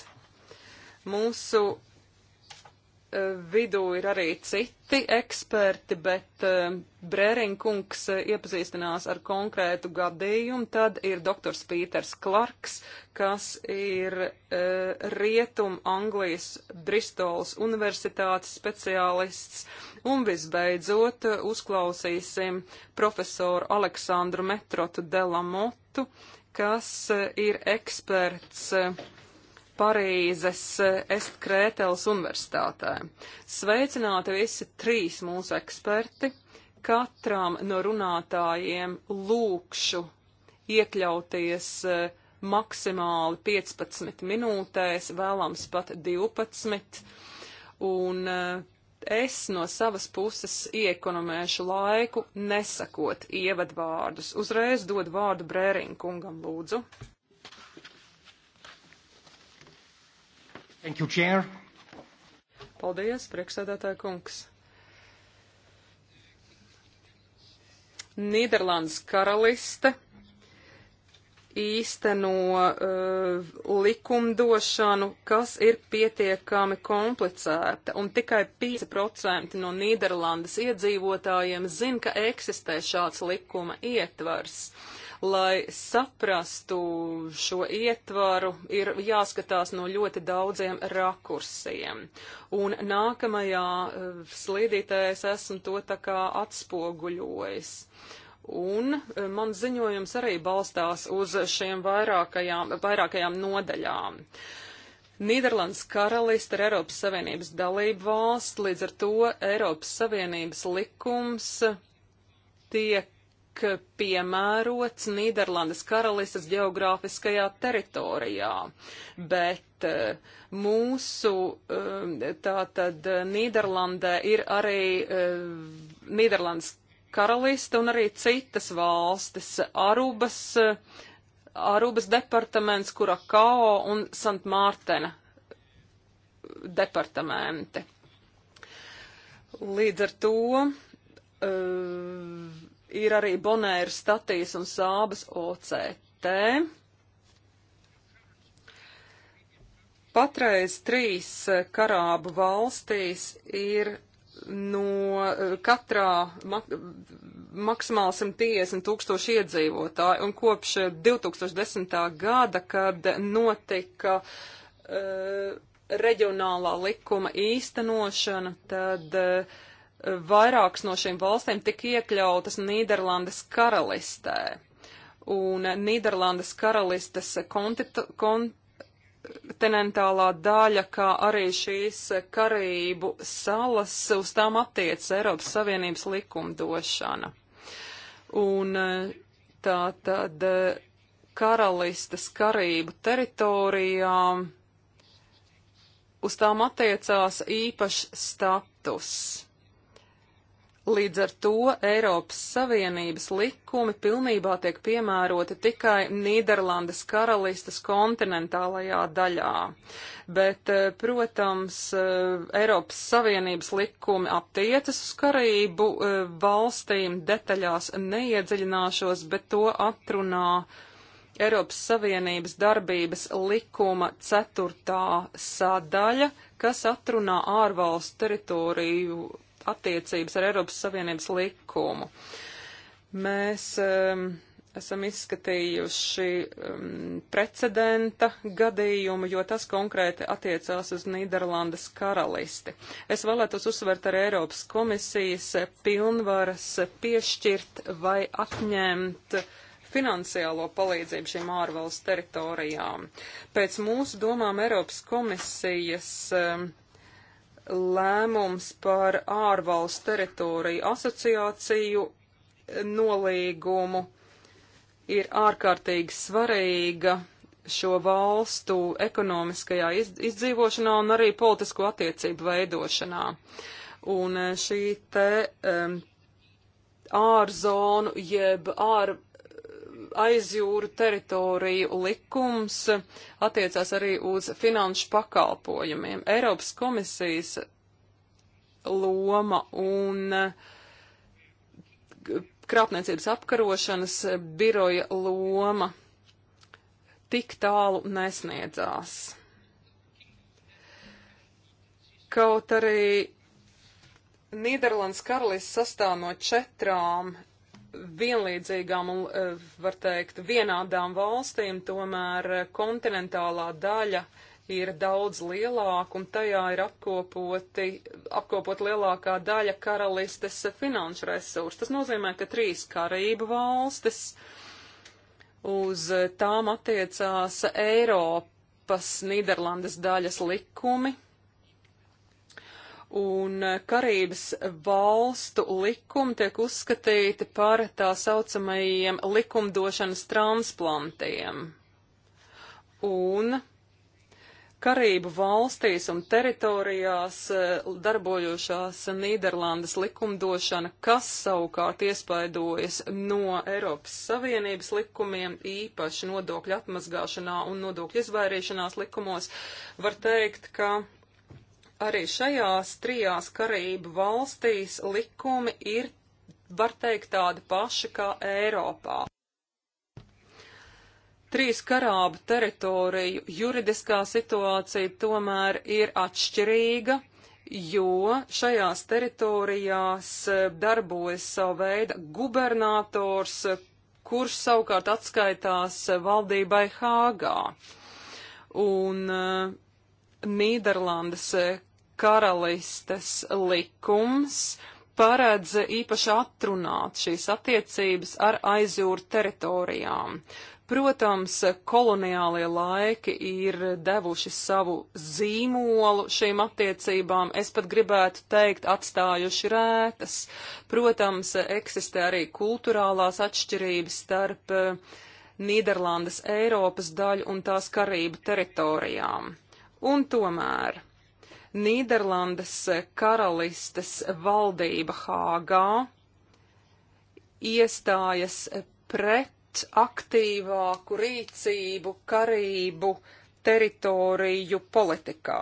Mūsu eh, vidū ir arī citi eksperti, bet eh, Brēringa kungs iepazīstinās ar konkrētu gadījumu. Tad ir doktors Pīters Klarks, kas ir eh, Rietum Anglijas Bristols universitātes speciālists Un visbeidzot eh, uzklausīsim profesoru Aleksandru Metrotu Delamotu, kas eh, ir eksperts eh, Parīzes Est Krētels universitātē. Sveicināti visi trīs mūsu eksperti. Katram no runātājiem lūkšu iekļauties maksimāli 15 minūtēs, vēlams pat 12. Un es no savas puses iekonomēšu laiku, nesakot ievadvārdus. Uzreiz dod vārdu Brēriņa kungam, lūdzu.
Thank you, Chair.
Paldies, priekšsēdētāja kungs. Nīderlandes karaliste īsteno uh, likumdošanu, kas ir pietiekami komplicēta, un tikai 5% no Nīderlandes iedzīvotājiem zina, ka eksistē šāds likuma ietvars. Lai saprastu šo ietvaru, ir jāskatās no ļoti daudziem rakursiem. Un nākamajā uh, slīdītājā es esmu to tā kā atspoguļojis. Uh, Un eh, mans ziņojums arī balstās uz šiem vairākajām, vairākajām nodaļām. Nīderlandes karaliste ir Eiropas Savienības dalība valsts, līdz ar to Eiropas Savienības likums tiek piemērots Nīderlandes karalistes geogrāfiskajā teritorijā, bet eh, mūsu, eh, tātad Nīderlandē ir arī Nīderlandes karaliste un arī citas valstis - Arubas, Arubas departaments, Kurakao un Sant Mārtena departamenti. Līdz ar to uh, ir arī Bonēra statijas un sābas OCT. Patreiz trīs eh, karābu valstīs ir no eh, katrā mak maksimāli 150 tūkstoši iedzīvotāji, un kopš 2010. Eh, gada, kad notika uh, reģionālā likuma īstenošana, tad uh, vairākas no šīm valstīm tika iekļautas Nīderlandes karalistē. Un Nīderlandes karalistes konti, konti kontinentālā daļa, kā arī šīs Karību salas, uz tām attiec Eiropas Savienības likumdošana. Un eh, tā tad eh, karalistas Karību teritorijām eh, uz tām attiecās īpašs status. Līdz ar to Eiropas Savienības likumi pilnībā tiek piemēroti tikai Nīderlandes karalistas kontinentālajā daļā. Bet, eh, protams, eh, Eiropas Savienības likumi attiecas uz Karību eh, valstīm, detaļās neiedziļināšos, bet to atrunā Eiropas Savienības darbības likuma ceturtā sadaļa, kas atrunā ārvalstu teritoriju attiecības ar Eiropas Savienības likumu. Mēs um, esam izskatījuši um, precedenta gadījumu, jo tas konkrēti attiecās uz Nīderlandes karalisti. Es vēlētos uzsvert ar Eiropas komisijas pilnvaras piešķirt vai atņemt finansiālo palīdzību šīm ārvalstu teritorijām. Pēc mūsu domām Eiropas komisijas um, lēmums par ārvalstu teritoriju asociāciju nolīgumu ir ārkārtīgi svarīga šo valstu ekonomiskajā izdzīvošanā un arī politisko attiecību veidošanā. Un eh, šī te um, ārzonu jeb ārvalstu aizjūru teritoriju likums attiecās arī uz finanšu pakalpojumiem. Eiropas komisijas loma un eh, krāpniecības apkarošanas biroja loma tik tālu nesniedzās. Kaut arī Nīderlandes karalists sastāv no četrām vienlīdzīgām un, eh, var teikt, vienādām valstīm, tomēr eh, kontinentālā daļa ir daudz lielāka un tajā ir apkopoti, apkopot lielākā daļa karalistes finanšu resursu. Tas nozīmē, ka trīs Karību valstis uz eh, tām attiecās Eiropas Nīderlandes daļas likumi, un eh, Karības valstu likumi tiek uzskatīti par tā saucamajiem likumdošanas transplantiem. Un Karību valstīs un teritorijās eh, darbojošās Nīderlandes likumdošana, kas savukārt iespaidojas no Eiropas Savienības likumiem, īpaši nodokļu atmazgāšanā un nodokļu izvairīšanās likumos, var teikt, ka arī šajās trijās Karību valstīs likumi ir, var teikt, tādi paši kā Eiropā. Trīs karābu teritoriju juridiskā situācija tomēr ir atšķirīga, jo šajās teritorijās e, darbojas savu veidu gubernators, e, kurš savukārt atskaitās e, valdībai Hāgā. Un Nīderlandes karalistes likums paredz īpaši atrunāt šīs attiecības ar aizjūru teritorijām. Protams, koloniālie laiki ir devuši savu zīmolu šīm attiecībām, es pat gribētu teikt, atstājuši rētas. Protams, eksistē arī kulturālās atšķirības starp eh, Nīderlandes Eiropas daļu un tās Karību teritorijām. Un tomēr Nīderlandes karalistes valdība Hāgā iestājas pret aktīvāku rīcību Karību teritoriju politikā.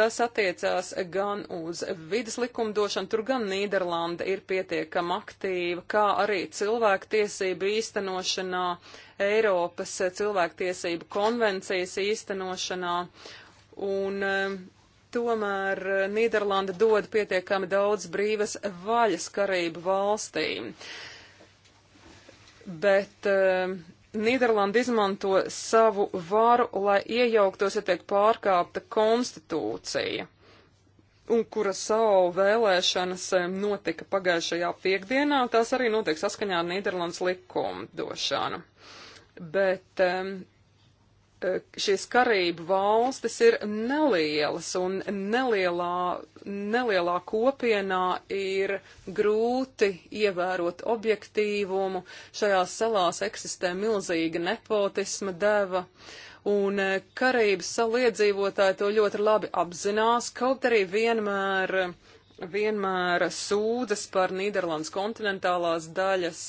Tas attiecās gan uz vidas likumdošanu, tur gan Nīderlanda ir pietiekama aktīva, kā arī cilvēktiesību īstenošanā, Eiropas cilvēktiesību konvencijas īstenošanā. Un Tomēr eh, Nīderlanda dod pietiekami daudz brīvas vaļas Karību valstīm. Bet uh, Nīderlanda izmanto savu varu, lai iejauktos, ja tiek pārkāpta konstitūcija, un kura savu vēlēšanas eh, notika pagājušajā piekdienā, tās arī notiek saskaņā ar Nīderlandes likumdošanu. Bet um, uh, šīs Karību valstis ir nelielas, un nelielā, nelielā kopienā ir grūti ievērot objektīvumu. Šajās salās eksistē milzīga nepotisma deva. Un Karības salu iedzīvotāji to ļoti labi apzinās, kaut arī vienmēr, vienmēr sūdzas par Nīderlandes kontinentālās daļas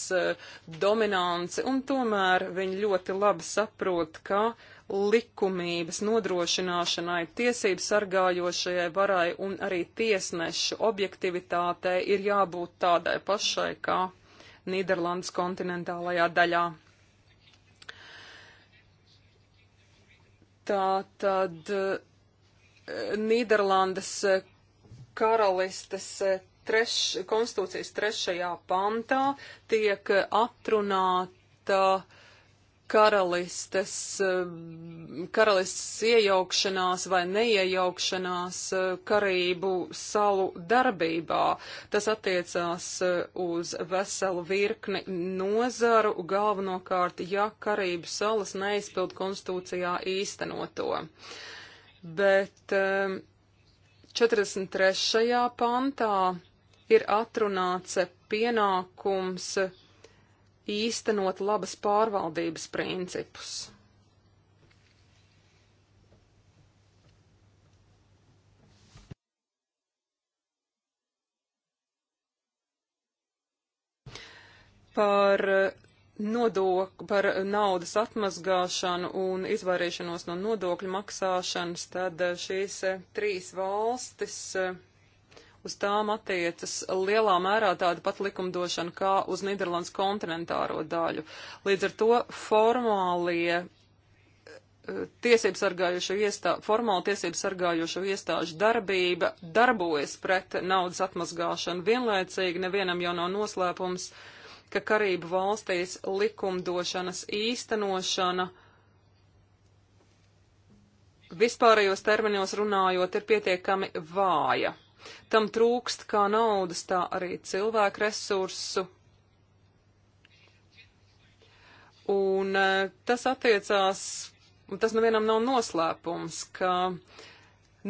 dominanci, un tomēr viņi ļoti labi saprot, ka uh, likumības nodrošināšanai, tiesību sargājošajai varai un arī tiesnešu objektivitātei ir jābūt tādai pašai kā Nīderlandes kontinentālajā daļā. Tā tad eh, Nīderlandes karalistes treš, konstitūcijas trešajā pantā tiek atrunāta uh, karalistes, um, karalistes iejaukšanās vai neiejaukšanās uh, Karību salu darbībā. Tas attiecās uh, uz veselu virkni nozaru, galvenokārt, ja Karību salas neizpild konstitūcijā īstenoto. Bet 43. Um, pantā ir atrunāts pienākums īstenot labas pārvaldības principus. Par nodok, par naudas atmazgāšanu un izvairīšanos no nodokļu maksāšanas, tad šīs trīs valstis uz tām attiecas lielā mērā tāda pat likumdošana kā uz Nīderlandes kontinentāro daļu. Līdz ar to formālie eh, tiesību sargājošo iestāžu, formāli tiesību sargājošo iestāžu darbība darbojas pret naudas atmazgāšanu. Vienlaicīgi nevienam jau nav noslēpums, ka Karību valstīs likumdošanas īstenošana vispārējos terminos runājot ir pietiekami vāja. Tam trūkst kā naudas, tā arī cilvēku resursu. Un e, tas attiecās, un tas nevienam nav noslēpums, ka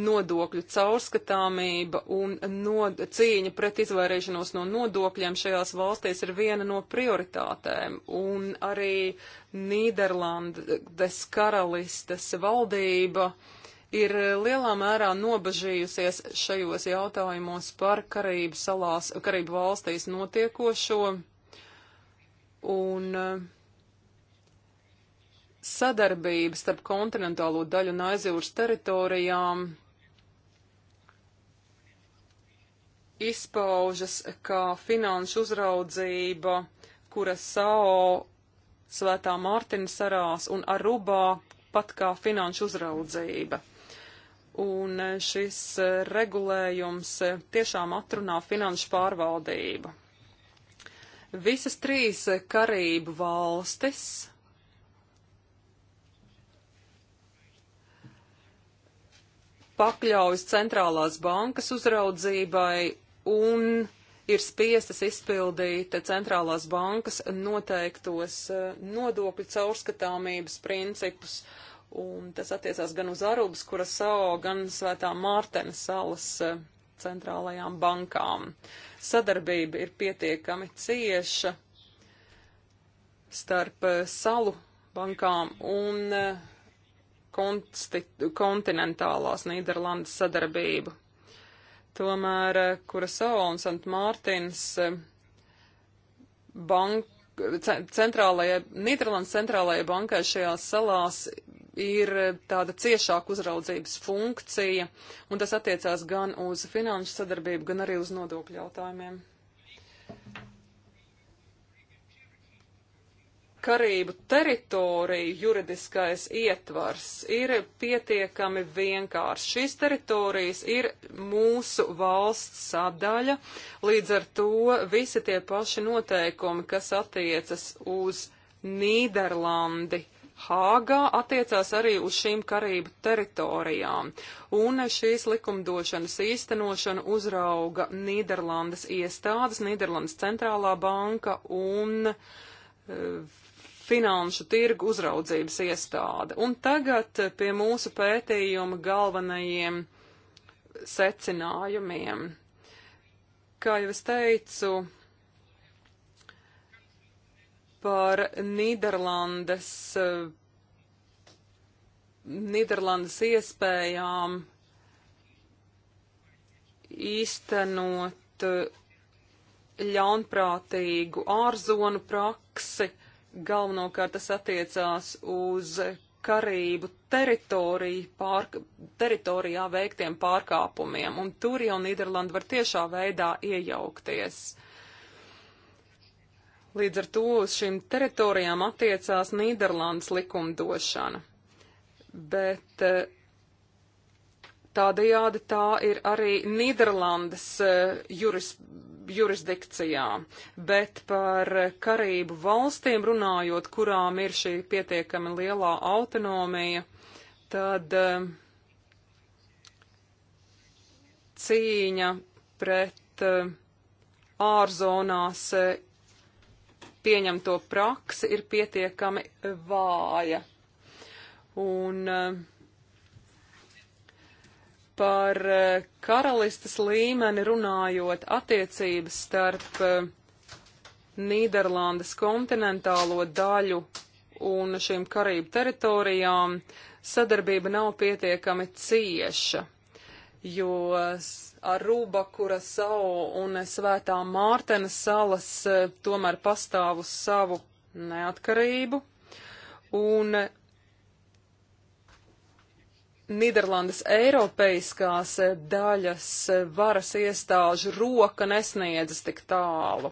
nodokļu caurskatāmība un nod, cīņa pret izvairīšanos no nodokļiem šajās valstīs ir viena no prioritātēm. Un arī Nīderlandes karalistes valdība uh, ir eh, lielā mērā nobažījusies šajos jautājumos par Karību, salās, Karību valstīs notiekošo un eh, sadarbība starp kontinentālo daļu un aizjūras teritorijām izpaužas kā finanšu uzraudzība, kura SAO, Svētā Mārtiņa sarās un Arubā pat kā finanšu uzraudzība un eh, šis eh, regulējums eh, tiešām atrunā finanšu pārvaldību. Visas trīs Karību valstis pakļaujas centrālās bankas uzraudzībai un ir spiestas izpildīt centrālās bankas noteiktos nodokļu caurskatāmības principus. Uh, Un tas attiecās gan uz Arubas, kura sao, gan Svētā Mārtena salas e, centrālajām bankām. Sadarbība ir pietiekami cieša starp e, salu bankām un e, kontinentālās Nīderlandes sadarbību. Tomēr Kurasao un Sant Mārtins bank, centrālajai, Nīderlandes centrālajai bankai šajās salās ir e, tāda ciešāka uzraudzības funkcija, un tas attiecās gan uz finanšu sadarbību, gan arī uz nodokļu jautājumiem. Karību teritoriju juridiskais ietvars ir pietiekami vienkāršs. Šīs teritorijas ir mūsu valsts sadaļa, līdz ar to visi tie paši noteikumi, kas attiecas uz Nīderlandi, Hāgā attiecās arī uz šīm karību teritorijām, un šīs likumdošanas īstenošanu uzrauga Nīderlandes iestādes, Nīderlandes centrālā banka un e, finanšu tirgu uzraudzības iestāde. Un tagad pie mūsu pētījuma galvenajiem secinājumiem. Kā jau es teicu, par Nīderlandes, eh, Nīderlandes iespējām īstenot eh, ļaunprātīgu ārzonu praksi. Galvenokārt tas attiecās uz karību teritoriju pārk teritorijā veiktiem pārkāpumiem, un tur jau Nīderlanda var tiešā veidā iejaukties. Uh, Līdz ar to uz šīm teritorijām attiecās Nīderlandes likumdošana. Bet eh, tādajādi tā ir arī Nīderlandes eh, juris, jurisdikcijā. Bet par Karību valstīm runājot, kurām ir šī pietiekami lielā autonomija, tad eh, cīņa pret ārzonās pieņemto praksi ir pietiekami eh, vāja. Un eh, par eh, karalistas līmeni runājot attiecības starp Nīderlandes kontinentālo daļu un šīm Karību teritorijām sadarbība nav pietiekami cieša, jo Aruba, Kurasau un Svētā Mārtena salas e, tomēr pastāv uz savu neatkarību. Un Nīderlandes eiropeiskās e, daļas e, varas iestāžu roka nesniedzas tik tālu.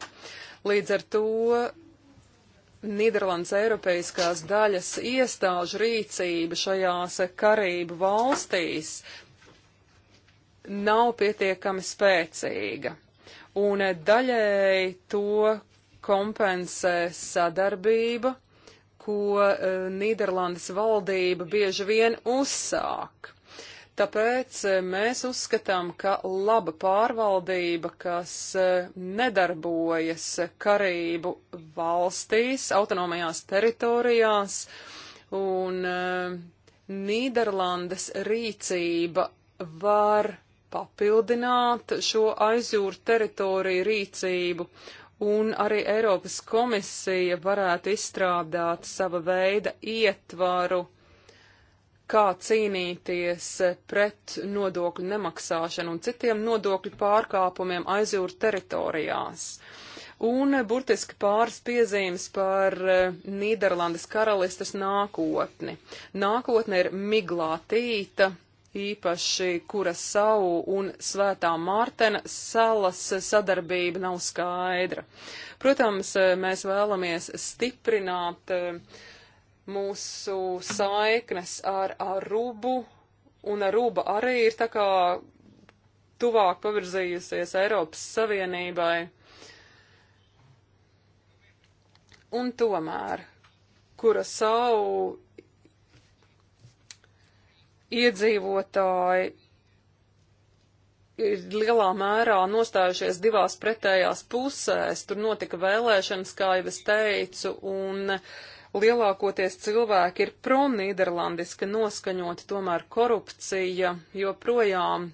Līdz ar to Nīderlandes eiropeiskās daļas iestāžu rīcība šajās Karību valstīs nav pietiekami spēcīga. Un daļēji to kompensē sadarbība, ko eh, Nīderlandes valdība bieži vien uzsāk. Tāpēc eh, mēs uzskatām, ka laba pārvaldība, kas eh, nedarbojas karību valstīs, autonomajās teritorijās, un Nīderlandes rīcība var papildināt šo aizjūru teritoriju rīcību, un arī Eiropas komisija varētu izstrādāt sava veida ietvaru, kā cīnīties pret nodokļu nemaksāšanu un citiem nodokļu pārkāpumiem aizjūru teritorijās. Un burtiski pāris piezīmes par eh, Nīderlandes karalistas nākotni. Nākotne ir miglātīta, īpaši kura savu un svētā Mārtena salas sadarbība nav skaidra. Protams, mēs vēlamies stiprināt eh, mūsu saiknes ar Arubu, un Aruba arī ir tā kā tuvāk pavirzījusies Eiropas Savienībai. Un tomēr, kura savu iedzīvotāji ir lielā mērā nostājušies divās pretējās pusēs. Tur notika vēlēšanas, kā jau es teicu, un lielākoties cilvēki ir pro-nīderlandiski noskaņoti, tomēr korupcija joprojām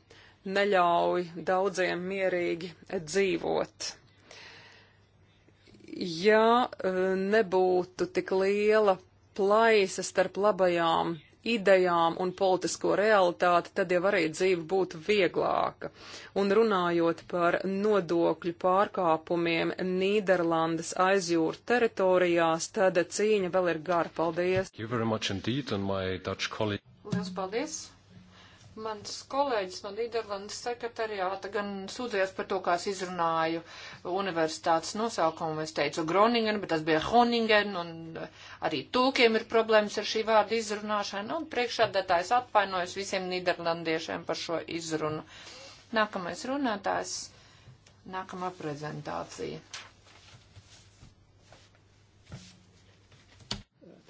neļauj daudziem mierīgi dzīvot. Ja eh, nebūtu tik liela plaisa starp labajām idejām un politisko realitāti, tad jau arī dzīve būtu vieglāka. Un runājot par nodokļu pārkāpumiem Nīderlandes aizjūra teritorijās, tad cīņa vēl ir gara. Paldies!
Liels paldies! Mans kolēģis no Nīderlandes sekretariāta gan sūdzējās par to, kā es izrunāju universitātes nosaukumu. Es teicu Groningen, bet tas bija Honingen, un eh, arī tūkiem ir problēmas ar šī vārda izrunāšanu, un priekšādātājs atvainojas visiem Nīderlandiešiem par šo izrunu. Nākamais runātājs, nākamā prezentācija.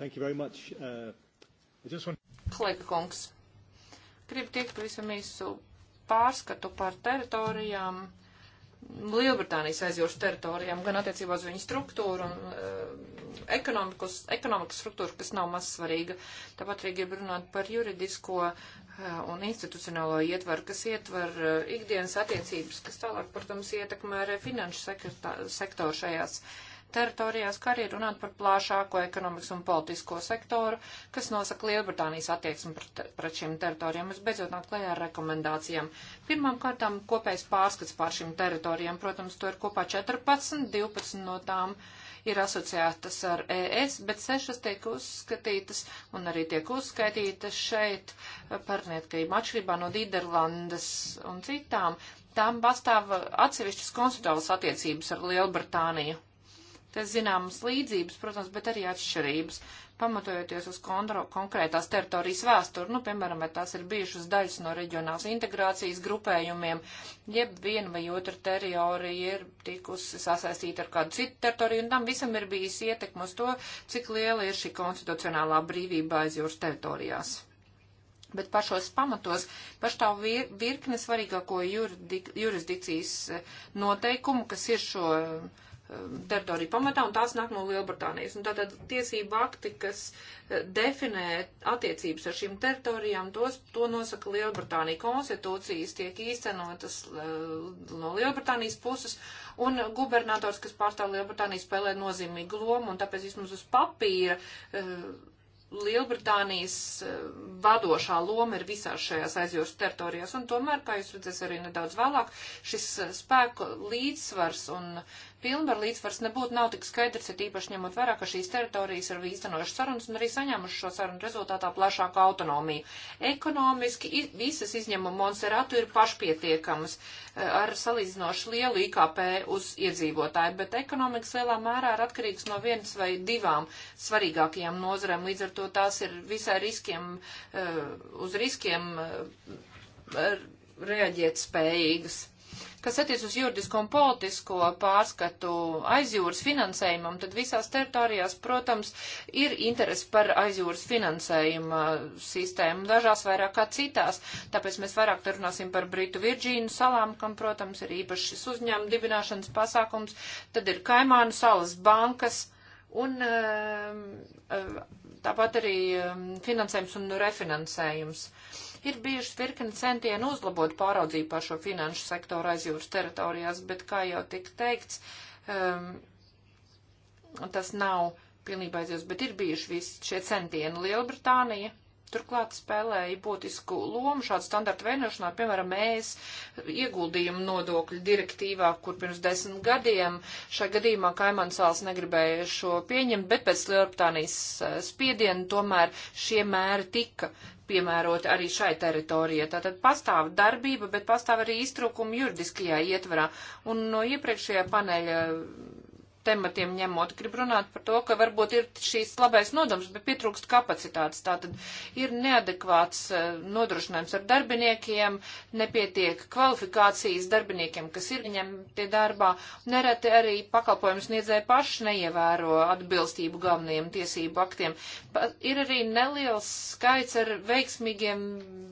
Thank you very much. Uh, I just want... Klikkungs. Gribu teikt pavisam īsu pārskatu par teritorijām, Lielbritānijas aizjūras teritorijām, gan attiecībā uz viņu struktūru un uh, eh, ekonomikas, ekonomikas struktūru, kas nav maz svarīga. Tāpat arī gribu runāt par juridisko uh, un institucionālo ietvaru, kas ietver uh, ikdienas attiecības, kas tālāk, protams, ietekmē arī finanšu sektoru šajās uh, teritorijās, kā arī runāt par plāšāko ekonomikas un politisko sektoru, kas nosaka Lielbritānijas attieksmi pret, pret šīm teritorijām. Es beidzot nāk klajā ar rekomendācijām. Pirmām kārtām kopējs pārskats pār šīm teritorijām. Protams, to ir kopā 14, 12 no tām ir asociētas ar ES, bet sešas tiek uzskatītas un arī tiek uzskaitītas šeit par neatkarību atšķirībā no Nīderlandes un citām. Tām pastāv atsevišķas konstitucionālas attiecības ar Lielbritāniju. Te zināmas līdzības, protams, bet arī atšķirības, pamatojoties uz kontro, konkrētās teritorijas vēsturi, nu, piemēram, vai tās ir bijušas daļas no reģionāls integrācijas grupējumiem, jeb viena vai otra teritorija ir tikusi sasaistīta ar kādu citu teritoriju, un tam visam ir bijis ietekme uz to, cik liela ir šī konstitucionālā brīvība aiz jūras teritorijās. Bet pašos pamatos paštāv vir, virkne svarīgāko juridik, jurisdikcijas eh, noteikumu, kas ir šo uh, teritoriju pamatā, un tās nāk no Lielbritānijas. Un tātad tiesība akti, kas eh, definē attiecības ar šīm teritorijām, tos, to nosaka Lielbritānija. Konstitūcijas tiek īstenotas eh, no Lielbritānijas puses, un gubernators, kas pārstāv Lielbritāniju, spēlē nozīmīgu lomu, un tāpēc vismaz uz papīra eh, Lielbritānijas vadošā loma ir visās šajās aizjūras teritorijās, un tomēr, kā jūs redzēs arī nedaudz vēlāk, šis spēku līdzsvars un Pilnvar līdzsvars nebūtu nav tik skaidrs, ir īpaši ņemot vērā, ka šīs teritorijas ir īstenojušas sarunas un arī saņēmušas šo sarunu rezultātā plašāku autonomiju. Ekonomiski visas izņemuma Monseratu ir pašpietiekamas eh, ar salīdzinoši lielu IKP uz iedzīvotāju, bet ekonomikas lielā mērā ir atkarīgs no vienas vai divām svarīgākajām nozarēm. Līdz ar to tās ir visai riskiem, eh, uz riskiem eh, reaģēt spējīgas. Kas attiec uz juridisko un politisko pārskatu aizjūras finansējumam, tad visās teritorijās, protams, ir interesi par aizjūras finansējuma sistēmu, dažās vairāk kā citās. Tāpēc mēs vairāk runāsim par Britu Virģīnu salām, kam, protams, ir īpašs uzņēmuma dibināšanas pasākums. Tad ir Kaimānu salas bankas un ehm, ehm, tāpat arī ehm, finansējums un refinansējums. Uh, Ir bijuši virkni centieni uzlabot pāraudzību par šo finanšu sektoru aizjūras teritorijās, bet, kā jau tika teikts, um, tas nav pilnībā aizjūras, bet ir bijuši visi šie centieni. Lielbritānija turklāt spēlēja būtisku lomu šādu standartu vienošanā, piemēram, mēs ieguldījumu nodokļu direktīvā, kur pirms desmit gadiem šajā gadījumā Kaimansāls negribēja šo pieņemt, bet pēc Lielbritānijas eh, spiediena tomēr šie mēri tika piemēroti arī šai teritorijai. Tātad pastāv darbība, bet pastāv arī iztrūkumi juridiskajā ietvarā. Un no iepriekšējā paneļa tematiem ņemot. Gribu runāt par to, ka varbūt ir šīs labais nodoms, bet pietrūkst kapacitātes. Tātad ir neadekvāts e, nodrošinājums ar darbiniekiem, nepietiek kvalifikācijas darbiniekiem, kas ir viņam tie darbā. Nereti arī pakalpojums niedzēja paši neievēro atbilstību galvenajiem tiesību aktiem. Pa, ir arī neliels skaits ar veiksmīgiem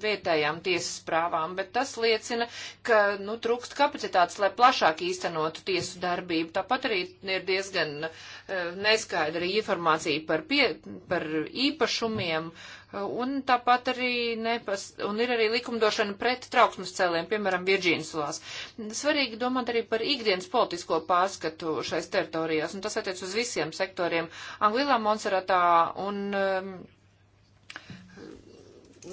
vietējām tiesas prāvām, bet tas liecina, ka, nu, trūkst kapacitātes, lai plašāk īstenotu tiesu darbību. Tāpat arī ir ir diezgan eh, neskaidra informācija par, pie, par īpašumiem, eh, un tāpat arī nepas, un ir arī likumdošana pret trauksmes cēliem, piemēram, Virģīnsulās. Svarīgi domāt arī par ikdienas politisko pārskatu šais teritorijās, un tas attiec uz visiem sektoriem - Anglilā, Monseratā un. Um,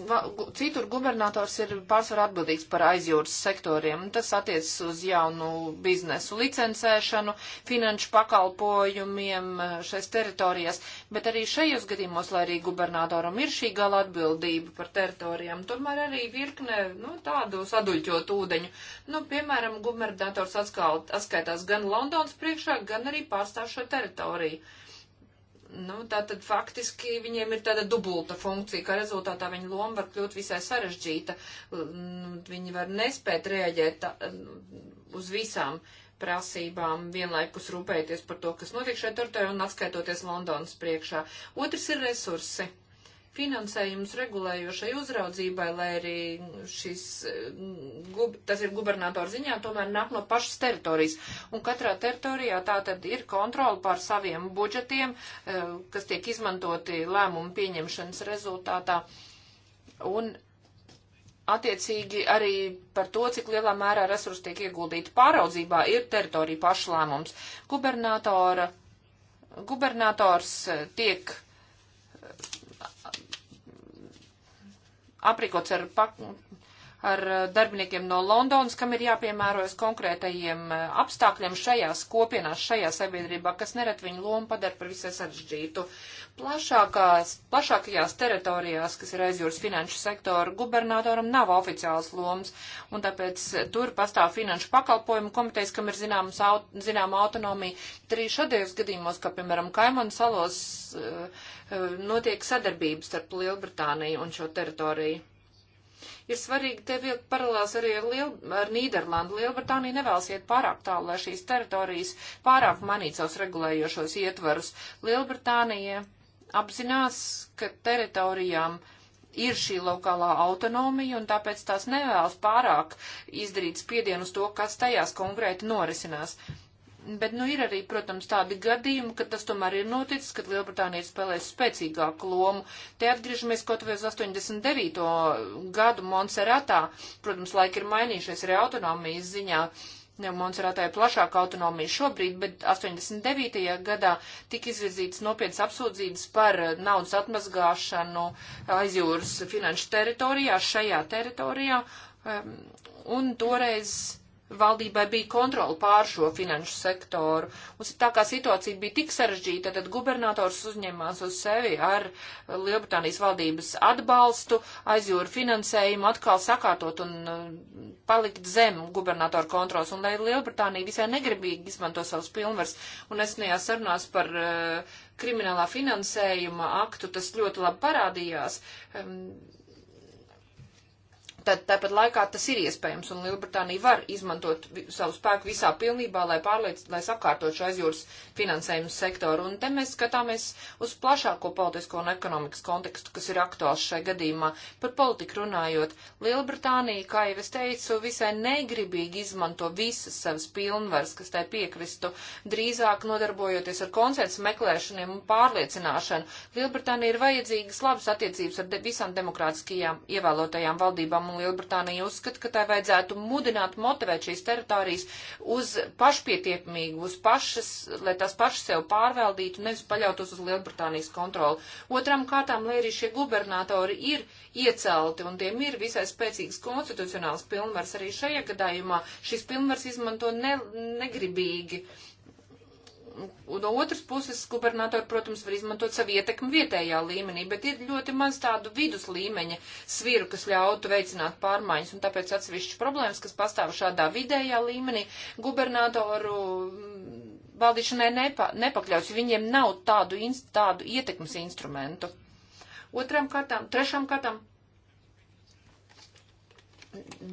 va, citur gubernators ir pārsvarā atbildīgs par aizjūras sektoriem, un tas attiecas uz jaunu biznesu licencēšanu, finanšu pakalpojumiem e, šais teritorijās, bet arī šajos gadījumos, lai arī gubernatoram ir šī gala atbildība par teritorijām, tomēr arī virkne, nu, tādu saduļķot ūdeņu. Nu, piemēram, gubernators atskalt, atskaitās gan Londons priekšā, gan arī pārstāv šo teritoriju. Nu, tā tad faktiski viņiem ir tāda dubulta funkcija, ka rezultātā viņa loma var kļūt visai sarežģīta. Viņi var nespēt rēģēt uz visām prasībām, vienlaikus rūpēties par to, kas notiek šajā teritorijā un atskaitoties Londonas priekšā. Otrs ir resursi finansējums regulējošai uzraudzībai, lai arī šis, eh, gub, tas ir gubernatoru ziņā, tomēr nāk no pašas teritorijas. Un katrā teritorijā tā tad ir kontrola pār saviem budžetiem, eh, kas tiek izmantoti lēmumu pieņemšanas rezultātā. Un attiecīgi arī par to, cik lielā mērā resursi tiek ieguldīti pāraudzībā, ir teritorija pašlēmums. Gubernatora, gubernators eh, tiek aprīkots ar pak ar eh, darbiniekiem no Londonas, kam ir jāpiemērojas konkrētajiem eh, apstākļiem šajās kopienās, šajā sabiedrībā, kas neret viņu lomu padara par visai sarežģītu. Plašākās, plašākajās teritorijās, kas ir aizjūras finanšu sektora, gubernatoram nav oficiāls loms, un tāpēc tur pastāv finanšu pakalpojumu komitejas, kam ir zināms, aut, zināma autonomija. Arī šādajos gadījumos, kā piemēram Kaimanu salos, eh, notiek sadarbības starp Lielbritāniju un šo teritoriju ir svarīgi te vilkt paralēls arī ar, Liel, ar Nīderlandu. Lielbritānija nevēlas iet pārāk tālu, lai šīs teritorijas pārāk manītu savus regulējošos ietvarus. Lielbritānija apzinās, ka teritorijām ir šī lokālā autonomija, un tāpēc tās nevēlas pārāk izdarīt spiedienu uz to, kas tajās konkrēti norisinās. Bet, nu, ir arī, protams, tādi gadījumi, kad tas tomēr ir noticis, kad Lielbritānija spēlēs spēcīgāku lomu. Te atgriežamies kaut vai uz 89. gadu Monseratā. Protams, laika ir mainījušies arī autonomijas ziņā. Ja nu, Monserātā ir plašāka autonomija šobrīd, bet 89. gadā tika izvirzītas nopietnas apsūdzības par eh, naudas atmazgāšanu aizjūras finanšu teritorijā, šajā teritorijā. Um, un toreiz valdībai bija kontroli pār šo finanšu sektoru. Un tā kā situācija bija tik sarežģīta, tad gubernators uzņēmās uz sevi ar Lielbritānijas valdības atbalstu, aizjūru finansējumu atkal sakārtot un uh, palikt zem gubernatoru kontrols. Un lai Lielbritānija visai negribīgi izmanto savus pilnvars, un es nejā sarunās par uh, kriminālā finansējuma aktu, tas ļoti labi parādījās. Um, tad tāpat laikā tas ir iespējams, un Lielbritānija var izmantot savu spēku visā pilnībā, lai pārliec, lai sakārtot šo aizjūras finansējumu sektoru. Un te mēs skatāmies uz plašāko politisko un ekonomikas kontekstu, kas ir aktuāls šai gadījumā. Par politiku runājot, Lielbritānija, kā jau es teicu, visai negribīgi izmanto visas savas pilnvaras, kas tai piekristu, drīzāk nodarbojoties ar konsensu meklēšaniem un pārliecināšanu. Lielbritānija ir vajadzīgas labas attiecības ar de visām demokrātiskajām ievēlotajām valdībām un Lielbritānija uzskata, ka tai vajadzētu mudināt, motivēt šīs teritorijas uz pašpietiekamību, uz pašas, lai tās pašas sev pārvaldītu, nevis paļautos uz Lielbritānijas kontroli. Otram kārtām, lai arī šie gubernatori ir iecelti un tiem ir visai spēcīgas konstitucionāls pilnvars, arī šajā gadījumā šis pilnvars izmanto ne, negribīgi. Uh, no otras puses, gubernatori, protams, var izmantot savu ietekmi vietējā līmenī, bet ir ļoti maz tādu vidus līmeņa sviru, kas ļautu veicināt pārmaiņas, un tāpēc atsevišķas problēmas, kas pastāv šādā vidējā līmenī, gubernatoru mm, valdīšanai nepa, nepakļaus, viņiem nav tādu, tādu ietekmes instrumentu. Otram kārtām, trešām kārtām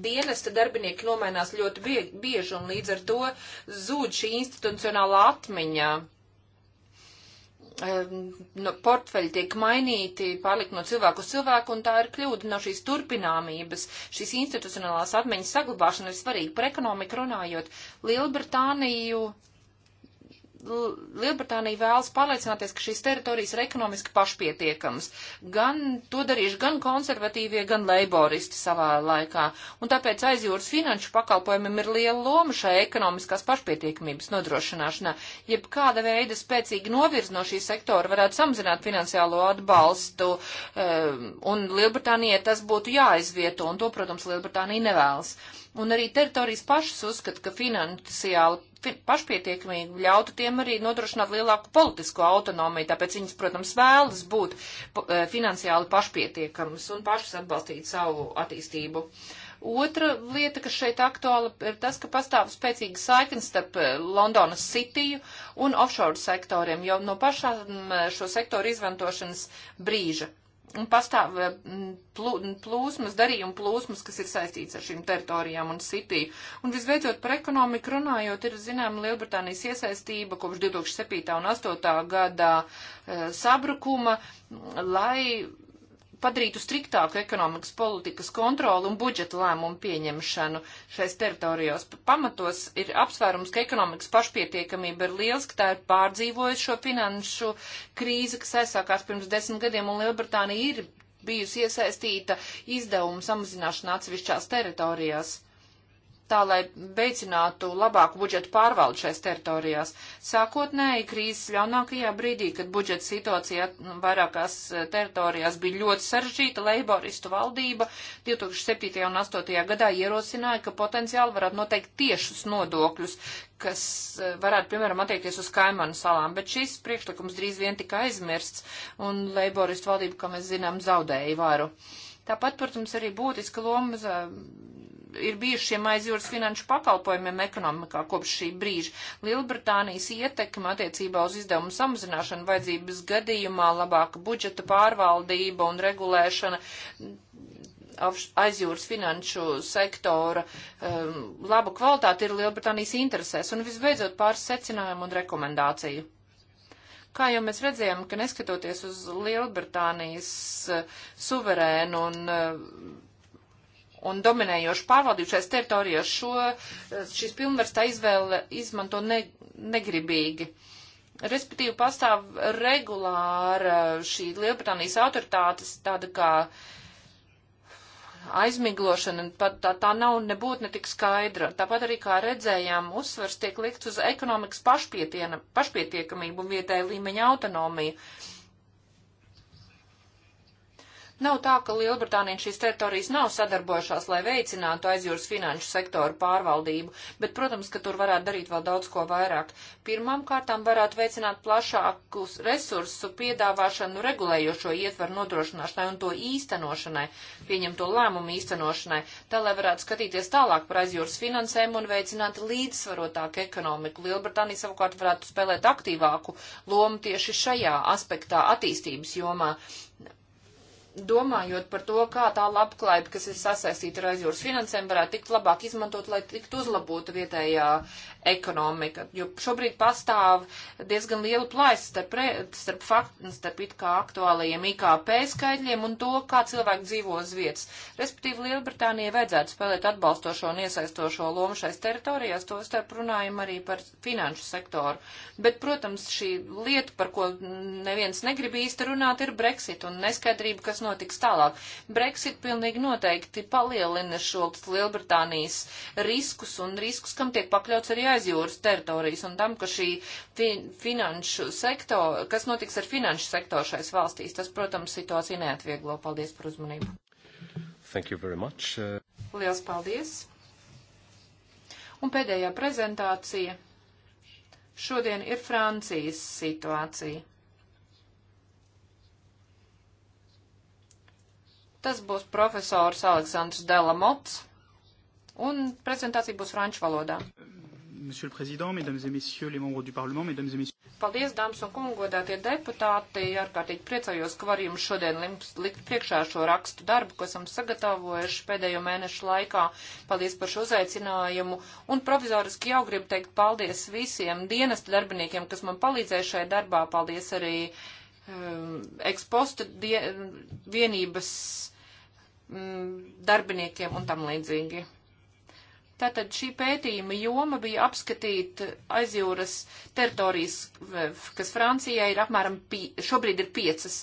dienesta darbinieki nomainās ļoti bieži un līdz ar to zūd šī institucionāla atmiņa. Ehm, no portfeļi tiek mainīti, pārlikt no cilvēku uz cilvēku, un tā ir kļūda no šīs turpināmības. Šīs institucionālās atmiņas saglabāšana ir svarīga par ekonomiku runājot. Lielbritāniju Lielbritānija vēlas pārliecināties, ka šīs teritorijas ir ekonomiski pašpietiekamas. Gan to darījuši gan konservatīvie, gan leiboristi savā laikā. Un tāpēc aizjūras finanšu pakalpojumiem ir liela loma šai ekonomiskās pašpietiekamības nodrošināšanā. Jeb kāda veida spēcīgi novirz no šī sektora varētu samazināt finansiālo atbalstu, um, un Lielbritānijai tas būtu jāizvieto, un to, protams, Lielbritānija nevēlas. Un arī teritorijas pašas uzskata, ka finansiāla pašpietiekamību ļautu tiem arī nodrošināt lielāku politisko autonomiju, tāpēc viņas, protams, vēlas būt eh, finansiāli pašpietiekamas un pašas atbalstīt savu attīstību. Otra lieta, kas šeit aktuāla, ir tas, ka pastāv spēcīga saikne starp eh, Londonas Cityju un offshore sektoriem jau no pašā eh, šo sektoru izmantošanas brīža un pastāv eh, plūsmas, darījuma plūsmas, kas ir saistīts ar šīm teritorijām un City. Un visbeidzot par ekonomiku runājot, ir zinām Lielbritānijas iesaistība kopš 2007. un 2008. gadā eh, sabrukuma, lai padarītu striktāku ekonomikas politikas kontroli un budžeta lēmumu pieņemšanu šais teritorijos. Pamatos ir apsvērums, ka ekonomikas pašpietiekamība ir liels, ka tā ir pārdzīvojusi šo finanšu krīzi, kas aizsākās pirms desmit gadiem, un Lielbritānija ir bijusi iesaistīta izdevumu samazināšanā atsevišķās teritorijās tā lai veicinātu labāku budžetu pārvaldu šais teritorijās. Sākotnēji krīzes ļaunākajā brīdī, kad budžeta situācija vairākās eh, teritorijās bija ļoti sarežģīta, leiboristu valdība 2007. un 2008. gadā ierosināja, ka potenciāli varētu noteikt tiešus nodokļus, kas eh, varētu, piemēram, attiekties uz kaimanu salām, bet šis priekšlikums drīz vien tika aizmirsts, un leiboristu valdība, kā mēs zinām, zaudēja varu. Tāpat, protams, arī būtiska loma ir bijušiem aizjūras finanšu pakalpojumiem ekonomikā kopš šī brīža. Lielbritānijas ietekme attiecībā uz izdevumu samazināšanu vajadzības gadījumā, labāka budžeta pārvaldība un regulēšana aizjūras finanšu sektora um, laba kvalitāte ir Lielbritānijas interesēs. Un visbeidzot pāris secinājumu un rekomendāciju. Kā jau mēs redzējām, ka neskatoties uz Lielbritānijas uh, suverēnu un uh, un dominējošu pārvaldību šajās teritorijās, šo, šis pilnvars tā izvēle izmanto ne, negribīgi. Respektīvi pastāv regulāra šī Lielbritānijas autoritātes tāda kā aizmiglošana, un pat tā, tā nav nebūt ne tik skaidra. Tāpat arī, kā redzējām, uzsvers tiek likt uz ekonomikas pašpietiekamību un vietēju līmeņa autonomiju. Uh, Nav tā, ka Lielbritānija šīs teritorijas nav sadarbojušās, lai veicinātu aizjūras finanšu sektoru pārvaldību, bet, protams, ka tur varētu darīt vēl daudz ko vairāk. Pirmām kārtām varētu veicināt plašākus resursu piedāvāšanu regulējošo ietvaru nodrošināšanai un to īstenošanai, pieņemto lēmumu īstenošanai, tā lai varētu skatīties tālāk par aizjūras finansēm un veicināt līdzsvarotāku ekonomiku. Lielbritānija savukārt varētu spēlēt aktīvāku lomu tieši šajā aspektā attīstības jomā domājot par to, kā tā labklājība, kas ir sasaistīta ar aizjūras finansēm, varētu tikt labāk izmantot, lai tiktu uzlabota vietējā ekonomika. Jo šobrīd pastāv diezgan liela plājas starp, starp, fakt, starp it kā aktuālajiem IKP skaidļiem un to, kā cilvēki dzīvo uz vietas. Respektīvi, Lielbritānijai vajadzētu spēlēt atbalstošo un iesaistošo lomu šais teritorijās, to starp runājam arī par finanšu sektoru. Bet, protams, šī lieta, par ko neviens negrib īsti runāt, ir Brexit un neskaidrība, kas no notiks tālāk. Brexit pilnīgi noteikti palielina šos Lielbritānijas riskus un riskus, kam tiek pakļauts arī aizjūras teritorijas un tam, ka šī fi finanšu sektora, kas notiks ar finanšu sektoru šais valstīs, tas, protams, situāciju neatvieglo. Paldies par uzmanību.
Thank you very much. Uh...
Liels paldies. Un pēdējā prezentācija šodien ir Francijas situācija. Tas būs profesors Aleksandrs Delamots, un prezentācija būs franču valodā. Monsieur le Président, Mesdames et Messieurs les membres du Parlement, Mesdames et Messieurs. Paldies, dāmas un kungi, godātie deputāti. Ārkārtīgi priecājos, ka var jums šodien likt priekšā šo rakstu darbu, ko esam sagatavojuši pēdējo mēnešu laikā. Paldies par šo uzaicinājumu. Un provizoriski jau gribu teikt paldies visiem dienesta darbiniekiem, kas man palīdzēja šajā darbā. Paldies arī uh, Um, eksposta vienības mm, darbiniekiem un tam līdzīgi. Tātad šī pētījuma joma bija apskatīt aizjūras teritorijas, kas Francijai ir apmēram, pie, šobrīd ir piecas.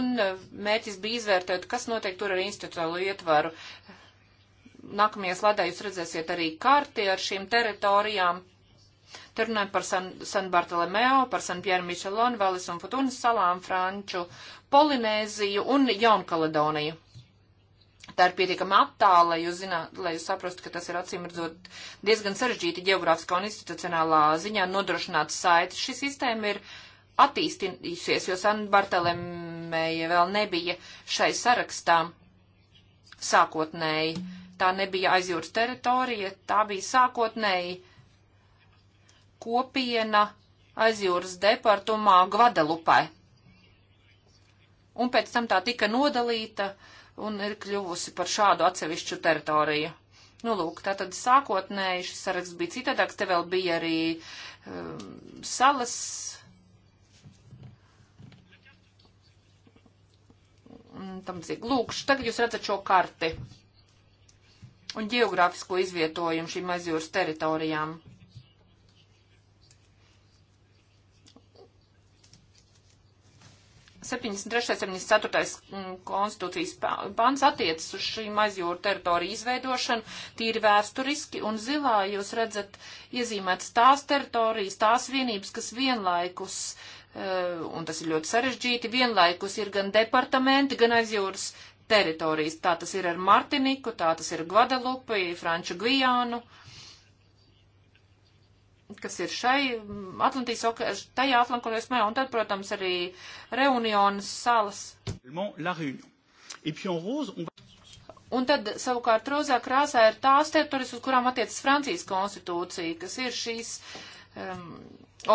Un uh, mērķis bija izvērtēt, kas notiek tur ar institucionālo ietvaru. Nākamajā sladā jūs redzēsiet arī karti ar šīm teritorijām. Te runājam par San, San Bartolomeo, par San Pierre Michelon, Valis un Futunas salām, Franču, Polinēziju un Jaunkaledoniju. Tā ir pietiekama attāla, lai jūs zināt, lai jūs saprastu, ka tas ir acīmredzot diezgan sarežģīti geogrāfiskā un institucionālā ziņā nodrošināt saiti. Šī sistēma ir attīstījusies, jo San Bartolomēja vēl nebija šai sarakstā sākotnēji. Tā nebija aizjūras teritorija, tā bija sākotnēji kopiena aizjūras departumā Gvadelupai. Un pēc tam tā tika nodalīta un ir kļuvusi par šādu atsevišķu teritoriju. Nu, lūk, tā tad sākotnēji šis saraksts bija citādāks, te vēl bija arī um, salas. Tam zīk. Lūk, tagad jūs redzat šo karti un ģeogrāfisko izvietojumu šīm aizjūras teritorijām. 73. 74. Mm, konstitūcijas pāns attiecas uz šīm aizjūru teritoriju izveidošanu, tīri vēsturiski, un zilā jūs redzat iezīmētas tās teritorijas, tās vienības, kas vienlaikus, e, un tas ir ļoti sarežģīti, vienlaikus ir gan departamenti, gan aizjūras teritorijas. Tā tas ir ar Martiniku, tā tas ir Guadalupi, Franču Gujānu. Uh, kas ir šai mm, Atlantijas okeāna, tajā Atlantijas mē, un tad, protams, arī Reunionas salas. Un tad savukārt rozā krāsā ir tās teritorijas, uz kurām attiecas Francijas konstitūcija, kas ir šīs um,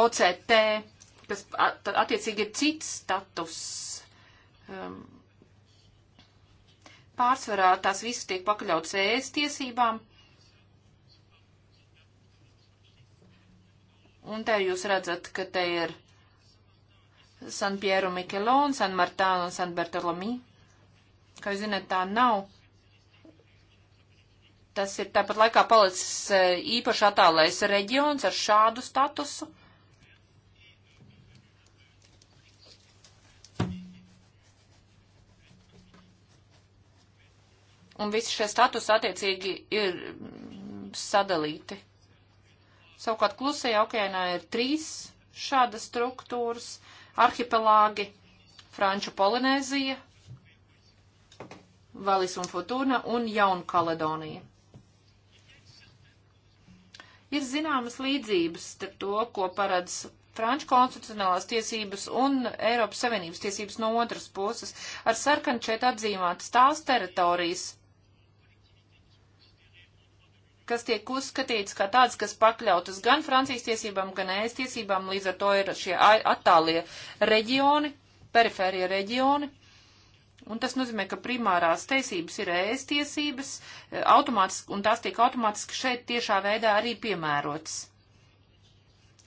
OCT, kas at, attiecīgi ir cits status. Um, pārsvarā tās visas tiek pakļautas ēst tiesībām Un te jūs redzat, ka te ir San Piero Mikelon, San Martāno un San Bertolomī. Kā jūs zināt, tā nav. Tas ir tāpat laikā palicis eh, īpaši attālais reģions ar šādu statusu. Un visi šie statusi attiecīgi ir mm, sadalīti. Savukārt Klusajā okeānā ir trīs šādas struktūras - arhipelāgi Franču Polinēzija, Valis un Futūna un Jaunkaledonija. Ir zināmas līdzības starp to, ko paredz Franču konstitucionālās tiesības un Eiropas Savienības tiesības no otras puses. Ar sarkanu šeit atzīmētas tās teritorijas, kas tiek uzskatīts kā tāds, kas pakļautas gan Francijas tiesībām, gan ES tiesībām, līdz ar to ir šie attālie reģioni, perifērie reģioni. Un tas nozīmē, ka primārās tiesības ir ES tiesības, e, un tās tiek automātiski šeit tiešā veidā arī piemērotas.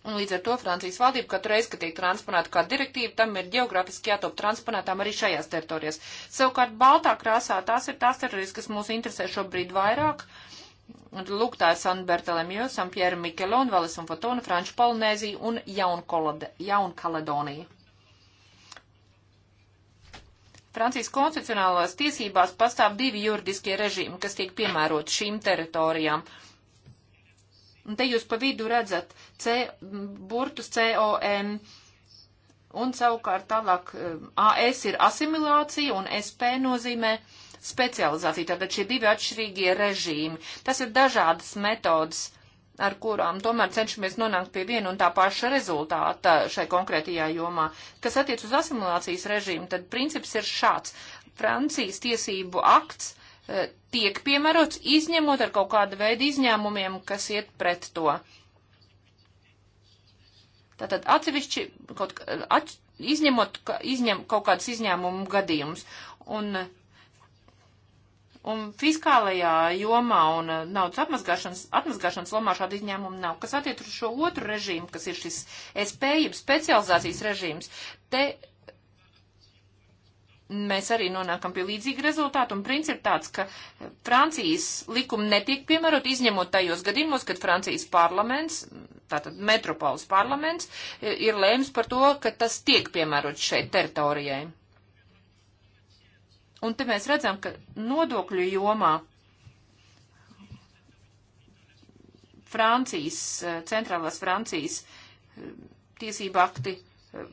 Un līdz ar to Francijas valdība katru reizi, kad tiek transponēta kā direktīva, tam ir geogrāfiski jātop transponētām arī šajās teritorijās. Savukārt baltā krāsā tās ir tās teritorijas, kas mūs interesē šobrīd vairāk. Uh, Lūk, tā ir San Bertalemio, San Pierre Mikelon, Valis un Fotona, Franču Polinēzija un Jaunkaledonija. Francijas konstitucionālās tiesībās pastāv divi juridiskie režīmi, kas tiek piemēroti šīm teritorijām. Un te jūs pa vidu redzat C, burtus CON, un savukārt tālāk eh, AS ir asimilācija, un SP nozīmē uh, specializāciju. Tātad šie divi atšķirīgie režīmi. Tas ir dažādas metodas, ar kurām tomēr cenšamies nonākt pie viena un tā paša rezultāta šai konkrētajā jomā. Kas attiec uz asimilācijas režīmu, tad princips ir šāds. Francijas tiesību akts e, tiek piemērots izņemot ar kaut kādu veidu izņēmumiem, kas iet pret to. Tātad atsevišķi kaut, at, izņemot izņem, kaut kādas izņēmumu gadījumus. Un Un fiskālajā jomā un uh, naudas atmazgāšanas, atmazgāšanas lomā šāda izņēmuma nav. Kas attiec uz šo otru režīmu, kas ir šis spējības specializācijas režīms, te mēs arī nonākam pie līdzīga rezultāta, un princips ir tāds, ka Francijas likumi netiek piemērot, izņemot tajos gadījumos, kad Francijas parlaments, tātad metropoles parlaments, ir lēms par to, ka tas tiek piemērots šeit teritorijai. Un te mēs redzam, ka nodokļu jomā Francijas, eh, centrālās Francijas eh, tiesība akti eh,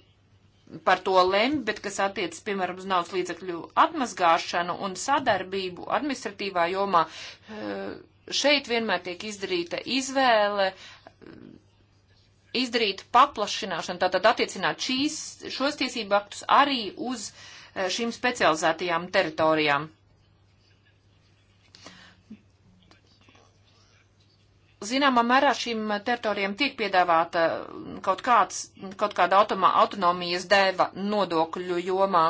par to lemj, bet kas attiecas, piemēram, uz naudas līdzekļu atmazgāšanu un sadarbību administratīvā jomā, šeit vienmēr tiek izdarīta izvēle izdarīt paplašināšanu, tātad attiecināt šīs, šos tiesību aktus arī uz uh, šīm specializētajām teritorijām. Zināmā mērā šīm teritorijām tiek piedāvāta kaut, kāds, kaut kāda automā, autonomijas deva nodokļu jomā.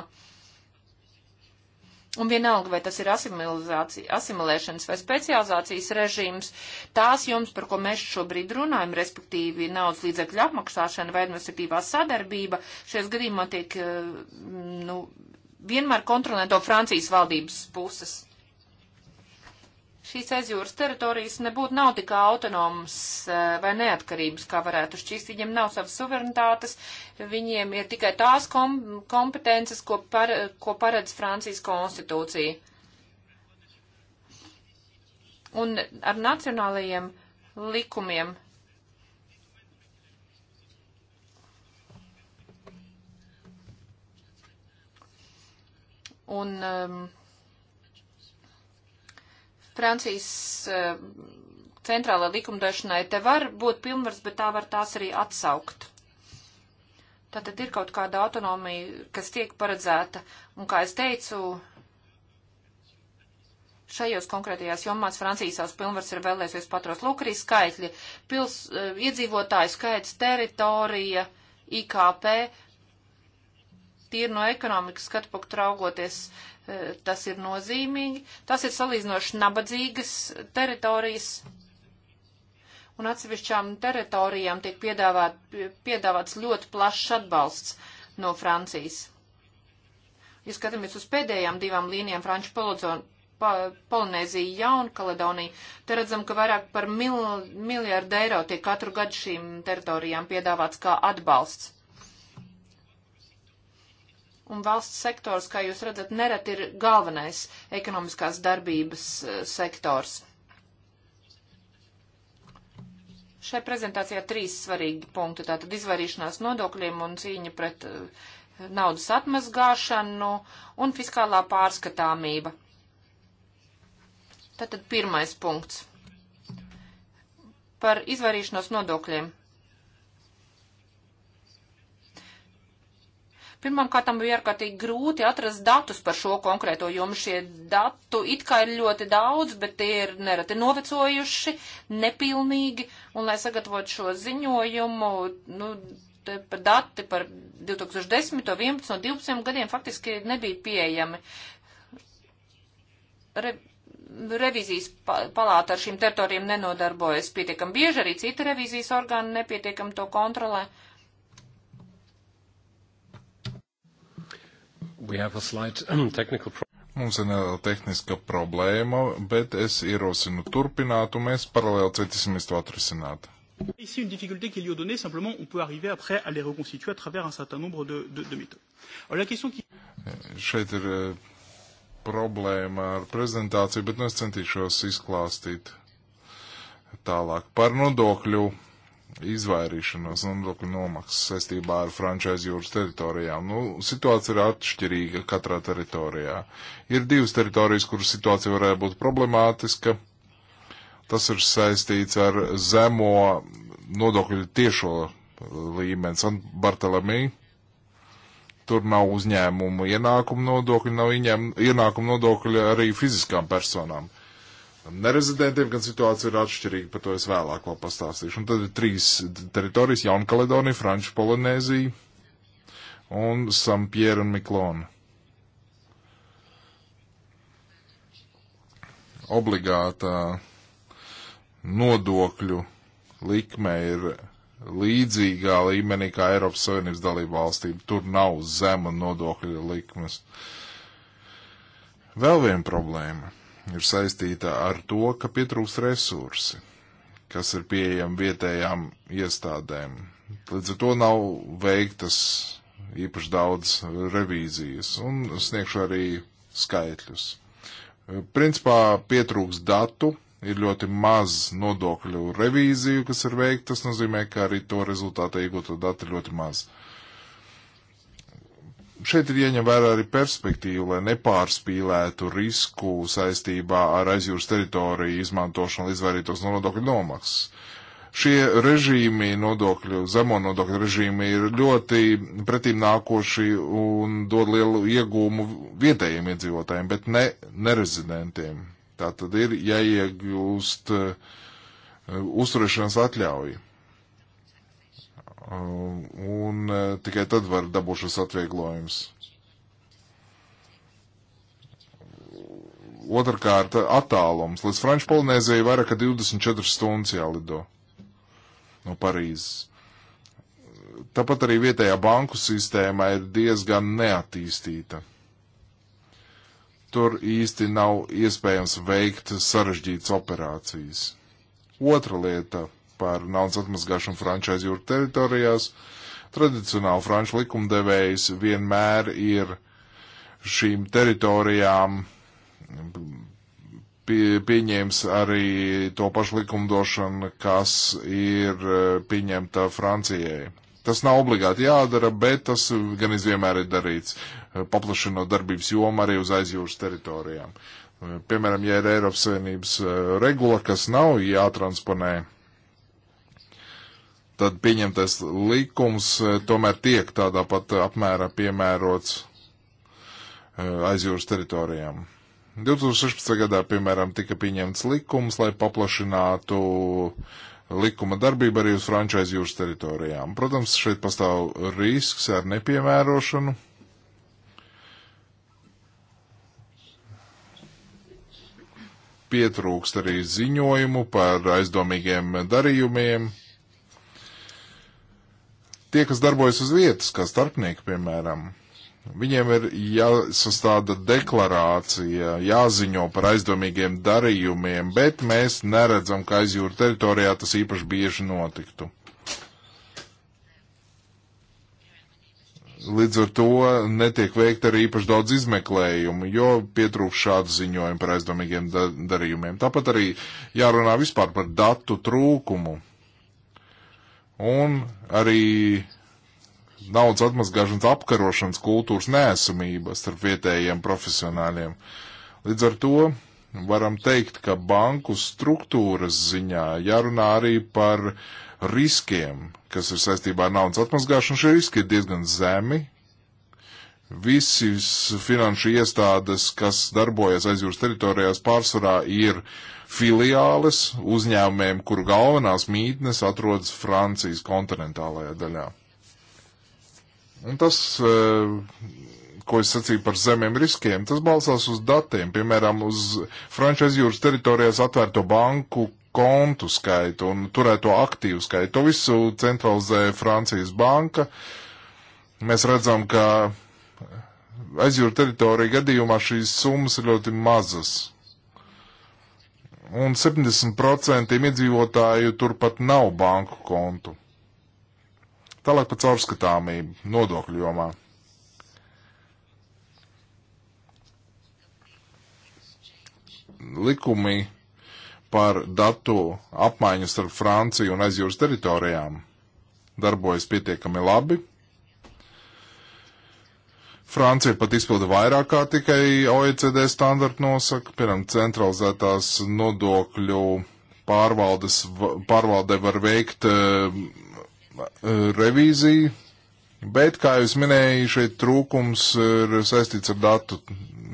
Un vienalga, vai tas ir asimilēšanas vai specializācijas režīms, tās jums, par ko mēs šobrīd runājam, respektīvi naudas līdzekļu apmaksāšana vai administratīvā sadarbība, šajos gadījumā tiek, eh, nu, vienmēr kontrolē to Francijas valdības puses. Šīs aizjūras teritorijas nebūtu nav tik autonomas eh, vai neatkarības, kā varētu šķist. Viņiem nav savas suverenitātes, viņiem ir tikai tās kom kompetences, ko, par ko paredz Francijas konstitūcija. Un ar nacionālajiem likumiem un um, Francijas uh, um, centrālai likumdošanai te var būt pilnvars, bet tā var tās arī atsaukt. Tātad ir kaut kāda autonomija, kas tiek paredzēta, un kā es teicu, šajos konkrētajās jomās Francija savus pilnvars ir vēlēsies patros. Lūk, arī skaitļi, pils, uh, iedzīvotāju skaits, teritorija, IKP, tīri no ekonomikas skatu punktu raugoties, e, tas ir nozīmīgi. Tas ir salīdzinoši nabadzīgas teritorijas. Un atsevišķām teritorijām tiek piedāvāt, piedāvāts ļoti plašs atbalsts no Francijas. Ja skatāmies uz pēdējām divām līnijām, Franču Polozonu, Polinēzija, Jaunkaledonija, te redzam, ka vairāk par mil, miljardu eiro tiek katru gadu šīm teritorijām piedāvāts kā atbalsts un valsts sektors, kā jūs redzat, nerad ir galvenais ekonomiskās darbības eh, sektors. Šai prezentācijā trīs svarīgi punkti - tātad izvairīšanās nodokļiem un cīņa pret eh, naudas atmazgāšanu un fiskālā pārskatāmība. Tātad pirmais punkts par izvairīšanos nodokļiem. Pirmkārt, bija ārkārtīgi grūti atrast datus par šo konkrēto jomu. Šie datu it kā ir ļoti daudz, bet tie ir nereti novecojuši, nepilnīgi. Un, lai sagatavotu šo ziņojumu, nu, par dati par 2010, 11 un 12 gadiem faktiski nebija pieejami. Re, revizijas palāta ar šīm teritorijām nenodarbojas pietiekam bieži, arī citi revizijas orgāni nepietiekam to kontrolē. Uh,
Slight, um,
technical... Mums ir neliela tehniska problēma, bet es ierosinu turpināt, un mēs paralēli centīsimies to atrisināt.
Ici, une difficulté qui est liée aux données, simplement, on peut arriver après à les reconstituer à travers un certain nombre de, de, de méthodes. Alors, la question qui...
Šeit ir eh, problēma ar prezentāciju, bet nu es centīšos izklāstīt tālāk par nodokļu izvairīšanos nodokļu nomaksas saistībā ar frančaiz jūras teritorijām. Nu, situācija ir atšķirīga katrā teritorijā. Ir divas teritorijas, kuras situācija varētu būt problemātiska. Tas ir saistīts ar zemo nodokļu tiešo līmeni San Bartolomī. Tur nav uzņēmumu ienākumu nodokļu, nav ieņēm, ienākumu nodokļu arī fiziskām personām. Uh, nerezidentiem, gan situācija ir atšķirīga, par to es vēlāk vēl pastāstīšu. Un tad ir trīs teritorijas - Jaunkaledonija, Franču Polinēzija un Sampjera un Miklona. Obligātā nodokļu likme ir līdzīgā līmenī kā Eiropas Savienības dalība valstīm. Tur nav zema nodokļa likmes. Vēl viena problēma ir saistīta ar to, ka pietrūks resursi, kas ir pieejami vietējām iestādēm. Līdz ar to nav veiktas īpaši daudz revīzijas un sniegšu arī skaitļus. Principā pietrūks datu, ir ļoti maz nodokļu revīziju, kas ir veikta. Tas nozīmē, ka arī to rezultātā iegūto datu ir ļoti maz. Uh, šeit ir ieņem vērā arī perspektīva, lai nepārspīlētu risku saistībā ar aizjūras teritoriju izmantošanu, lai izvairītos no nodokļu nomaksas. Šie režīmi, nodokļu, zemo nodokļu režīmi ir ļoti pretīm nākoši un dod lielu iegūmu vietējiem iedzīvotājiem, bet ne nerezidentiem. Tā tad ir jāiegūst uh, uzturēšanas atļauju. Uh, un uh, tikai tad var dabūt šis atvieglojums. Otrakārt, attālums. Līdz Franču Polinēzijai vairāk kā 24 stundas jālido no Parīzes. Tāpat arī vietējā banku sistēma ir diezgan neattīstīta. Tur īsti nav iespējams veikt sarežģītas operācijas. Otra lieta par naudas atmazgāšanu frančaiz jūru teritorijās. Tradicionāli franču likumdevējs vienmēr ir šīm teritorijām pie, pieņēmis arī to pašu likumdošanu, kas ir e, pieņemta Francijai. Tas nav obligāti jādara, bet tas gan izvienmēr ir darīts, e, paplašinot darbības jomu arī uz aizjūras teritorijām. E, piemēram, ja ir Eiropas Savienības regula, kas nav jātransponē tad pieņemtais likums e, tomēr tiek tādā pat apmērā piemērots e, aizjūras teritorijām. 2016. gadā, piemēram, tika pieņemts likums, lai paplašinātu likuma darbību arī uz franču aizjūras teritorijām. Protams, šeit pastāv risks ar nepiemērošanu. Pietrūkst arī ziņojumu par aizdomīgiem darījumiem tie, kas darbojas uz vietas, kā starpnieki, piemēram, Viņiem ir jāsastāda deklarācija, jāziņo par aizdomīgiem darījumiem, bet mēs neredzam, ka aizjūra teritorijā tas īpaši bieži notiktu. Līdz ar to netiek veikta arī īpaši daudz izmeklējumu, jo pietrūkst šādu ziņojumu par aizdomīgiem da darījumiem. Tāpat arī jārunā vispār par datu trūkumu un arī naudas atmazgāšanas apkarošanas kultūras nēsamība starp vietējiem profesionāļiem. Līdz ar to varam teikt, ka banku struktūras ziņā jārunā arī par riskiem, kas ir saistībā ar naudas atmazgāšanu. Šie riski ir diezgan zemi. Visas finanšu iestādes, kas darbojas aizjūras teritorijās, pārsvarā ir uh, filiāles uzņēmumiem, kuru galvenās mītnes atrodas Francijas kontinentālajā daļā. Un tas, e, ko es sacīju par zemiem riskiem, tas balstās uz datiem, piemēram, uz Francijas jūras teritorijās atvērto banku kontu skaitu un turēto aktīvu skaitu. To visu centralizēja Francijas banka. Mēs redzam, ka aizjūra teritorija gadījumā šīs summas ir ļoti mazas un 70% iedzīvotāju turpat nav banku kontu. Tālāk par caurskatāmību nodokļu jomā. Likumi par datu apmaiņu starp Franciju un aizjūras teritorijām darbojas pietiekami labi. Francija pat izpilda vairāk kā tikai OECD standartu nosaka, piemēram, centralizētās nodokļu pārvaldes, pārvalde var veikt uh, revīziju, bet, kā jūs minēju, šeit trūkums eh, ir saistīts ar datu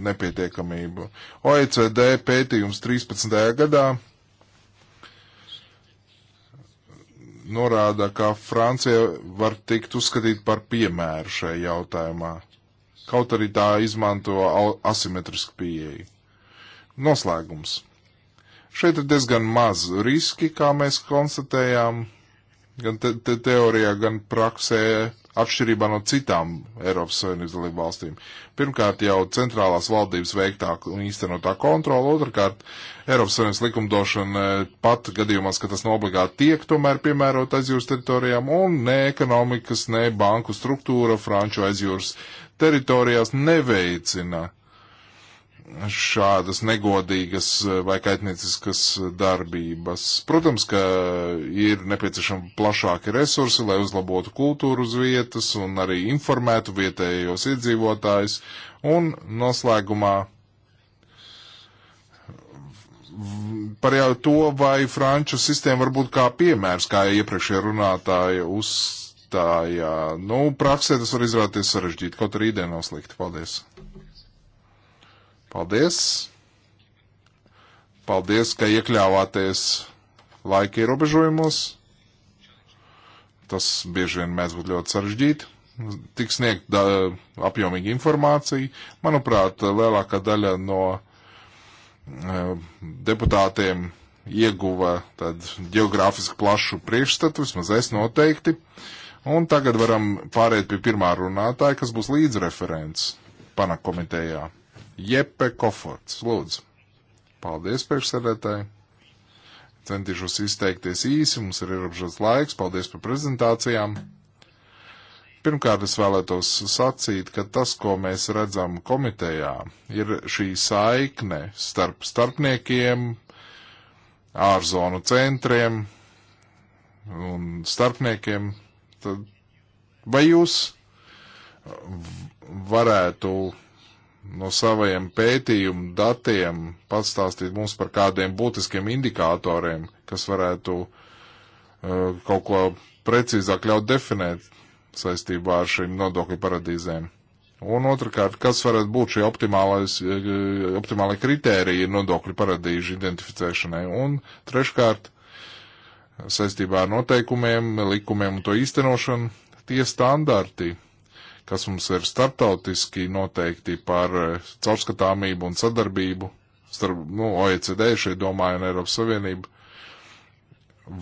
nepietiekamību. OECD pētījums 13. gadā norāda, ka Francija var tikt uzskatīt par piemēru šajā jautājumā kaut arī tā izmanto asimetrisku pieeju. Noslēgums. Šeit ir diezgan maz riski, kā mēs konstatējām, gan te te teorijā, gan praksē atšķirībā no citām Eiropas Savienības dalību valstīm. Pirmkārt, jau centrālās valdības veiktā un īstenotā kontrola, otrkārt, Eiropas Savienības likumdošana eh, pat gadījumās, ka tas nav obligāti tiek tomēr piemērot aizjūras teritorijām, un ne ekonomikas, ne banku struktūra franču aizjūras teritorijās neveicina šādas negodīgas vai kaitnieciskas darbības. Protams, ka ir nepieciešama plašāki resursi, lai uzlabotu kultūru uz vietas un arī informētu vietējos iedzīvotājus. Un noslēgumā par jau to, vai franču sistēma var būt kā piemērs, kā iepriekšējā runātāja uzstāja. Nu, praksē tas var izrādīties sarežģīti, kaut arī ideja nav slikta. Paldies! Paldies! Paldies, ka iekļāvāties laika ierobežojumos. Tas bieži vien mēdz būt ļoti sarežģīti tiks sniegt apjomīga informācija. Manuprāt, lielākā daļa no uh, deputātiem ieguva tādu geogrāfiski plašu priekšstatu, vismaz es noteikti. Un tagad varam pāriet pie pirmā runātāja, kas būs līdzreferents pana komitejā. Jepe Koforts. Lūdzu. Paldies, priekšsēdētāji. Centīšos izteikties īsi, mums ir ierobežots laiks. Paldies par prezentācijām. Pirmkārt, es vēlētos sacīt, ka tas, ko mēs redzam komitejā, ir šī saikne starp starpniekiem, ārzonu centriem un starpniekiem. Tad vai jūs varētu no saviem pētījumu datiem pastāstīt mums par kādiem būtiskiem indikatoriem, kas varētu uh, kaut ko precīzāk ļaut definēt saistībā ar šīm nodokļu paradīzēm. Un otrkārt, kas varētu būt šie optimālai uh, kritēriji nodokļu paradīžu identificēšanai. Un treškārt, saistībā ar noteikumiem, likumiem un to īstenošanu, tie standarti, kas mums ir starptautiski noteikti par eh, caurskatāmību un sadarbību starp nu, OECD šeit domāju un Eiropas Savienību.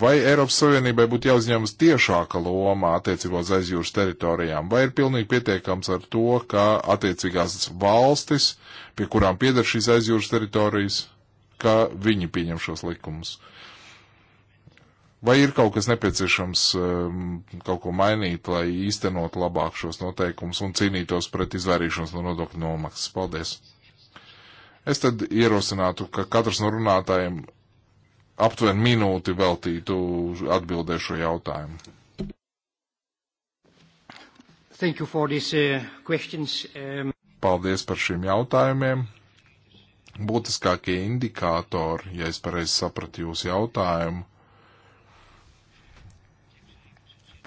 Vai Eiropas Savienībai būtu jāuzņemas tiešāka loma attiecībā uz aizjūras teritorijām, vai ir pilnīgi pietiekams ar to, ka attiecīgās valstis, pie kurām pieder šīs aizjūras teritorijas, ka viņi pieņem šos likumus? Uh, Vai ir kaut kas nepieciešams ehm, kaut ko mainīt, lai īstenot labāk šos noteikumus un cīnītos pret izvairīšanos no nodokļu nomaksas? Paldies! Es tad ierosinātu, ka katrs no runātājiem aptuveni minūti veltītu atbildēšo jautājumu.
Thank you for these uh, questions. Um...
Paldies par šiem jautājumiem. Būtiskākie indikātori, ja es pareizi sapratu jūsu jautājumu,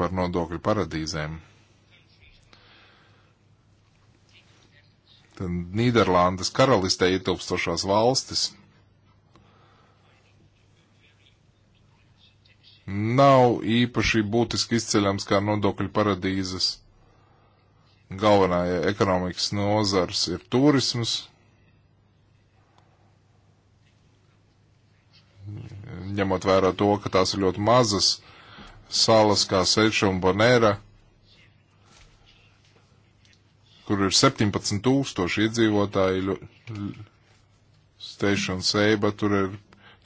par nodokļu paradīzēm. Tad Nīderlandes karalistē ietilpstošās valstis nav īpaši būtiski izceļams kā nodokļu paradīzes. Galvenā ja ekonomikas nozars ir turisms, ņemot vērā to, ka tās ir ļoti mazas salas kā Seča un Bonēra, kur ir 17 tūkstoši iedzīvotāji, Station Seiba, tur ir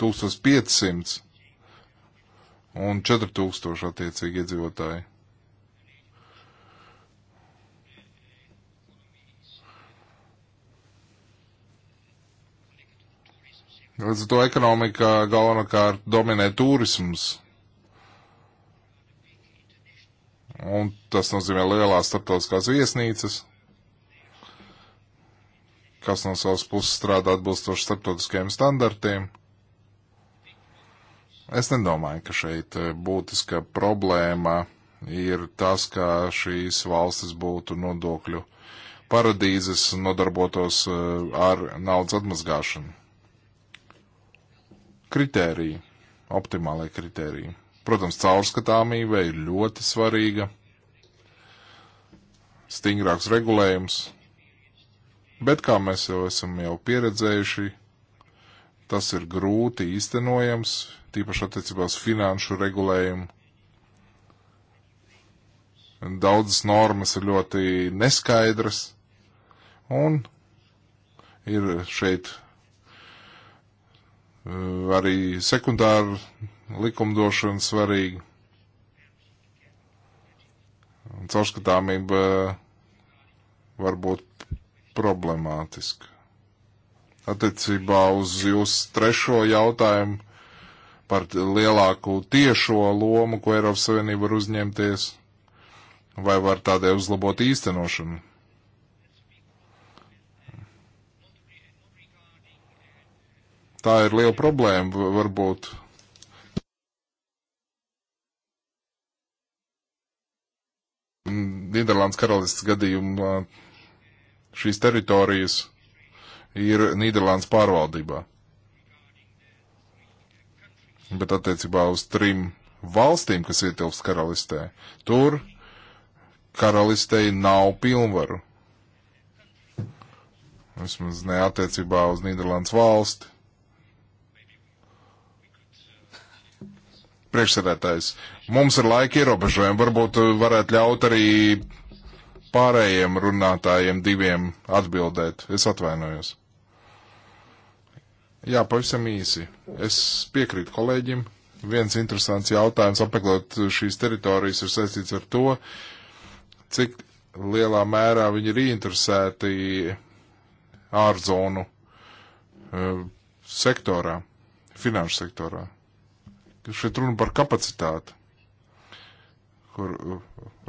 1500 un 4000 attiecīgi iedzīvotāji. Līdz ar to ekonomikā galvenokārt dominē turisms. Un tas nozīmē lielās starptautiskās viesnīcas, kas no savas puses strādā atbilstoši starptautiskajiem standartiem. Es nedomāju, ka šeit eh, būtiska problēma ir tas, ka šīs valstis būtu nodokļu paradīzes un nodarbotos eh, ar naudas atmazgāšanu. Kritēriji, optimālai kritēriji. Protams, caurskatāmība ir ļoti svarīga, stingrāks regulējums, bet kā mēs jau esam jau pieredzējuši, tas ir grūti īstenojams, tīpaši attiecībās finanšu regulējumu. Daudzas normas ir ļoti neskaidras, un ir šeit eh, arī sekundāra likumdošana svarīga. Un caurskatāmība var būt problemātiska. Attiecībā uz jūsu trešo jautājumu par lielāku tiešo lomu, ko Eiropas Savienība var uzņemties, vai var tādēļ uzlabot īstenošanu. Tā ir liela problēma, varbūt Nīderlandes karalistas gadījumā šīs teritorijas ir Nīderlandes pārvaldībā. Bet attiecībā uz trim valstīm, kas ietilpst karalistē, tur karalistei nav pilnvaru. Vismaz ne attiecībā uz Nīderlandes valsti. Priekšsēdētājs, Mums ir laika ierobežojumi. Varbūt eh, varētu ļaut arī pārējiem runātājiem diviem atbildēt. Es atvainojos. Jā, pavisam īsi. Es piekrītu kolēģim. Viens interesants jautājums apmeklēt šīs teritorijas ir saistīts ar to, cik lielā mērā viņi ir interesēti ārzonu eh, sektorā, finanšu sektorā. Šeit runa par kapacitāti kur uh,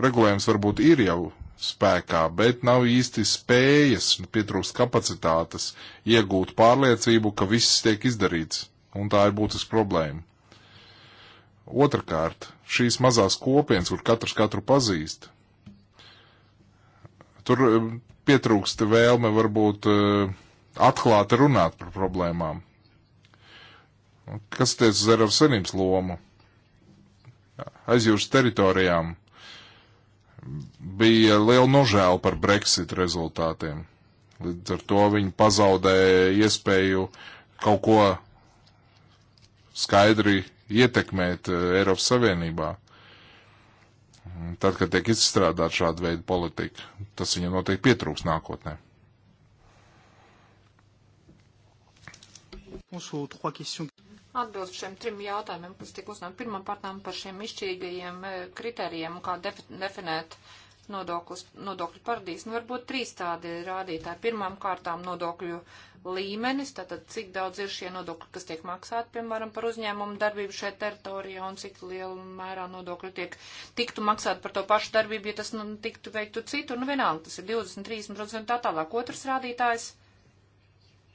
regulējums varbūt ir jau spēkā, bet nav īsti spējas, pietrūkst kapacitātes iegūt pārliecību, ka viss tiek izdarīts, un tā ir būtiska problēma. Otrakārt, šīs mazās kopienas, kur katrs katru pazīst, tur uh, pietrūkst vēlme varbūt uh, atklāti runāt par problēmām. Kas tiec uz Eiropas Savienības lomu? aizjūras teritorijām bija liela nožēla par Brexit rezultātiem. Līdz ar to viņi pazaudēja iespēju kaut ko skaidri ietekmēt eh, Eiropas Savienībā. Tad, kad tiek izstrādāt šādu veidu politika, tas viņam noteikti pietrūks nākotnē
atbilst šiem trim jautājumiem, kas tika uzdevumi. Pirmam partām par šiem izšķīgajiem eh, kritērijiem, kā defi definēt nodokļus, nodokļu paradīzes. Nu, varbūt trīs tādi rādītāji. Pirmām kārtām nodokļu līmenis, tātad cik daudz ir šie nodokļi, kas tiek maksāti, piemēram, par uzņēmumu darbību šeit teritorijā un cik lielu mērā nodokļu tiek tiktu maksāt par to pašu darbību, ja tas nu, tiktu veiktu citur. Nu, vienalga, tas ir 20-30% tā tālāk. Otrs rādītājs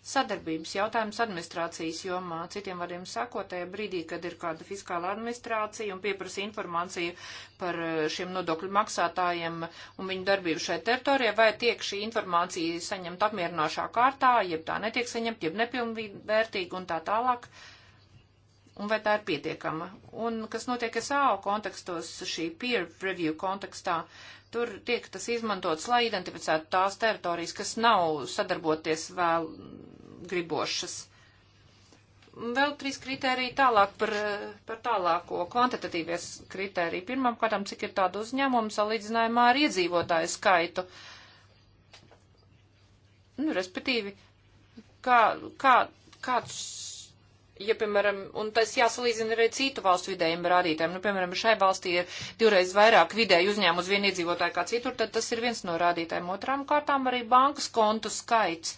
sadarbības jautājums administrācijas jomā. Citiem vārdiem sakot, tajā brīdī, kad ir kāda fiskāla administrācija un pieprasa informāciju par eh, šiem nodokļu maksātājiem un viņu darbību šai teritorijai, vai tiek šī informācija saņemta apmierinošā kārtā, jeb tā netiek saņemta, jeb nepilnvērtīgi un tā tālāk. Uh, un vai tā ir pietiekama. Un kas notiek SAO kontekstos, šī peer review kontekstā, tur tiek tas izmantots, lai identificētu tās teritorijas, kas nav sadarboties vēl gribošas. Vēl trīs kritēriji tālāk par, par tālāko kvantitatīvies kritēriju. Pirmam kādam, cik ir tādu uzņēmumu salīdzinājumā ar iedzīvotāju skaitu. Nu, respektīvi, kā, kā, kāds ja, piemēram, un tas jāsalīdzina arī citu valstu vidējiem rādītājiem, nu, piemēram, šai valstī ir divreiz vairāk vidēji uzņēmu uz vienu iedzīvotāju kā citur, tad tas ir viens no rādītājiem. Otrām kārtām arī bankas kontu skaits,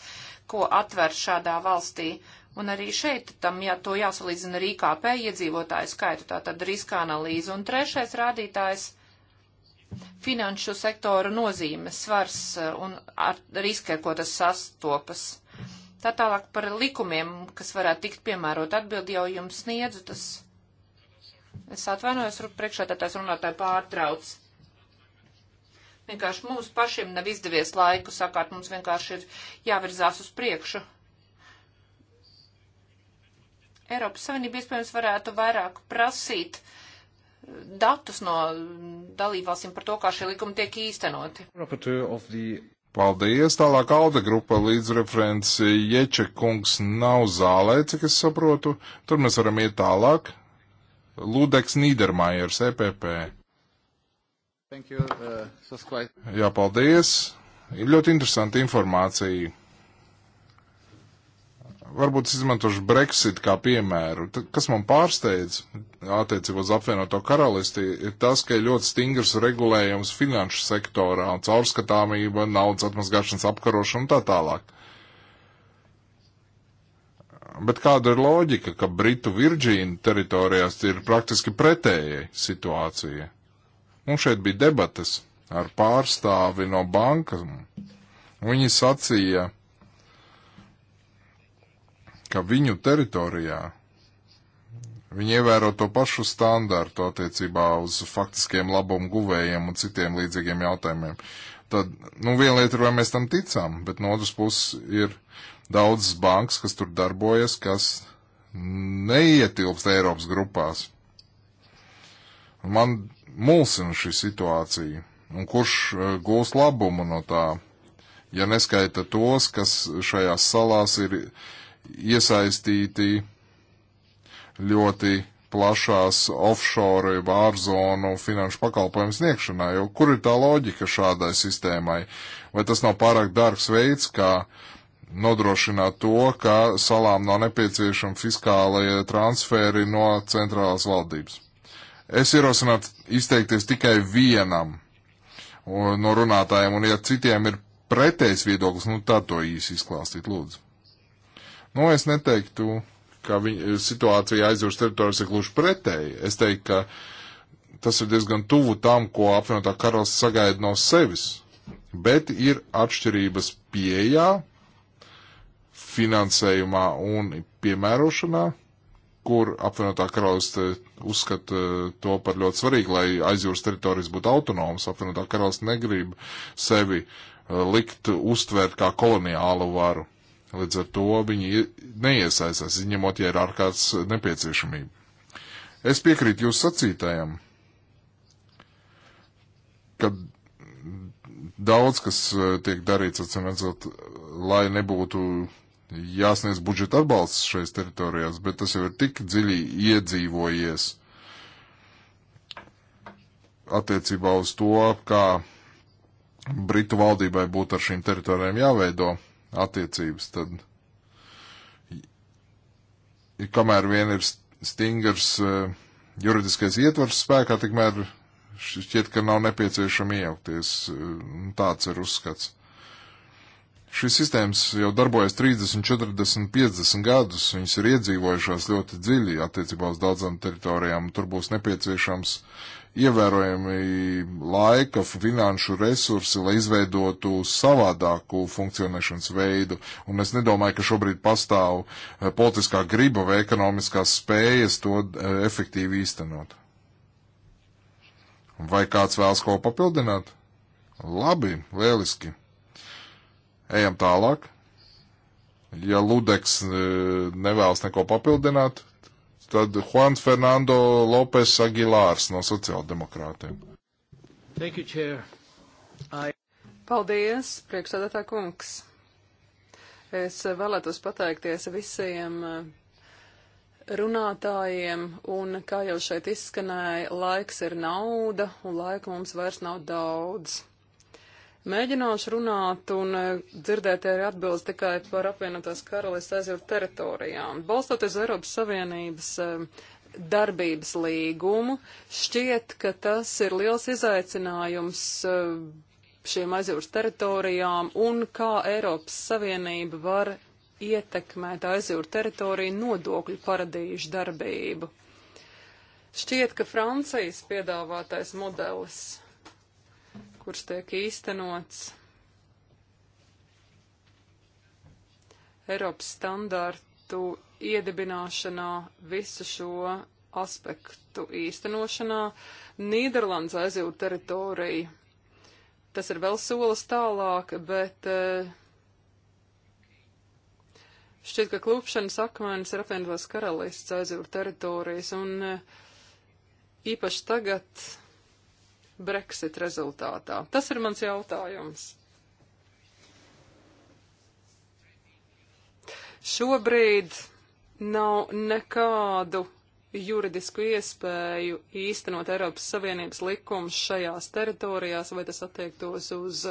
ko atver šādā valstī. Un arī šeit tam jā, to jāsalīdzina ar IKP iedzīvotāju skaitu, tātad riska analīze. Un trešais rādītājs - finanšu sektora nozīme, svars eh, un ar riska, ko tas sastopas. Tā tālāk par likumiem, kas varētu tikt piemērot atbildi jau jums sniedzu, tas es atvainojos, priekšā tā tās runātāja pārtrauc. Vienkārši mums pašiem nav izdevies laiku sakāt, mums vienkārši ir jāvirzās uz priekšu. Eiropas Savienība iespējams varētu vairāk prasīt eh, datus no dalībvalstīm par to, kā šie likumi tiek īstenoti.
Rapporteur of the Paldies, tālāk Alde grupa līdzreferents Ječa kungs nav zālē, cik es saprotu. Tur mēs varam iet tālāk. Ludeks Nīdermājers, EPP. Thank you, uh, quite... Jā, paldies. Ir ļoti interesanti informācija varbūt es izmantošu Brexit kā piemēru. T kas man pārsteidz attiecībā uz apvienoto karalisti, ir tas, ka ir ļoti stingrs regulējums finanšu sektorā un caurskatāmība, naudas atmazgāšanas apkarošana un tā tālāk. Bet kāda ir loģika, ka Britu Virģīna teritorijās ir praktiski pretējai situācija? Mums šeit bija debates ar pārstāvi no bankas. Viņi sacīja, ka viņu teritorijā viņi ievēro to pašu standārtu attiecībā uz faktiskiem labumu guvējiem un citiem līdzīgiem jautājumiem. Tad, nu, viena lieta ir, vai mēs tam ticām, bet no otras puses ir daudzas bankas, kas tur darbojas, kas neietilpst Eiropas grupās. Man mulsina šī situācija. Un kurš e, gūs labumu no tā, ja neskaita tos, kas šajās salās ir iesaistīti ļoti plašās offshore jeb ārzonu finanšu pakalpojumu sniegšanā, jo kur ir tā loģika šādai sistēmai? Vai tas nav pārāk dārgs veids, kā nodrošināt to, ka salām nav nepieciešama fiskālajie transferi no centrālās valdības? Es ierosinātu izteikties tikai vienam no runātājiem, un ja citiem ir pretējs viedoklis, nu tad to īsi izklāstīt, lūdzu. Nu, es neteiktu, ka viņa, situācija aizjūras teritorijas ir gluži pretēji. Es teiktu, ka tas ir diezgan tuvu tam, ko apvienotā karalas sagaida no sevis. Bet ir atšķirības pieejā, finansējumā un piemērošanā, kur apvienotā karaliste uzskata eh, to par ļoti svarīgu, lai aizjūras teritorijas būtu autonomas. Apvienotā karaliste negrib sevi eh, likt uztvērt kā koloniālu varu. Līdz ar to viņi neiesaistās, izņemot, ja ir ārkārtas nepieciešamība. Es piekrītu jūsu sacītājam, ka daudz kas e, tiek darīts, atcīmredzot, lai nebūtu jāsniedz budžeta atbalsts šajās teritorijās, bet tas jau ir tik dziļi iedzīvojies attiecībā uz to, kā Britu valdībai būtu ar šīm teritorijām jāveido attiecības, tad kamēr vien ir stingrs e, juridiskais ietvars spēkā, tikmēr šķiet, ka nav nepieciešama iejaukties. E, tāds ir uzskats. Šīs sistēmas jau darbojas 30, 40, 50 gadus, viņas ir iedzīvojušās ļoti dziļi attiecībā uz daudzām teritorijām, tur būs nepieciešams uh, ievērojami laika, finanšu resursi, lai izveidotu savādāku funkcionēšanas veidu. Un es nedomāju, ka šobrīd pastāv eh, politiskā griba vai ekonomiskās spējas to eh, efektīvi īstenot. Vai kāds vēlas ko papildināt? Labi, lieliski. Ejam tālāk. Ja Ludeks eh, nevēlas neko papildināt, Tad Juans Fernando Lopes Aguilārs no sociāldemokrātiem.
Thank you, Chair. I... Paldies, priekšsēdētā kungs. Es vēlētos pateikties visiem eh, runātājiem, un kā jau šeit izskanēja, laiks ir nauda, un laika mums vairs nav daudz. Mēģināšu runāt un e, dzirdēt arī atbildes tikai par apvienotās karalistas aizjūtu teritorijām. Balstoties Eiropas Savienības e, darbības līgumu, šķiet, ka tas ir liels izaicinājums e, šiem aizjūras teritorijām un kā Eiropas Savienība var ietekmēt aizjūru teritoriju nodokļu paradīžu darbību. Šķiet, ka Francijas piedāvātais modelis kurš tiek īstenots Eiropas standārtu iedibināšanā visu šo aspektu īstenošanā. Nīderlands aizjūt teritoriju. Tas ir vēl solis tālāk, bet eh, šķiet, ka klūpšanas akmens ir apvienotās karalists aizjūt teritorijas, un eh, īpaši tagad Brexit rezultātā? Tas ir mans jautājums. Šobrīd nav nekādu juridisku iespēju īstenot Eiropas Savienības likumus šajās teritorijās, vai tas attiektos uz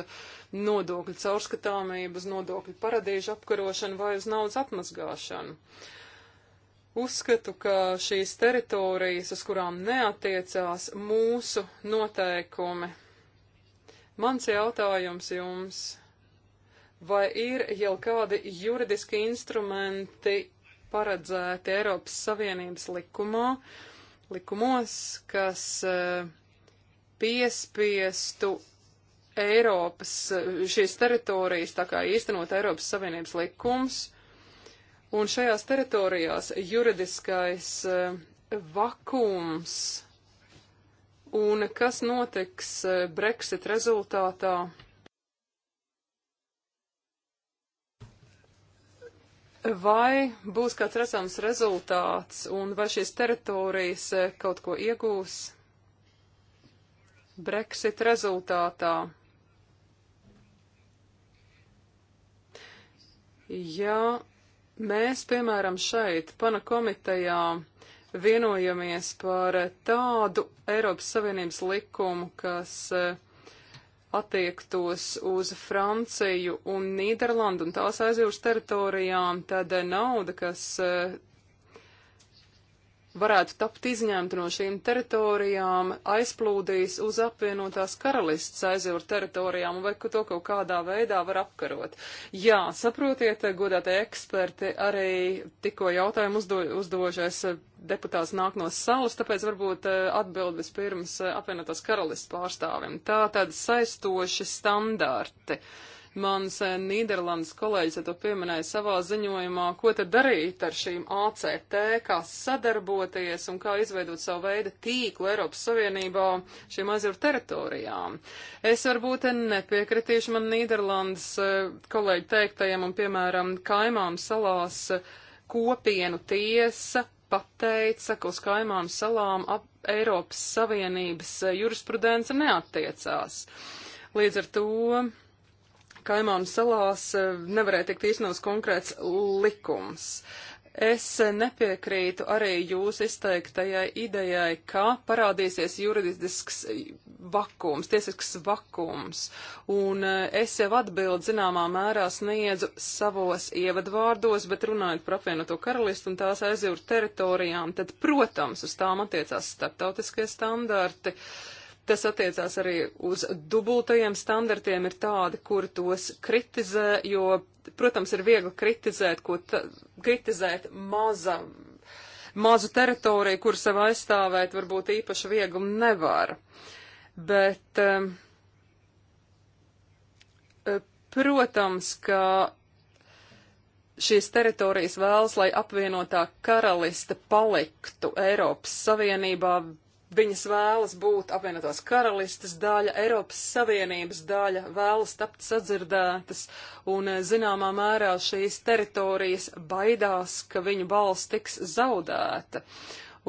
nodokļu caurskatāmību, uz nodokļu paradīžu apkarošanu vai uz naudas atmazgāšanu. Uh, Uzskatu, ka šīs teritorijas, uz kurām neatiecās mūsu noteikumi, mans jautājums jums, vai ir jau kādi juridiski instrumenti paredzēti Eiropas Savienības likumā, likumos, kas eh, piespiestu Eiropas, eh, šīs teritorijas, tā kā īstenot Eiropas Savienības likums, Un šajās teritorijās juridiskais eh, vakums un kas notiks eh, Brexit rezultātā. Vai būs kāds redzams rezultāts un vai šīs teritorijas eh, kaut ko iegūs Brexit rezultātā? Ja Mēs, piemēram, šeit, pana komitejā, vienojamies par tādu Eiropas Savienības likumu, kas eh, attiektos uz Franciju un Nīderlandu un tās aizjūras teritorijām, tad eh, nauda, kas eh, varētu tapt izņemti no šīm teritorijām, aizplūdīs uz apvienotās karalists aizjūra teritorijām, vai ka to kaut kādā veidā var apkarot. Jā, saprotiet, godātie eksperti, arī tikko jautājumu uzdo, uzdošais deputāts nāk no salas, tāpēc varbūt eh, atbild vispirms eh, apvienotās karalists pārstāvim. Tā tad saistoši standarti. Uh, Mans eh, Nīderlandes kolēģis ja to pieminēja savā ziņojumā, ko tad darīt ar šīm ACT, kā sadarboties un kā izveidot savu veidu tīklu Eiropas Savienībā šīm aizjūru teritorijām. Es varbūt nepiekritīšu man Nīderlandes eh, kolēģi teiktajiem un, piemēram, kaimām salās eh, kopienu tiesa pateica, ka uz kaimām salām ap Eiropas Savienības jurisprudence neattiecās. Līdz ar to Kaimānu salās e, nevarēja tikt īstenos konkrēts likums. Es nepiekrītu arī jūs izteiktajai idejai, ka parādīsies juridisks vakums, tiesisks vakums, un e, es jau atbildu zināmā mērā sniedzu savos ievadvārdos, bet runājot par apvienoto karalistu un tās aizjūru teritorijām, tad, protams, uz tām attiecās starptautiskie standarti. Uh, Tas attiecās arī uz dubultajiem standartiem, ir tādi, kur tos kritizē, jo, protams, ir viegli kritizēt, ko ta, kritizēt maza, mazu teritoriju, kur sev aizstāvēt varbūt īpaši viegli nevar. Bet, eh, protams, ka šīs teritorijas vēlas, lai apvienotā karaliste paliktu Eiropas Savienībā Viņas vēlas būt apvienotās karalistes daļa, Eiropas Savienības daļa, vēlas tapt sadzirdētas, un eh, zināmā mērā šīs teritorijas baidās, ka viņu balss tiks zaudēta.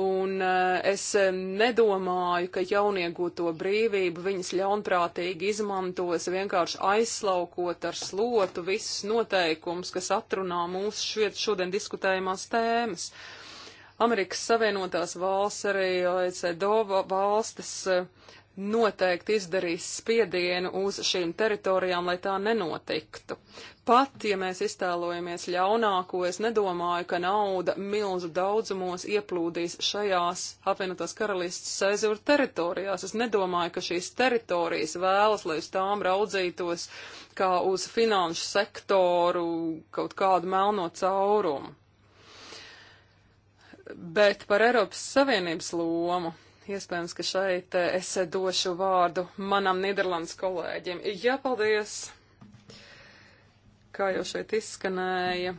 Un eh, es eh, nedomāju, ka jauniegūto brīvību viņas ļaunprātīgi izmantos vienkārši aizslaukot ar slotu visus noteikumus, kas atrunā mūsu šodien diskutējumās tēmas. Uh, Amerikas Savienotās valsts, arī OECD valstis eh, noteikti izdarīs spiedienu uz šīm teritorijām, lai tā nenotiktu. Pat, ja mēs iztēlojamies ļaunāko, es nedomāju, ka nauda milzu daudzumos ieplūdīs šajās apvienotās karalists sezuru teritorijās. Es nedomāju, ka šīs teritorijas vēlas, lai uz tām raudzītos kā uz finanšu sektoru kaut kādu melno caurumu. Bet par Eiropas Savienības lomu iespējams, ka šeit eh, es došu vārdu manam Nīderlandes kolēģim. Jā, paldies! Kā jau šeit izskanēja,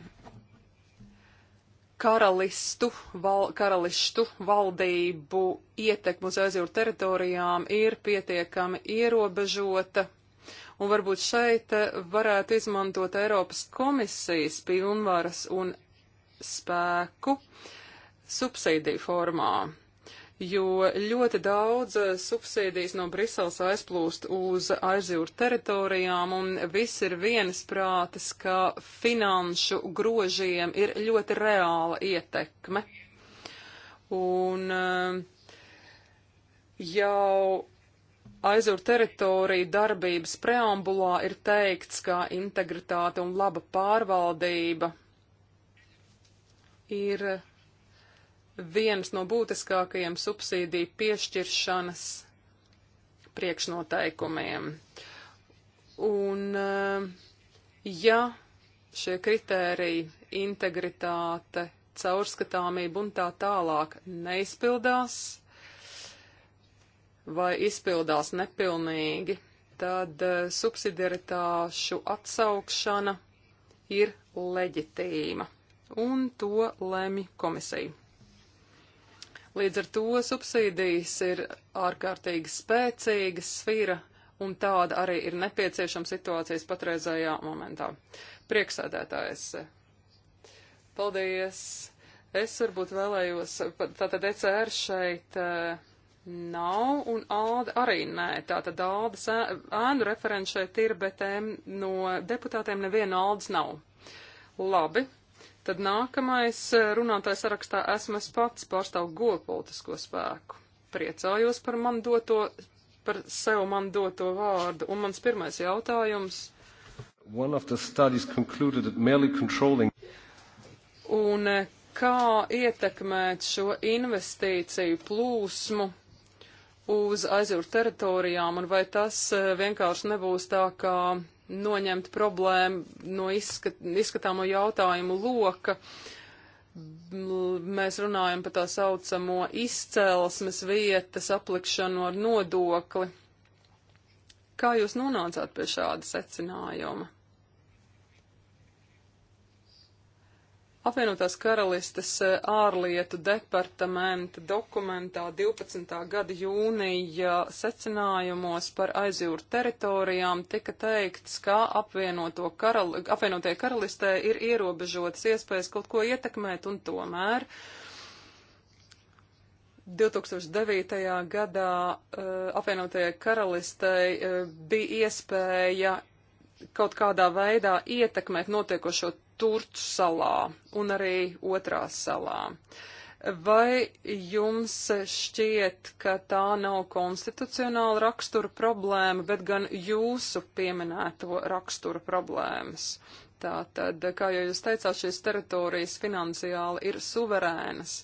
karalistu, val, karalistu valdību ietekmu uz aizjūru teritorijām ir pietiekami ierobežota. Un varbūt šeit eh, varētu izmantot Eiropas komisijas pilnvaras un spēku. Uh, subsīdiju formā, jo ļoti daudz eh, subsīdijas no Briseles aizplūst uz aizjūru teritorijām, un viss ir vienas prātas, ka finanšu grožiem ir ļoti reāla ietekme. Un eh, jau aizjūru teritoriju darbības preambulā ir teikts, ka integritāte un laba pārvaldība ir viens no būtiskākajiem subsīdiju piešķiršanas priekšnoteikumiem. Un, eh, ja šie kritēriji - integritāte, caurskatāmība un tā tālāk neizpildās vai izpildās nepilnīgi, tad eh, subsidiaritāšu atsaukšana ir leģitīma, un to lemj komisija. Līdz ar to subsīdijas ir ārkārtīgi spēcīga sfīra, un tāda arī ir nepieciešama situācijas patreizējā momentā. Prieksēdētājs. Paldies! Es varbūt vēlējos, tātad ECR šeit e, nav, un āda arī nē. Tātad ādas ēnu referents šeit ir, bet no deputātiem neviena ādas nav. Labi, Tad nākamais eh, runātājs sarakstā esmu es pats pārstāvu gopolitisko spēku. Priecājos par man doto, par sev man doto vārdu. Un mans pirmais jautājums.
Controlling...
Un eh, kā ietekmēt šo investīciju plūsmu uz aizjūru teritorijām, un vai tas eh, vienkārši nebūs tā kā noņemt problēmu no izskat, izskatāmo jautājumu loka. Mēs runājam par tā saucamo izcelsmes vietas aplikšanu ar nodokli. Kā jūs nonācāt pie šāda secinājuma? Apvienotās karalistes eh, ārlietu departamenta dokumentā 12. gada jūnija secinājumos par aizjūru teritorijām tika teikts, ka karal, apvienotie karalistē ir ierobežotas iespējas kaut ko ietekmēt un tomēr. 2009. gadā uh, apvienotajai karalistei uh, bija iespēja kaut kādā veidā ietekmēt notiekošo Turcu salā un arī otrā salā. Vai jums šķiet, ka tā nav konstitucionāla rakstura problēma, bet gan jūsu pieminēto rakstura problēmas? Tātad, kā jau jūs teicāt, šīs teritorijas finansiāli ir suverēnas.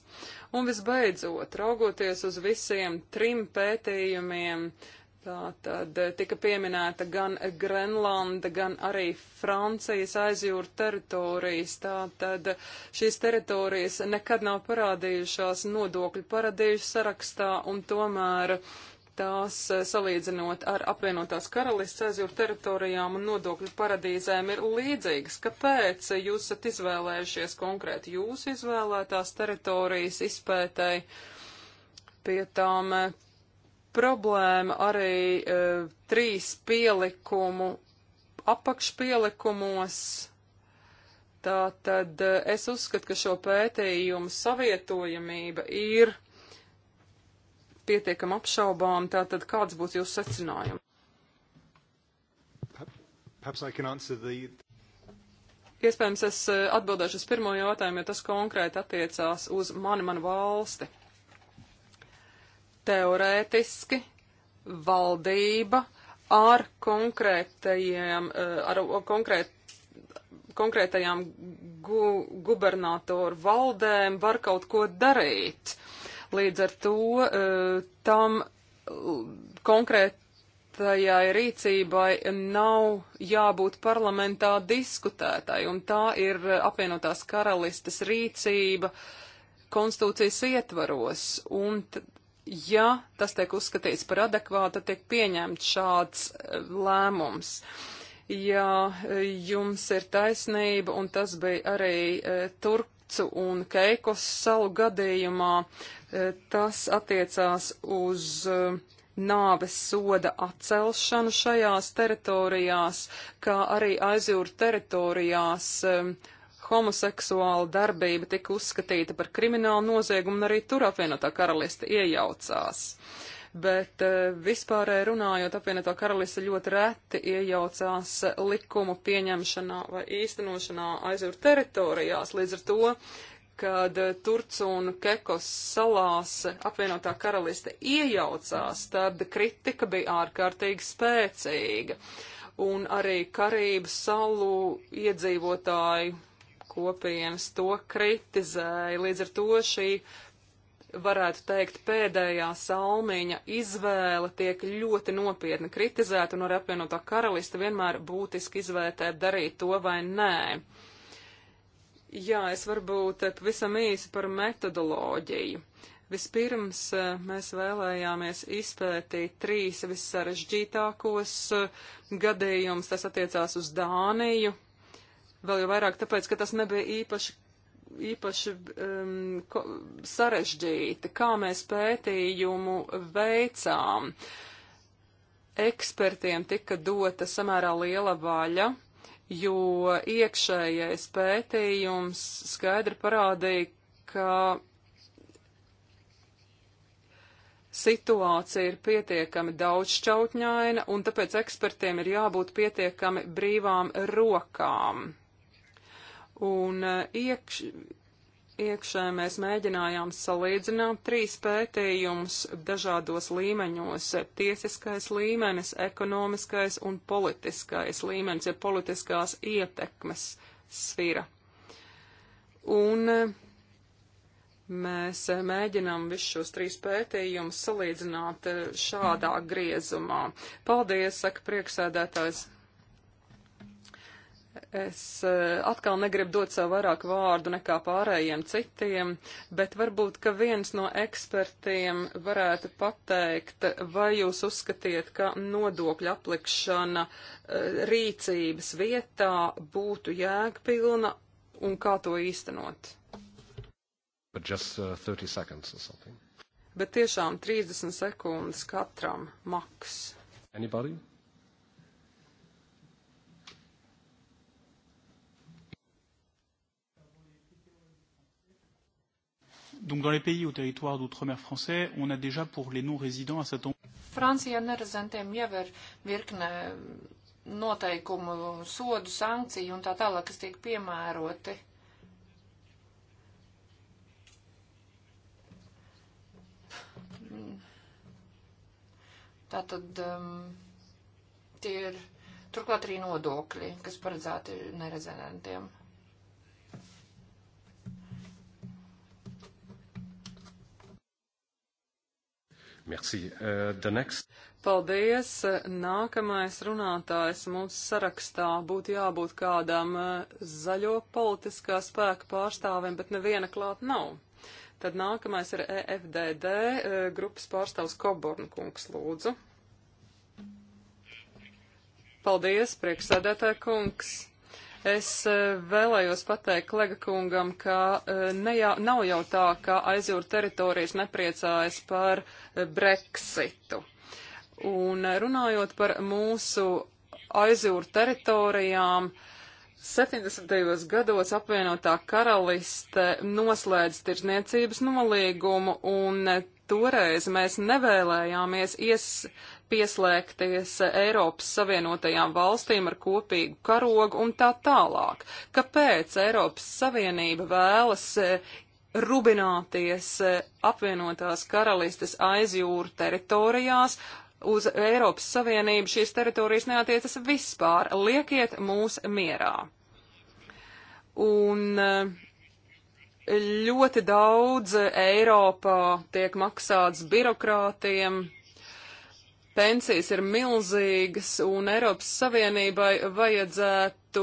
Un visbeidzot, raugoties uz visiem trim pētījumiem, uh, Tā tad eh, tika pieminēta gan Grenlanda, gan arī Francijas aizjūra teritorijas. Tā tad eh, šīs teritorijas nekad nav parādījušās nodokļu paradīžu sarakstā un tomēr tās eh, salīdzinot ar apvienotās karalists aizjūra teritorijām un nodokļu paradīzēm ir līdzīgas. Kāpēc jūs esat izvēlējušies konkrēti jūsu izvēlētās teritorijas izpētēji? Pie tām problēma arī e, trīs pielikumu apakšpielikumos. Tātad e, es uzskatu, ka šo pētījumu savietojamība ir pietiekam apšaubām. Tātad kāds būtu jūsu secinājums?
The...
Iespējams, es e, atbildēšu uz pirmo jautājumu, jo ja tas konkrēti attiecās uz mani, manu valsti teorētiski valdība ar konkrētajiem, eh, ar konkrēt, konkrētajām gu, gubernatoru valdēm var kaut ko darīt. Līdz ar to eh, tam konkrētajai rīcībai nav jābūt parlamentā diskutētai, un tā ir apvienotās karalistes rīcība konstitūcijas ietvaros, un ja tas tiek uzskatīts par adekvātu, tad tiek pieņemts šāds eh, lēmums. Jā, eh, jums ir taisnība, un tas bija arī e, eh, Turcu un Keikos salu gadījumā. E, tas attiecās uz e, nāves soda atcelšanu šajās teritorijās, kā arī aizjūra teritorijās. E, homoseksuāla darbība tika uzskatīta par kriminālu noziegumu, un arī tur apvienotā karaliste iejaucās. Bet eh, vispārēji runājot, apvienotā karaliste ļoti reti iejaucās likumu pieņemšanā vai īstenošanā aizjūru teritorijās. Līdz ar to, kad Turcu un Kekos salās apvienotā karaliste iejaucās, tad kritika bija ārkārtīgi spēcīga. Un arī Karību salu iedzīvotāji kopienas to kritizēja. Līdz ar to šī, varētu teikt, pēdējā salmiņa izvēle tiek ļoti nopietni kritizēta un ar apvienotā karalista vienmēr būtiski izvērtēt darīt to vai nē. Jā, es varbūt pavisam īsi par metodoloģiju. Vispirms eh, mēs vēlējāmies izpētīt trīs vissarežģītākos eh, gadījumus. Tas attiecās uz Dāniju, Vēl jau vairāk tāpēc, ka tas nebija īpaši, īpaši um, ko, sarežģīti, kā mēs pētījumu veicām. Ekspertiem tika dota samērā liela vaļa, jo iekšējais pētījums skaidri parādīja, ka situācija ir pietiekami daudzšķautņaina, un tāpēc ekspertiem ir jābūt pietiekami brīvām rokām. Un uh, iekš, iekšē mēs mēģinājām salīdzināt trīs pētījumus dažādos līmeņos - tiesiskais līmenis, ekonomiskais un politiskais līmenis, ja politiskās ietekmes sfira. Un uh, mēs uh, mēģinām visus šos trīs pētījumus salīdzināt šādā griezumā. Paldies, saka prieksēdētājs. Es eh, atkal negribu dot sev vairāk vārdu nekā pārējiem citiem, bet varbūt, ka viens no ekspertiem varētu pateikt, vai jūs uzskatiet, ka nodokļa aplikšana eh, rīcības vietā būtu jēgpilna un kā to īstenot? Just, uh, bet tiešām 30 sekundes katram maks. Anybody?
Donc dans les pays ou territoires d'outre-mer
français, on a déjà pour les non-résidents un certain
Francijā nerezentiem jau ir virkne mm, noteikumu, sodu, sankciju un tā tālāk, kas tiek piemēroti. Tātad um, mm, tie ir turklāt arī nodokļi, kas paredzēti nerezidentiem.
Merci. Uh, the next. Paldies. Nākamais runātājs mums sarakstā būtu jābūt kādam uh, zaļo politiskā spēka pārstāvim, bet neviena klāt nav. Tad nākamais ir EFDD uh, grupas pārstāvs Koborn kungs, lūdzu. Paldies, prieksēdētāja kungs. Es eh, vēlējos pateikt Klega kungam, ka eh, ne jau, nav jau tā, ka aizjūra teritorijas nepriecājas par eh, Brexitu. Un runājot par mūsu aizjūra teritorijām, 70. gados apvienotā karaliste noslēdz tirzniecības nolīgumu un toreiz mēs nevēlējāmies ies, pieslēgties Eiropas Savienotajām valstīm ar kopīgu karogu un tā tālāk. Kāpēc Eiropas Savienība vēlas e, rubināties e, apvienotās karalistes aizjūru teritorijās, uz Eiropas Savienību šīs teritorijas neatiecas vispār. Liekiet mūs mierā. Un e, ļoti daudz Eiropā tiek maksāts birokrātiem, pensijas ir milzīgas un Eiropas Savienībai vajadzētu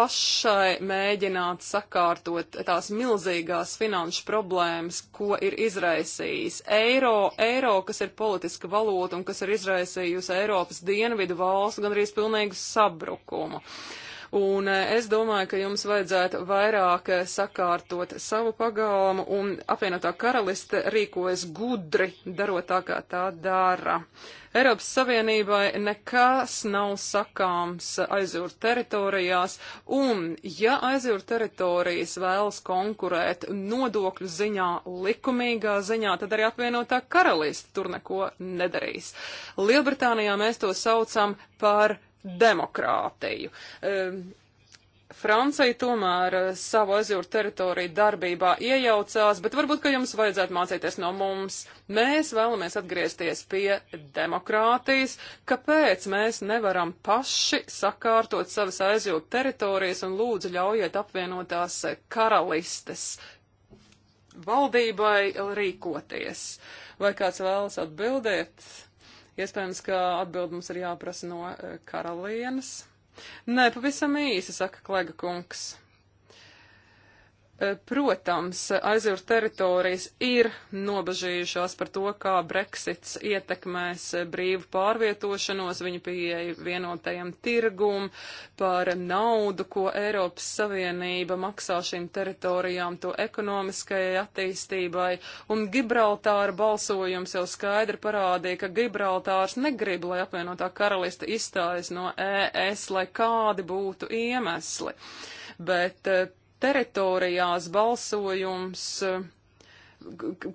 pašai mēģināt sakārtot tās milzīgās finanšu problēmas, ko ir izraisījis eiro, eiro, kas ir politiska valota un kas ir izraisījusi Eiropas dienvidu valstu gandrīz pilnīgu sabrukumu. Uh, Un eh, es domāju, ka jums vajadzētu vairāk eh, sakārtot savu pagalmu, un apvienotā karaliste rīkojas gudri, darot tā, kā tā dara. Eiropas Savienībai nekas nav sakāms aizjūru teritorijās, un ja aizjūru teritorijas vēlas konkurēt nodokļu ziņā, likumīgā ziņā, tad arī apvienotā karaliste tur neko nedarīs. Lielbritānijā mēs to saucam par demokrātiju. Ehm, Francija tomēr eh, savu ezjūru teritoriju darbībā iejaucās, bet varbūt, ka jums vajadzētu mācīties no mums. Mēs vēlamies atgriezties pie demokrātijas. Kāpēc mēs nevaram paši sakārtot savas ezjūru teritorijas un lūdzu ļaujiet apvienotās karalistes valdībai rīkoties? Vai kāds vēlas atbildēt? Iespējams, ka atbild mums ir jāprasa no eh, karalienes. Nē, pavisam īsi, saka Klega kungs. Eh, protams, aizjūra teritorijas ir nobežījušās par to, kā Brexits ietekmēs eh, brīvu pārvietošanos, viņu pieeja vienotajam tirgum, par naudu, ko Eiropas Savienība maksā šīm teritorijām, to ekonomiskajai attīstībai. Un Gibraltāra balsojums jau skaidri parādīja, ka Gibraltārs negrib, lai apvienotā karalista izstājas no ES, lai kādi būtu iemesli. Bet eh, teritorijās balsojums.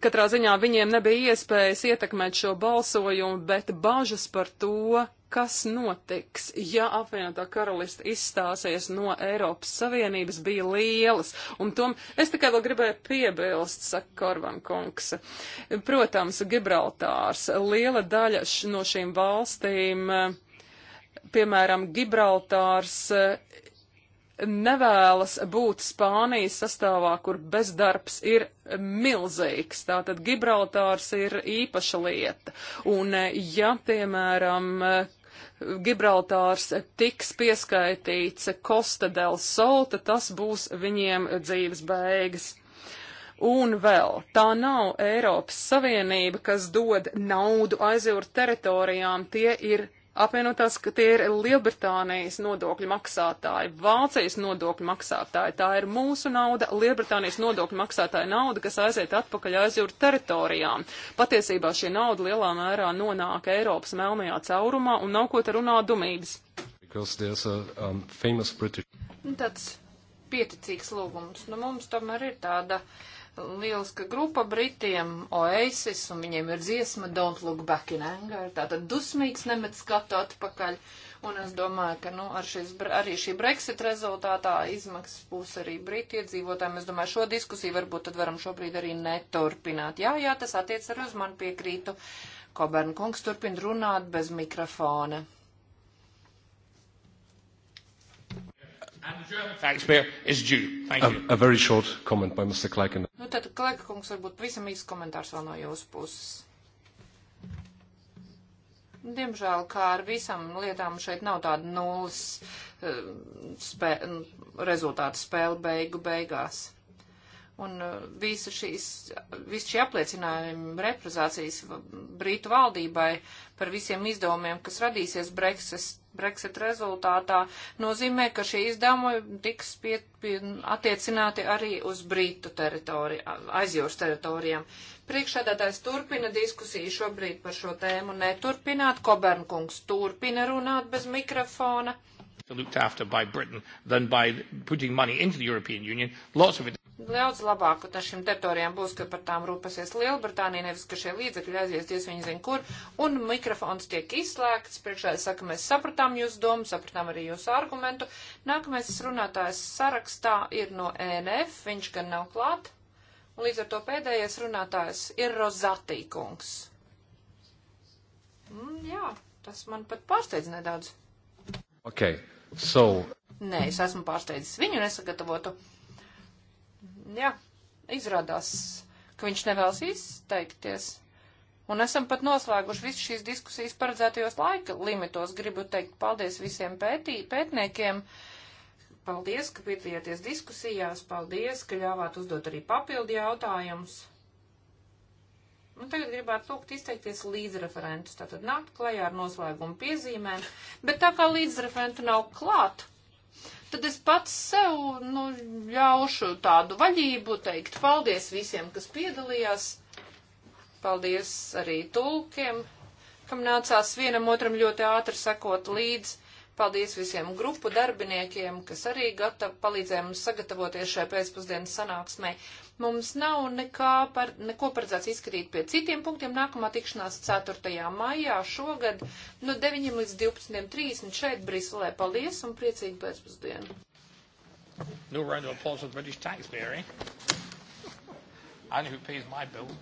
Katrā ziņā viņiem nebija iespējas ietekmēt šo balsojumu, bet bažas par to, kas notiks, ja apvienotā karalista izstāsies no Eiropas Savienības, bija lielas. Un tom es tikai vēl gribēju piebilst, saka Korvan kungs. Protams, Gibraltārs, liela daļa no šīm valstīm, piemēram, Gibraltārs nevēlas būt Spānijas sastāvā, kur bezdarbs ir milzīgs. Tātad Gibraltārs ir īpaša lieta. Un eh, ja, piemēram, eh, Gibraltārs tiks pieskaitīts Costa del Sol, tad tas būs viņiem dzīves beigas. Un vēl tā nav Eiropas Savienība, kas dod naudu aizjūru teritorijām, tie ir apvienotās, ka tie ir Lielbritānijas nodokļu maksātāji, Vācijas nodokļu maksātāji. Tā ir mūsu nauda, Lielbritānijas nodokļu maksātāja nauda, kas aiziet atpakaļ aizjūru teritorijām. Patiesībā šī nauda lielā mērā nonāk Eiropas melnajā caurumā un nav ko te runāt dumības.
Um, British...
Nu, tāds
pieticīgs lūgums. Nu, mums tomēr ir tāda lieliska grupa Britiem, Oasis, un viņiem ir dziesma Don't Look Back in Anger, tātad dusmīgs nemet skatu atpakaļ, un es domāju, ka, nu, ar šis, arī šī Brexit rezultātā izmaksas būs arī Britu iedzīvotājiem. Es domāju, šo diskusiju varbūt tad varam šobrīd arī neturpināt. Jā, jā, tas attiec arī uz man piekrītu. Koberna kungs turpina runāt bez mikrofona. and the German taxpayer is due.
Thank you. A, a very short comment by Mr. Kleiken.
Nu, tad, Kleika kungs, varbūt pavisam īsts komentārs vēl no jūsu puses. Diemžēl, kā ar visām lietām, šeit nav tāda nulles uh, spē, nu, rezultāta spēle beigu beigās. Un uh, visa šīs, visi šie apliecinājumi reprezācijas Brītu valdībai par visiem izdevumiem, kas radīsies Brexit, Brexit rezultātā, nozīmē, ka šie izdevumi tiks pie, pie, attiecināti arī uz Britu teritoriju, aizjūras teritorijām. Priekšsēdētājs turpina diskusiju šobrīd par šo tēmu neturpināt. Kobernkungs turpina runāt bez mikrofona. looked after by Britain than by putting money into the
European Union. Lots of it.
Daudz labāk, ka šīm teritorijām būs, ka par tām rūpēsies Lielbritānija, nevis, ka šie līdzekļi aizies, diez viņi zina kur, un mikrofons tiek izslēgts. Priekšā es saku, mēs sapratām jūsu domu, sapratām arī jūsu argumentu. Nākamais runātājs sarakstā ir no ENF, viņš gan nav klāt. Un līdz ar to pēdējais runātājs ir Rozatī kungs. Mm, jā, tas man pat pārsteidz nedaudz.
Ok, so.
Nē, es esmu pārsteidzis viņu nesagatavotu jā, izrādās, ka viņš nevēlas izteikties. Un esam pat noslēguši visu šīs diskusijas paredzētajos laika limitos. Gribu teikt paldies visiem pētī, pētniekiem. Paldies, ka piedalījāties diskusijās. Paldies, ka ļāvāt uzdot arī papildi jautājumus. Un tagad gribētu lūgt izteikties līdzreferentus. Tātad nākt klajā ar noslēgumu piezīmēm. Bet tā kā līdzreferentu nav klāt, tad es pats sev nu, ļaušu tādu vaļību teikt paldies visiem, kas piedalījās. Paldies arī tulkiem, kam nācās vienam otram ļoti ātri sekot līdzi. Paldies visiem grupu darbiniekiem, kas arī gatav, palīdzēja mums sagatavoties šai pēcpusdienas sanāksmē. Mums nav nekā par, neko paredzēts izskatīt pie citiem punktiem. Nākamā tikšanās 4. maijā šogad no 9 līdz 12.30 šeit Briselē. Paldies un priecīgu pēcpusdienu. No round of applause for the British taxpayer, eh? And who pays my bill.